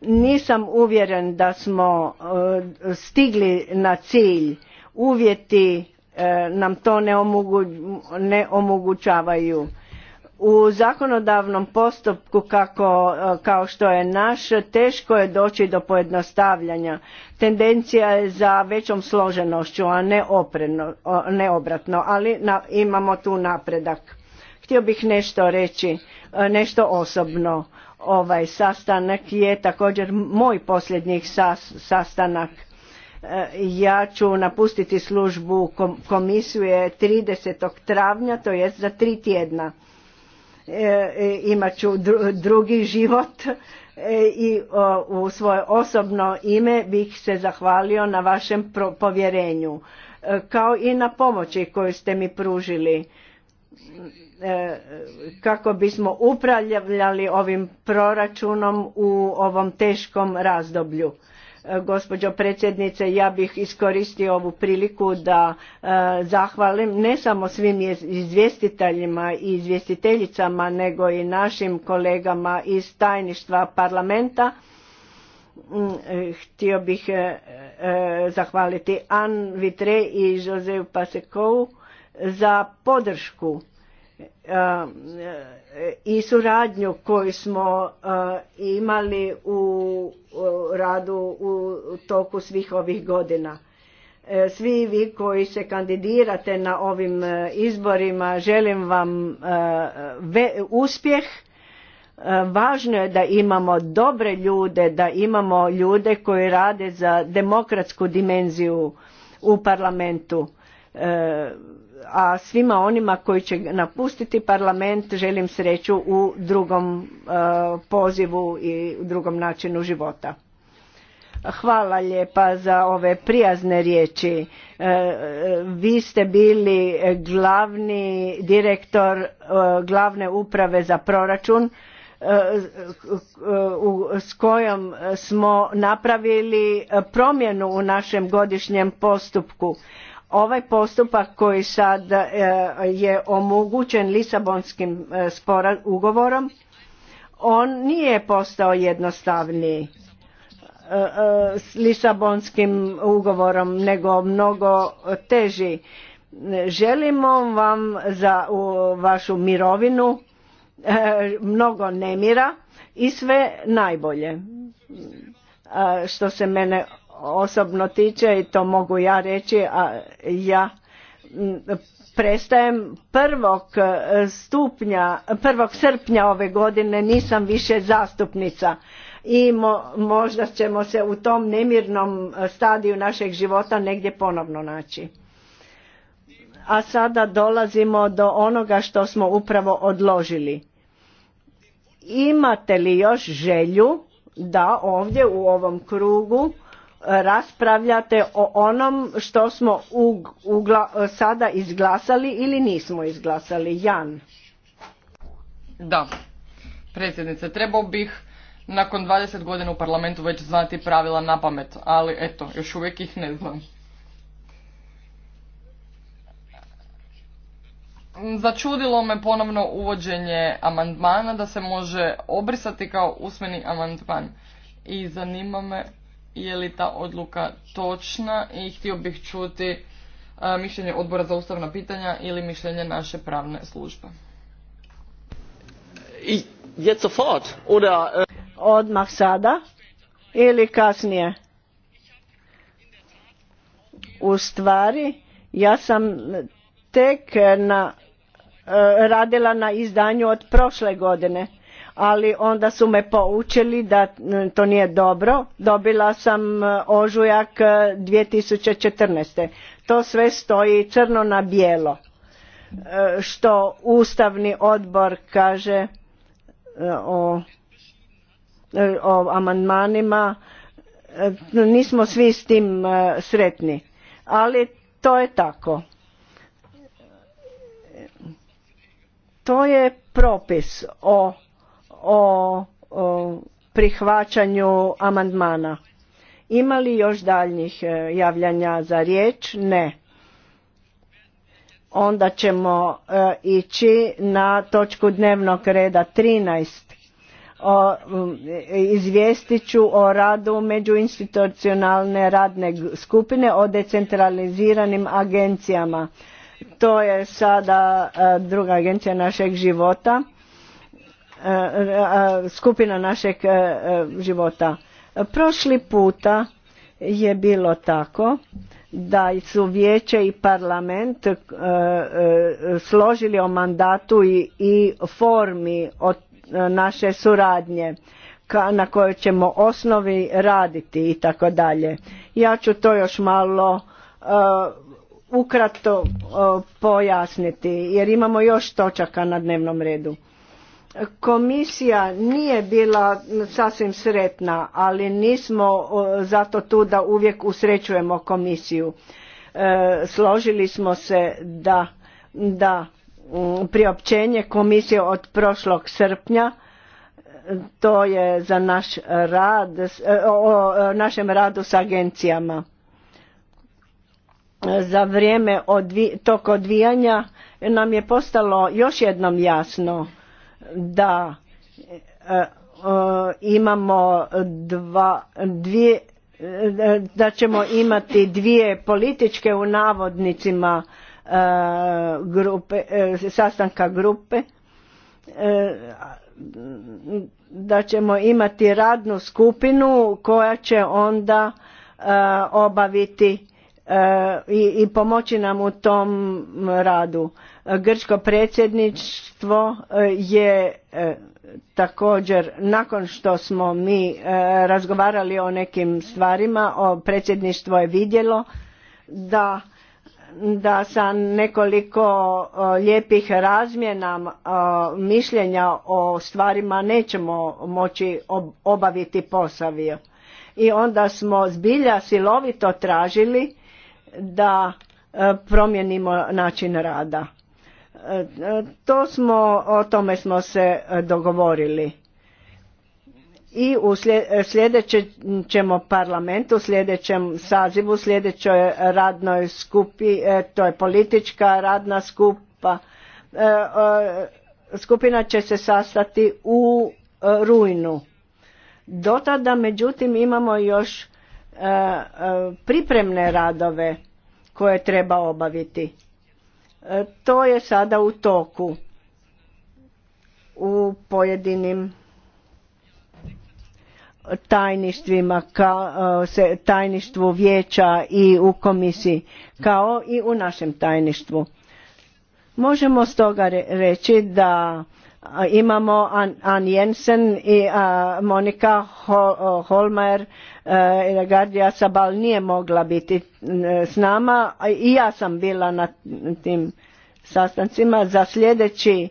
nisam uvjeren da smo stigli na cilj uvjeti nam to ne omogućavaju u zakonodavnom postupku kako, e, kao što je naš teško je doći do pojednostavljanja tendencija je za većom složenošću a ne, obratno ali imamo tu napredak htio bih nešto reći e, nešto osobno ovaj sastanak je također moj posljednji sastanak e, ja ću napustiti službu komisije 30. travnja to jest za tri tjedna E, e, imat ću drugi život e, i u svoje osobno ime bih se zahvalio na vašem povjerenju kao i na pomoći koju ste mi pružili kako bismo upravljali ovim proračunom u ovom teškom razdoblju E, gospođo predsjednice, ja bih iskoristio ovu priliku da e, zahvalim ne samo svim izvjestiteljima i izvjestiteljicama, nego i našim kolegama iz tajništva parlamenta. Mm, e, htio bih zahvaliti An Vitre i Joseu Pasekou za podršku i suradnju koju smo e, imali u radu u toku svih ovih godina. E, svi vi koji se kandidirate na ovim e, izborima želim vam uspjeh. Važno je da imamo dobre ljude, da imamo ljude koji rade za demokratsku dimenziju u parlamentu a svima onima koji će napustiti parlament želim sreću u drugom e, pozivu i u drugom načinu života. Hvala lijepa za ove prijazne riječi. E, e, vi ste bili glavni direktor glavne uprave za proračun s kojom smo napravili promjenu u našem godišnjem postupku Ovaj postupak koji sad e, je omogućen Lisabonskim e, ugovorom, on nije postao jednostavniji e, s Lisabonskim ugovorom, nego mnogo teži. Želimo vam za vašu mirovinu mnogo nemira i sve najbolje što se mene osobno tiče i to mogu ja reći, a ja prestajem prvog e, stupnja, prvog srpnja ove godine nisam više zastupnica i možda ćemo se u tom nemirnom stadiju našeg života negdje ponovno naći. A sada dolazimo do onoga što smo upravo odložili. Imate li još želju da ovdje u ovom krugu raspravljate o onom što smo sada izglasali ili nismo izglasali. Jan. Da, predsjednice, trebao bih nakon 20 godina u parlamentu već znati pravila na pamet, ali eto, još uvijek ih ne znam. Začudilo me ponovno uvođenje amandmana da se može obrisati kao usmeni amandman. I zanima me je li ta odluka točna i htio bih čuti e, mišljenje odbora za ustavna pitanja ili mišljenje naše pravne službe. E, Odmah sada ili kasnije? U stvari, ja sam tek na, e, radila na izdanju od prošle godine ali onda su me poučili da mm, to nije dobro. Dobila sam e, ožujak 2014. E, to sve stoji crno na bijelo. E, što Ustavni odbor kaže o, o amandmanima, nismo svi s tim sretni. Ali to je tako. To je propis o o, o prihvaćanju amandmana. Ima li još daljnjih e, javljanja za riječ? Ne. Onda ćemo e, ići na točku dnevnog reda 13. O, izvijestit ću o radu međuinstitucionalne radne skupine o decentraliziranim agencijama. To je sada e, druga agencija našeg života Eh, eh, skupina našeg eh, života. Prošli puta je bilo tako da su vijeće i parlament složili o mandatu i formi od naše suradnje na kojoj ćemo osnovi raditi i tako dalje. Ja ću to još malo ukratko pojasniti jer imamo još točaka na dnevnom redu. Komisija nije bila sasvim sretna, ali nismo zato tu da uvijek usrećujemo komisiju. E, složili smo se da, da mm, priopćenje komisije od prošlog srpnja to je za naš rad, e, o našem radu s agencijama. Za vrijeme tog odvijanja nam je postalo još jednom jasno da e, e, imamo dva, dvije, e, da ćemo imati dvije političke u navodnicima grupe, sastanka grupe, da ćemo imati radnu skupinu koja će onda obaviti i pomoći nam u tom radu. Grčko predsjedništvo e, je e, također, nakon što smo mi e, razgovarali o nekim stvarima, o predsjedništvo je vidjelo da da sa nekoliko lijepih razmjena mišljenja o stvarima nećemo moći obaviti posavio. I onda smo zbilja silovito tražili da promijenimo način rada. To smo, o tome smo se dogovorili. I u sljedećem ćemo parlamentu, u sljedećem sazivu, sljedećoj radnoj skupi, e, to je politička radna skupa, e, skupina će se sastati u e, rujnu. Do tada, međutim, imamo još pripremne radove koje treba obaviti E, to je sada u toku u pojedinim tajništvima, e, se, tajništvu vijeća i u komisiji, kao i u našem tajništvu. Možemo stoga reći da imamo Ann Jensen i Monika Holmer e, Gardija Sabal nije mogla biti s nama i ja sam bila na tim sastancima za sljedeći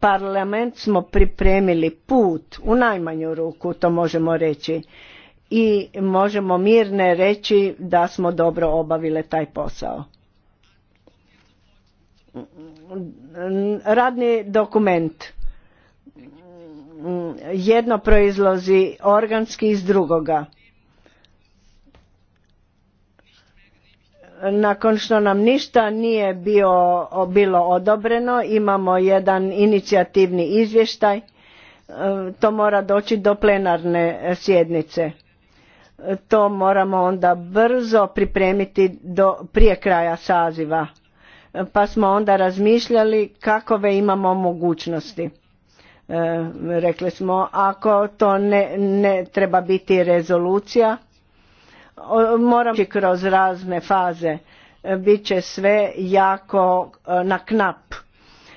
parlament smo pripremili put u najmanju ruku to možemo reći i možemo mirne reći da smo dobro obavile taj posao radni dokument Mm, jedno proizlozi organski iz drugoga. Nakon što nam ništa nije bio, bilo odobreno, imamo jedan inicijativni izvještaj, e, to mora doći do plenarne sjednice. To moramo onda brzo pripremiti do prije kraja saziva. Pa smo onda razmišljali kakove imamo mogućnosti E, rekli smo ako to ne, ne treba biti rezolucija moram kroz razne faze e, bit će sve jako e, na knap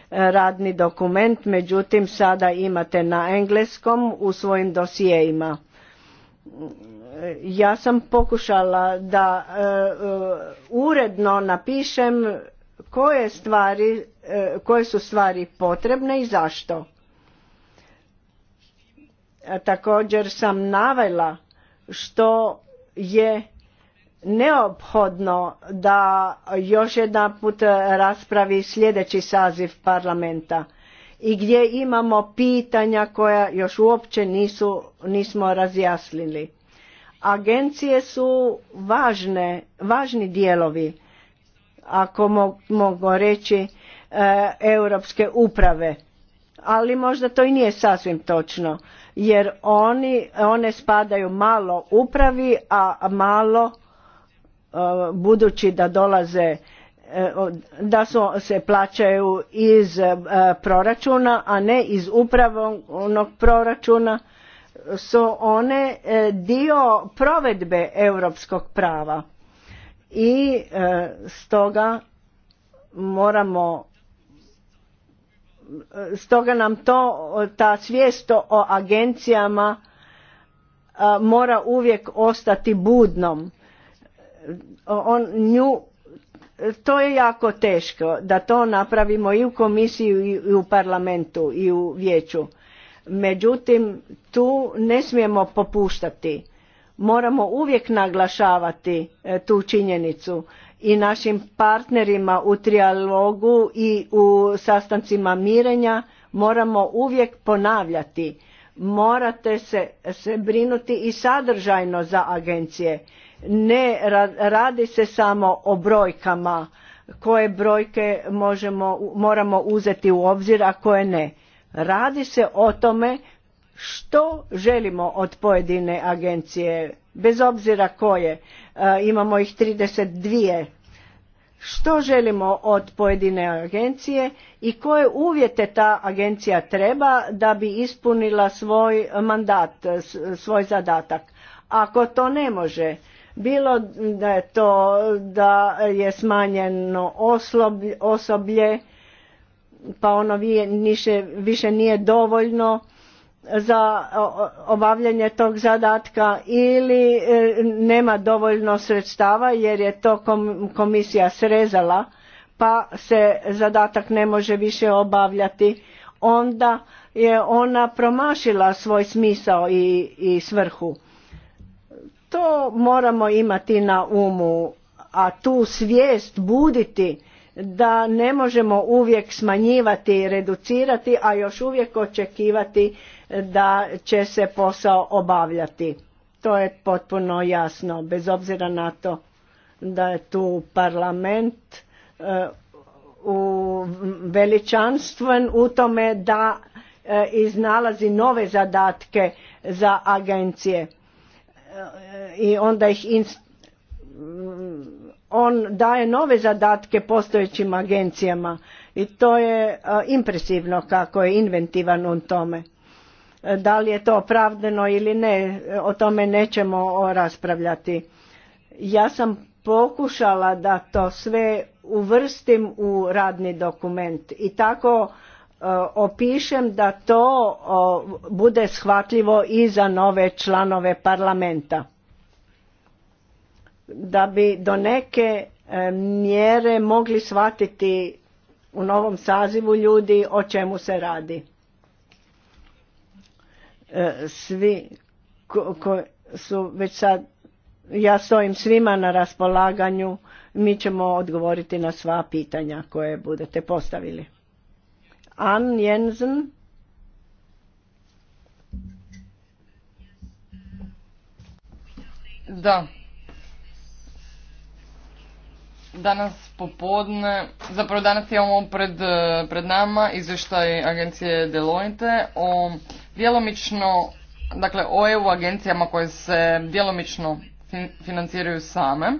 radni dokument međutim sada imate na engleskom u svojim dosijeima. ja sam pokušala da uredno napišem koje stvari koje su stvari potrebne i zašto Također sam navela što je neophodno da još jedanput raspravi sljedeći saziv parlamenta i gdje imamo pitanja koja još uopće nisu, nismo razjasnili. Agencije su važne, važni dijelovi, ako mogu reći, e, europske uprave, ali možda to i nije sasvim točno jer one spadaju malo upravi, a malo e, budući da dolaze e, da se plaćaju iz e, proračuna, a ne iz upravnog proračuna, su one dio provedbe europskog prava. I stoga moramo stoga nam to, ta svijest o agencijama e, mora uvijek ostati budnom. On, nju, to je jako teško da to napravimo i u komisiji i u parlamentu i u vijeću. Međutim, tu ne smijemo popuštati. Moramo uvijek naglašavati e, tu činjenicu i našim partnerima u trijalogu i u sastancima mirenja moramo uvijek ponavljati morate se, se brinuti i sadržajno za agencije ne radi se samo o brojkama koje brojke možemo, moramo uzeti u obzir a koje ne radi se o tome što želimo od pojedine agencije bez obzira koje, e, imamo ih 32. Što želimo od pojedine agencije i koje uvjete ta agencija treba da bi ispunila svoj mandat, svoj zadatak. Ako to ne može, bilo da je to da je smanjeno osoblje, pa ono više, više nije dovoljno, za obavljanje tog zadatka ili e, nema dovoljno sredstava jer je to komisija srezala pa se zadatak ne može više obavljati onda je ona promašila svoj smisao i, svrhu to moramo imati na umu a tu svijest buditi da ne možemo uvijek smanjivati i reducirati a još uvijek očekivati da će se posao obavljati. To je potpuno jasno, bez obzira na to da je tu parlament e, u veličanstven u tome da e, iznalazi nove zadatke za agencije e, i onda ih on daje nove zadatke postojećim agencijama i to je impresivno kako je inventivan u tome E, da li je to opravdano ili ne, e, o tome nećemo raspravljati. Ja sam pokušala da to sve uvrstim u radni dokument i tako e, opišem da to bude shvatljivo i za nove članove parlamenta. Da bi do neke mjere mogli shvatiti u novom sazivu ljudi o čemu se radi. E, svi koji su već sad ja stojim svima na raspolaganju mi ćemo odgovoriti na sva pitanja koje budete postavili An Jensen Da. Danas popodne, zapravo danas imamo pred, pred nama izvještaj agencije Deloitte o djelomično, dakle o EU agencijama koje se djelomično financiraju same.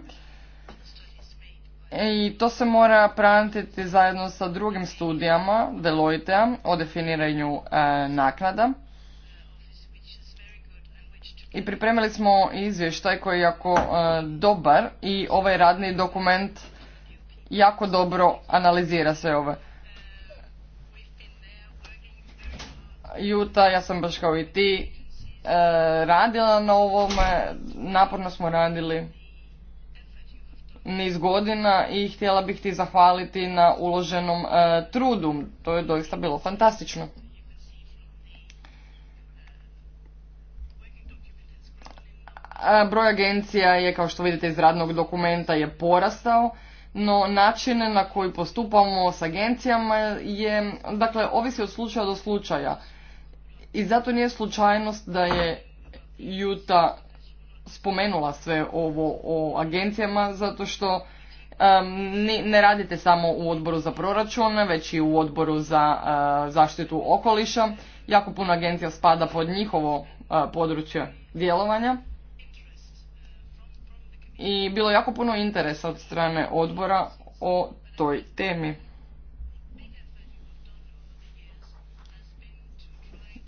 E, I to se mora pratiti zajedno sa drugim studijama Deloitte o definiranju e, naknada. I pripremili smo izvještaj koji je jako e, dobar i ovaj radni dokument jako dobro analizira sve ove Juta, ja sam baš kao i ti e, radila na ovome, naporno smo radili niz godina i htjela bih ti zahvaliti na uloženom e, trudu. To je doista bilo fantastično. E, broj agencija je, kao što vidite iz radnog dokumenta, je porastao, no način na koji postupamo s agencijama je, dakle, ovisi od slučaja do slučaja. I zato nije slučajnost da je Juta spomenula sve ovo o agencijama zato što ne radite samo u odboru za proračun, već i u odboru za e, zaštitu okoliša. Jako puno agencija spada pod njihovo e, područje djelovanja. I bilo je jako puno interesa od strane odbora o toj temi.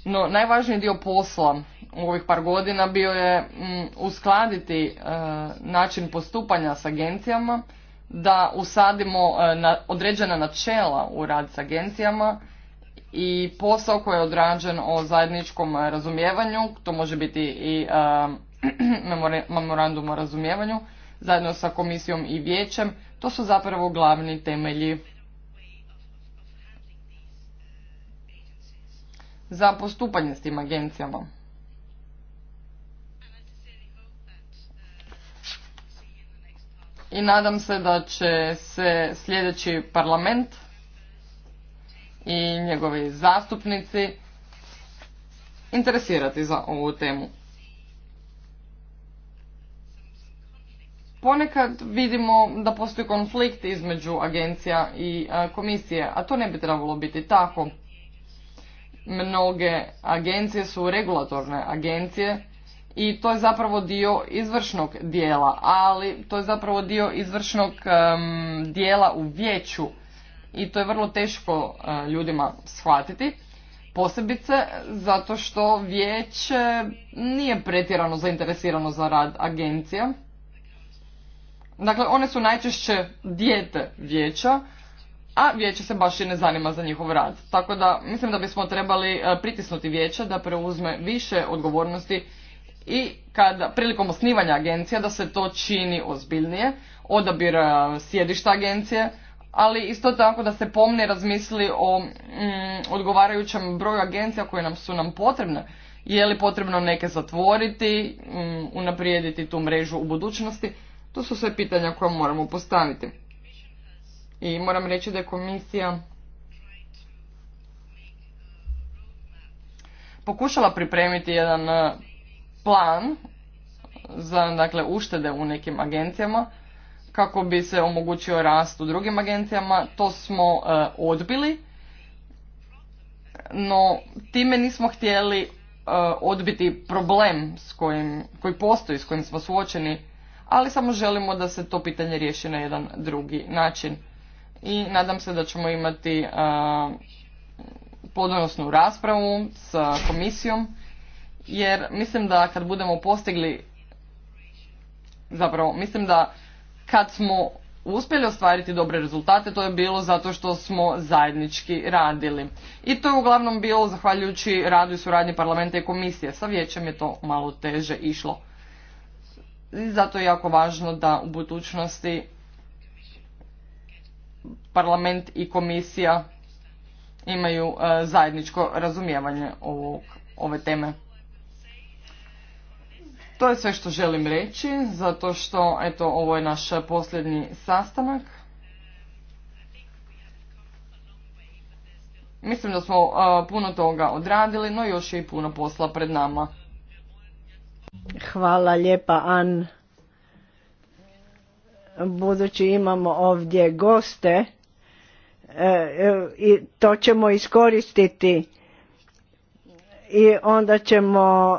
No, najvažniji dio posla u ovih par godina bio je mm, uskladiti e, način postupanja s agencijama, da usadimo e, na, određena načela u rad s agencijama i posao koji je odrađen o zajedničkom razumijevanju, to može biti i e, (clears throat) memorandum o razumijevanju, zajedno sa komisijom i vijećem, to su zapravo glavni temelji za postupanje s tim agencijama. I nadam se da će se sljedeći parlament i njegovi zastupnici interesirati za ovu temu. Ponekad vidimo da postoji konflikt između agencija i komisije, a to ne bi trebalo biti tako. Mnoge agencije su regulatorne agencije i to je zapravo dio izvršnog dijela, ali to je zapravo dio izvršnog dijela u vijeću i to je vrlo teško e, ljudima shvatiti. Posebice zato što vijeće nije pretjerano zainteresirano za rad agencija. Dakle, one su najčešće dijete vijeća, a vijeće se baš i ne zanima za njihov rad. Tako da mislim da bismo trebali e, pritisnuti vijeće da preuzme više odgovornosti i kada prilikom osnivanja agencija da se to čini ozbiljnije, odabir sjedišta agencije, ali isto tako da se pomne razmisli o mm, odgovarajućem broju agencija koje nam su nam potrebne. Je li potrebno neke zatvoriti, mm, unaprijediti tu mrežu u budućnosti? To su sve pitanja koja moramo postaviti. I moram reći da je komisija pokušala pripremiti jedan e, plan za dakle, uštede u nekim agencijama kako bi se omogućio rast u drugim agencijama. To smo e, odbili, no time nismo htjeli e, odbiti problem s kojim, koji postoji, s kojim smo suočeni, ali samo želimo da se to pitanje riješi na jedan drugi način i nadam se da ćemo imati podnosnu raspravu s komisijom jer mislim da kad budemo postigli zapravo mislim da kad smo uspjeli ostvariti dobre rezultate to je bilo zato što smo zajednički radili i to je uglavnom bilo zahvaljujući radu i suradnji parlamenta i komisije sa vijećem je to malo teže išlo i zato je jako važno da u budućnosti parlament i komisija imaju e, zajedničko razumijevanje ove teme. To je sve što želim reći, zato što eto, ovo je naš posljednji sastanak. Mislim da smo e, puno toga odradili, no još je i puno posla pred nama. Hvala lijepa, An. Budući imamo ovdje goste, E, e, i to ćemo iskoristiti i onda ćemo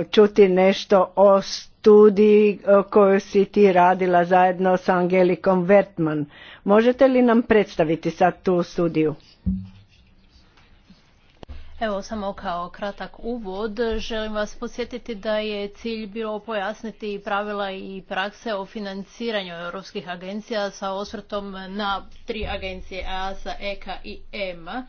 e, čuti nešto o studiji koju si ti radila zajedno s Angelikom Vertman. Možete li nam predstaviti sad tu studiju? Evo samo kao kratak uvod želim vas posjetiti da je cilj bilo pojasniti pravila i prakse o financiranju europskih agencija sa osvrtom na tri agencije EASA, EKA i EMA.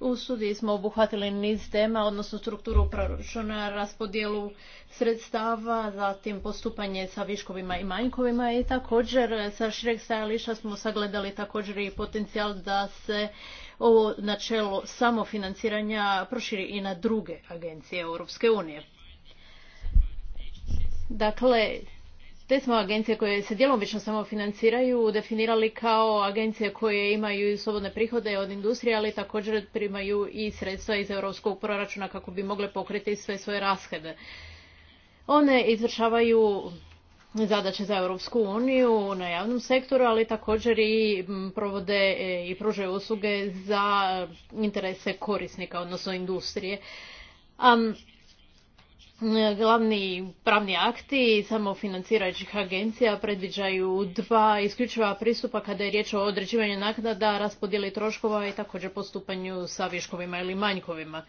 U studiji smo obuhvatili niz tema, odnosno strukturu proračuna, raspodjelu sredstava, zatim postupanje sa viškovima i manjkovima i također sa šireg stajališta smo sagledali također i potencijal da se ovo načelo samofinanciranja proširi i na druge agencije Europske unije. Dakle, te smo agencije koje se djelomično samofinanciraju definirali kao agencije koje imaju i slobodne prihode od industrije, ali također primaju i sredstva iz europskog proračuna kako bi mogle pokriti sve svoje rashode. One izvršavaju zadaće za Europsku uniju na javnom sektoru, ali također i provode e, i pružaju usluge za e, interese korisnika, odnosno industrije. E, glavni pravni akti samofinancirajućih agencija predviđaju dva isključiva pristupa kada je riječ o određivanju naknada, raspodjeli troškova i također postupanju sa viškovima ili manjkovima.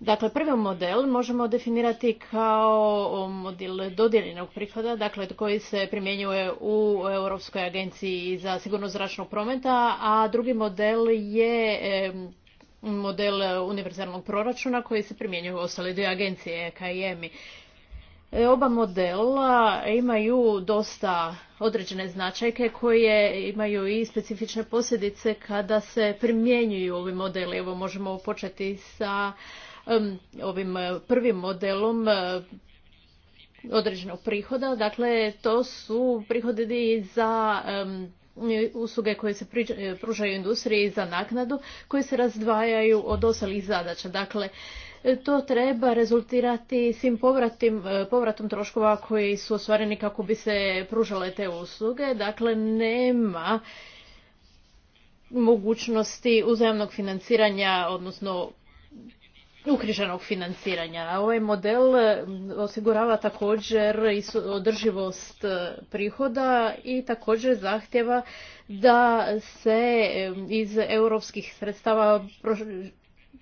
Dakle, prvi model možemo definirati kao model dodijeljenog prihoda, dakle koji se primjenjuje u Europskoj agenciji za sigurnost zračnog prometa, a drugi model je model univerzalnog proračuna koji se primjenjuje u ostali dvije agencije, KIM-i. E, oba modela imaju dosta određene značajke koje imaju i specifične posljedice kada se primjenjuju ovi modeli. Evo možemo početi sa Um, ovim uh, prvim modelom uh, određenog prihoda. Dakle, to su prihodi za um, usluge koje se uh, pružaju industriji za naknadu koje se razdvajaju od ostalih zadaća. Dakle, to treba rezultirati svim povratim, povratom troškova koji su ostvareni kako bi se pružale te usluge. Dakle, nema mogućnosti uzajamnog financiranja, odnosno ukriženog financiranja. Ovaj model e, osigurava također i održivost e, prihoda i također zahtjeva da se e, iz europskih sredstava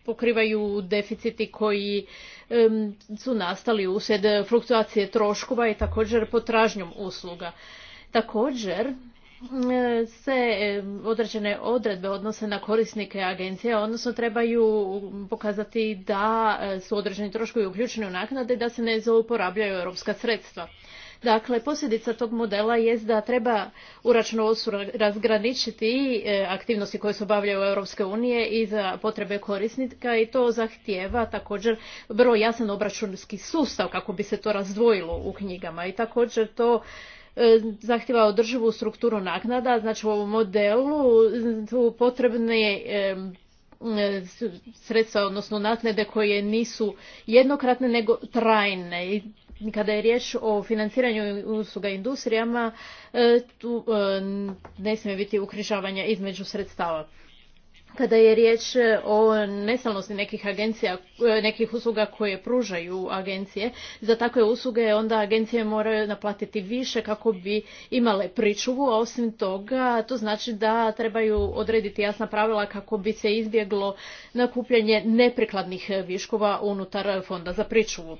pokrivaju deficiti koji su nastali uslijed fluktuacije troškova i također potražnjom usluga. Također, se e, određene odredbe odnose na korisnike agencije, odnosno trebaju pokazati da e, su određeni troškovi uključeni u naknade da se ne zlouporabljaju europska sredstva. Dakle, posljedica tog modela je da treba u računovodstvu razgraničiti e, aktivnosti koje se obavljaju Europske unije i za potrebe korisnika i to zahtijeva također vrlo jasan obračunski sustav kako bi se to razdvojilo u knjigama i također to E, zahtjeva održivu strukturu naknada, znači u ovom modelu su potrebne e, e, sredstva, odnosno naknade koje nisu jednokratne nego trajne i kada je riječ o financiranju usluga industrijama, tu ne smije biti ukrižavanja između sredstava kada je riječ e, o nestalnosti nekih agencija, e, nekih usluga koje pružaju agencije, za takve usluge onda agencije moraju naplatiti više kako bi imale pričuvu, a osim toga to znači da trebaju odrediti jasna pravila kako bi se izbjeglo nakupljanje neprikladnih viškova unutar fonda za pričuvu.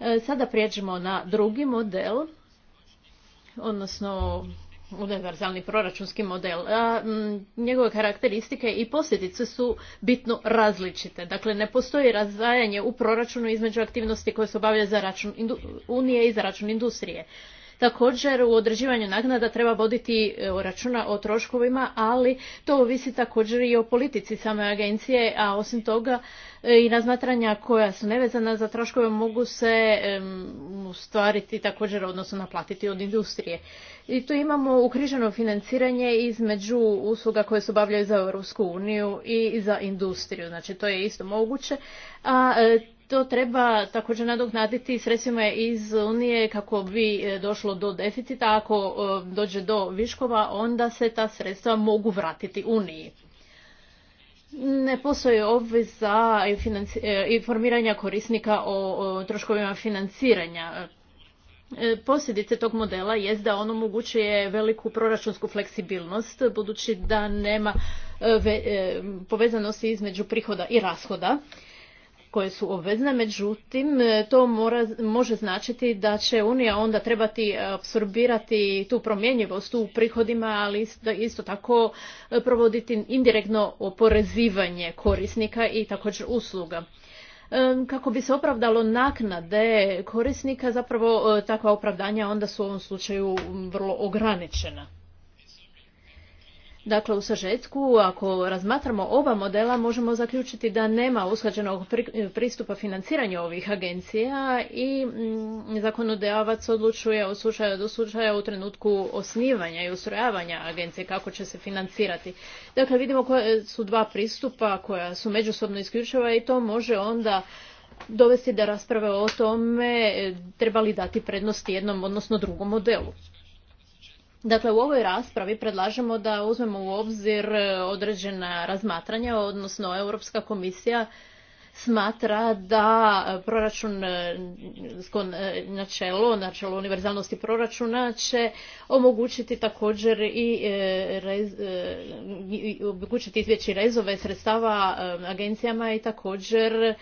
E, sada prijeđemo na drugi model, odnosno univerzalni proračunski model. A, njegove karakteristike i posljedice su bitno različite. Dakle, ne postoji razdvajanje u proračunu između aktivnosti koje se obavlja za račun Unije i za račun industrije. Također u određivanju naknada treba voditi e, računa o troškovima, ali to ovisi također i o politici same agencije, a osim toga e, i razmatranja koja su nevezana za troškove mogu se ustvariti također odnosno naplatiti od industrije. I tu imamo ukriženo financiranje između usluga koje se obavljaju za Europsku uniju i za industriju. Znači to je isto moguće. A e, to treba također nadoknaditi sredstvima iz Unije kako bi e, došlo do deficita. Ako e, dođe do viškova, onda se ta sredstva mogu vratiti Uniji. Ne postoji obveza e, informiranja korisnika o troškovima financiranja. Posljedice tog modela jest da on omogućuje veliku proračunsku fleksibilnost, budući da nema povezanosti između prihoda i rashoda koje su obvezne, međutim e, to mora, može značiti da će Unija onda trebati e, apsorbirati tu promjenjivost u prihodima, ali isto, isto tako e, provoditi indirektno oporezivanje korisnika i također usluga kako bi se opravdalo naknade korisnika zapravo takva opravdanja onda su u ovom slučaju vrlo ograničena Dakle, u sažetku, ako razmatramo oba modela, možemo zaključiti da nema usklađenog pristupa financiranju ovih agencija i mm, zakonodavac odlučuje od slučaja do slučaja u trenutku osnivanja i ustrojavanja agencije kako će se financirati. Dakle, vidimo koje su dva pristupa koja su međusobno isključiva i to može onda dovesti da rasprave o tome e, treba li dati prednost jednom, odnosno drugom modelu. Dakle, u ovoj raspravi predlažemo da uzmemo u obzir e, određena razmatranja, odnosno Europska komisija smatra da proračun e, e, načelo, načelo univerzalnosti proračuna će omogućiti također i e, omogućiti izbjeći rezove sredstava agencijama i također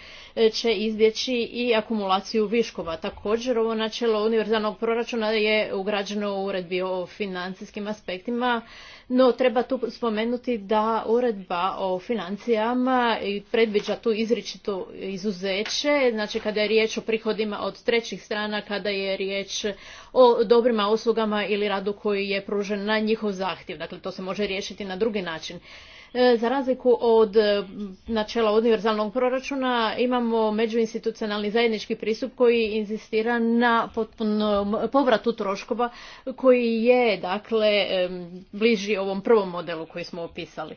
će izbjeći i akumulaciju viškova. Također ovo načelo univerzalnog proračuna je ugrađeno u uredbi o financijskim aspektima no treba tu spomenuti da uredba o financijama predviđa tu izričito izuzeće, znači kada je riječ o prihodima od trećih strana, kada je riječ o dobrima, uslugama ili radu koji je pružen na njihov zahtjev. Dakle, to se može riješiti na drugi način. E, za razliku od e, načela univerzalnog proračuna imamo međuinstitucionalni zajednički pristup koji inzistira na povratu troškova koji je dakle e, bliži ovom prvom modelu koji smo opisali.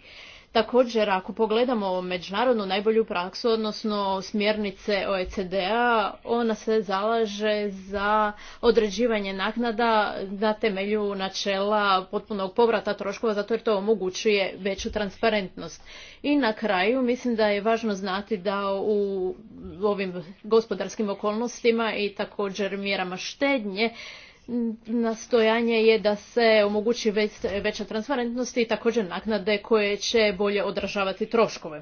Također, ako pogledamo međunarodnu najbolju praksu, odnosno smjernice OECD-a, ona se zalaže za određivanje naknada na temelju načela potpunog povrata troškova, zato jer to omogućuje veću transparentnost. I na kraju, mislim da je važno znati da u ovim gospodarskim okolnostima i također mjerama štednje, nastojanje je da se omogući veća transparentnost i također naknade koje će bolje odražavati troškove.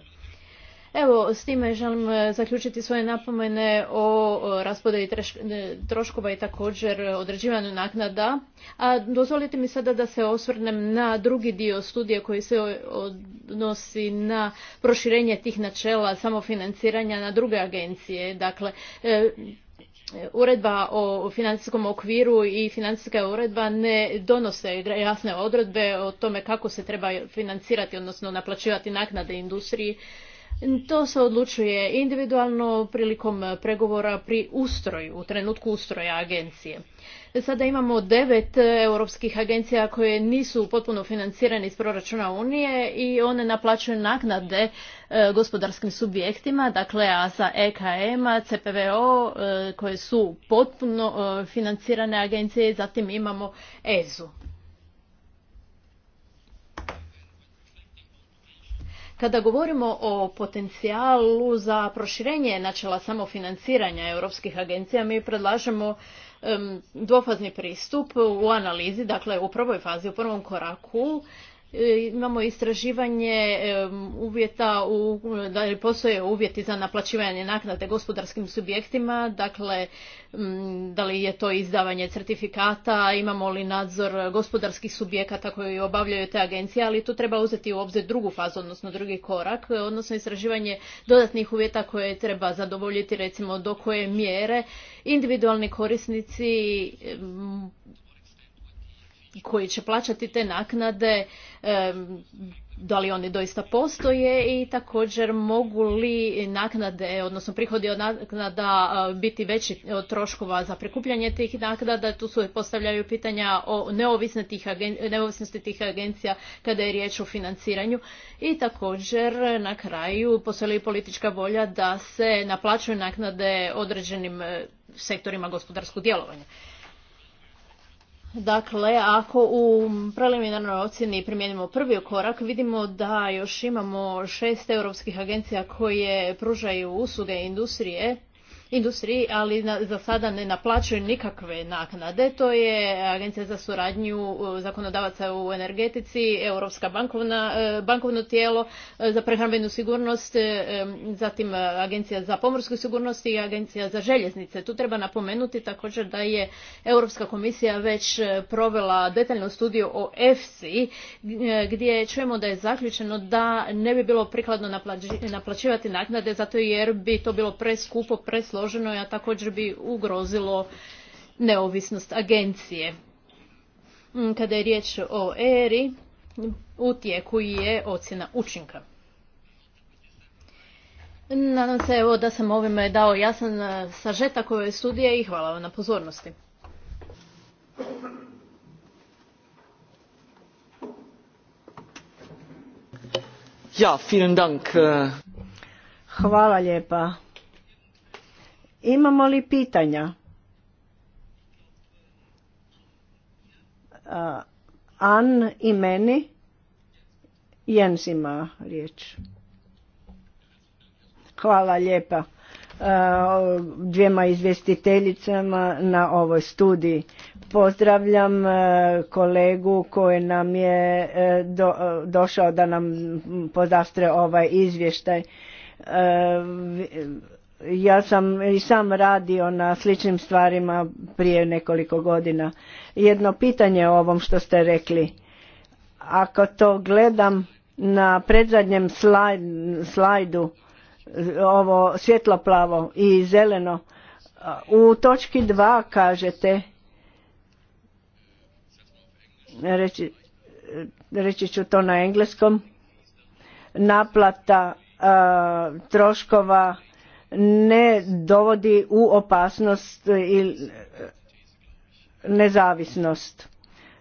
Evo, s time želim e, zaključiti svoje napomene o raspodeli e, troškova i također određivanju naknada. A dozvolite mi sada da se osvrnem na drugi dio studije koji se odnosi na proširenje tih načela samofinanciranja na druge agencije. Dakle, e, uredba o financijskom okviru i financijska uredba ne donose jasne odredbe o tome kako se treba financirati, odnosno naplaćivati naknade industriji. To se odlučuje individualno prilikom pregovora pri ustroju, u trenutku ustroja agencije. Sada imamo devet e, europskih agencija koje nisu potpuno financirane iz proračuna Unije i one naplaćuju naknade e, gospodarskim subjektima, dakle a za ekm CPVO e, koje su potpuno financirane agencije i zatim imamo EZU. Kada govorimo o potencijalu za proširenje načela samofinanciranja europskih agencija, mi predlažemo dvofazni pristup u analizi, dakle u prvoj fazi, u prvom koraku, imamo istraživanje uvjeta u, da postoje uvjeti za naplaćivanje naknade gospodarskim subjektima, dakle da li je to izdavanje certifikata, imamo li nadzor gospodarskih subjekata koji obavljaju te agencije, ali tu treba uzeti u obzir drugu fazu, odnosno drugi korak, odnosno istraživanje dodatnih uvjeta koje treba zadovoljiti recimo do koje mjere individualni korisnici koji će plaćati te naknade, da li oni doista postoje i također mogu li naknade, odnosno prihodi od naknada e, biti veći od troškova za prikupljanje tih naknada. Tu su postavljaju pitanja o neovisnosti tih agencija kada je riječ o financiranju i također na kraju postoji politička volja da se naplaćuju naknade određenim e, sektorima gospodarskog djelovanja. Dakle, ako u preliminarnoj ocjeni primijenimo prvi korak, vidimo da još imamo šest europskih agencija koje pružaju usluge industrije industriji, ali za sada ne naplaćuju nikakve naknade. To je Agencija za suradnju uh, zakonodavaca u energetici, Europska bankovna, uh, bankovno tijelo uh, za prehrambenu sigurnost, um, zatim Agencija za pomorsku sigurnost i Agencija za željeznice. Tu treba napomenuti također da je Europska komisija već provela detaljnu studiju o EFSI gdje čujemo da je zaključeno da ne bi bilo prikladno naplaćivati naknade zato jer bi to bilo preskupo, pres složeno, a također bi ugrozilo neovisnost agencije. Mm, Kada je riječ o ERI, u tijeku je ocjena učinka. Nadam se evo da sam ovime dao jasan e, sažetak ove studije i hvala vam na pozornosti. Ja, vielen Dank. E. Hvala lijepa. Imamo li pitanja? An i meni. Jens ima riječ. Hvala lijepa e, dvijema izvjestiteljicama na ovoj studiji. Pozdravljam e, kolegu koji nam je e, došao da nam podastre ovaj izvještaj ja sam i sam radio na sličnim stvarima prije nekoliko godina. Jedno pitanje o ovom što ste rekli. Ako to gledam na predzadnjem slajdu, ovo svjetlo-plavo i zeleno, u točki dva kažete, reći, reći ću to na engleskom, naplata troškova ne dovodi u opasnost ili nezavisnost.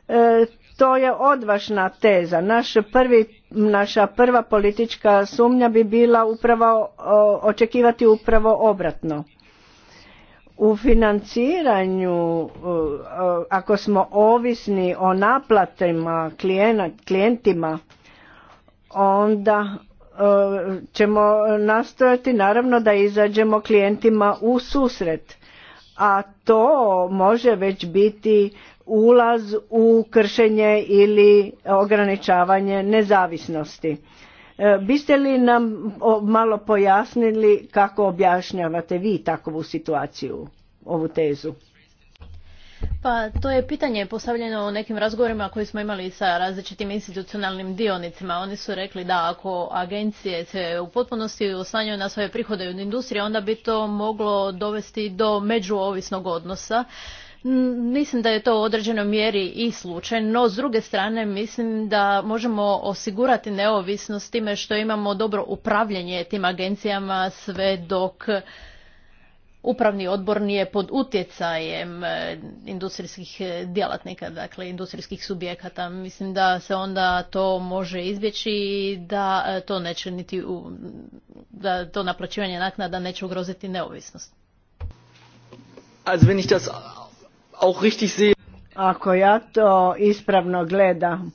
E, to je odvažna teza. Naš prvi, naša prva politička sumnja bi bila upravo očekivati upravo obratno. U financiranju, ako smo ovisni o naplatima klijentima, onda E, ćemo nastojati naravno da izađemo klijentima u susret a to može već biti ulaz u kršenje ili ograničavanje nezavisnosti. E, biste li nam malo pojasnili kako objašnjavate vi takvu situaciju, ovu tezu? Pa to je pitanje postavljeno u nekim razgovorima koji smo imali sa različitim institucionalnim dionicima. Oni su rekli da ako agencije se u potpunosti oslanjaju na svoje prihode od industrije, onda bi to moglo dovesti do međuovisnog odnosa. Mislim da je to u određenoj mjeri i slučaj, no s druge strane mislim da možemo osigurati neovisnost time što imamo dobro upravljanje tim agencijama sve dok upravni odbor nije pod utjecajem e, industrijskih e, djelatnika, dakle industrijskih subjekata. Mislim da se onda to može izbjeći i da e, to neće niti, da to naplaćivanje naknada neće ugroziti neovisnost. Also wenn Ako ja to ispravno gledam,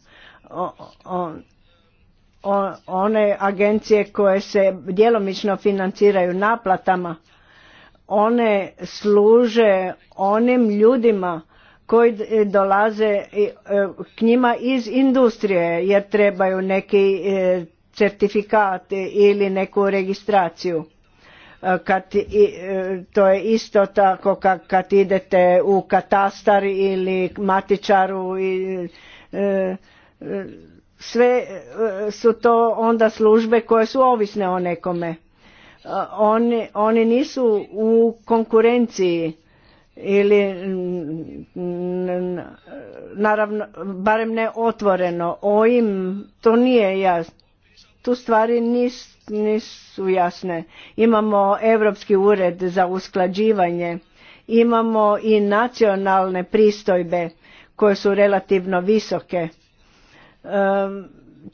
one agencije koje se djelomično financiraju naplatama, one služe onim ljudima koji e, dolaze e, k njima iz industrije jer trebaju neki e, certifikat ili neku registraciju. Kad, to je isto tako kad idete u katastar ili matičaru i sve su to onda službe koje su ovisne o nekome oni, nisu u konkurenciji ili naravno barem ne otvoreno o im to nije jasno tu stvari nisu jasne imamo europski ured za usklađivanje imamo i nacionalne pristojbe koje su relativno visoke ehm,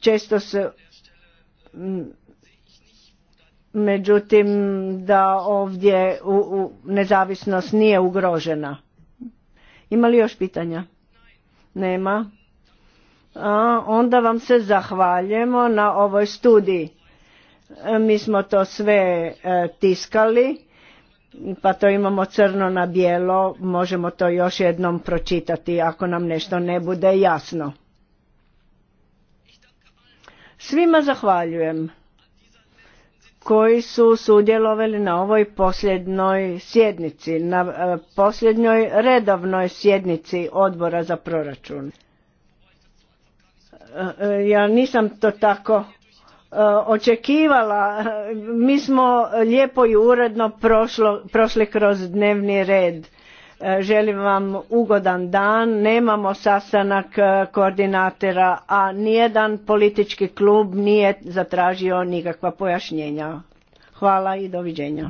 često se međutim da ovdje u, nezavisnost nije ugrožena. Ima li još pitanja? Nema. onda vam se zahvaljujemo na ovoj studiji. E, mi smo to sve e, tiskali, pa to imamo crno na bijelo, možemo to još jednom pročitati ako nam nešto ne bude jasno. Svima zahvaljujem koji su sudjelovali na ovoj posljednoj sjednici, na e, posljednjoj redovnoj sjednici odbora za proračun. E, e, ja nisam to tako očekivala. Mi smo lijepo i uredno prošli kroz dnevni red. E, želim vam ugodan dan, nemamo sastanak e, koordinatora, a nijedan politički klub nije zatražio nikakva pojašnjenja. Hvala i doviđenja.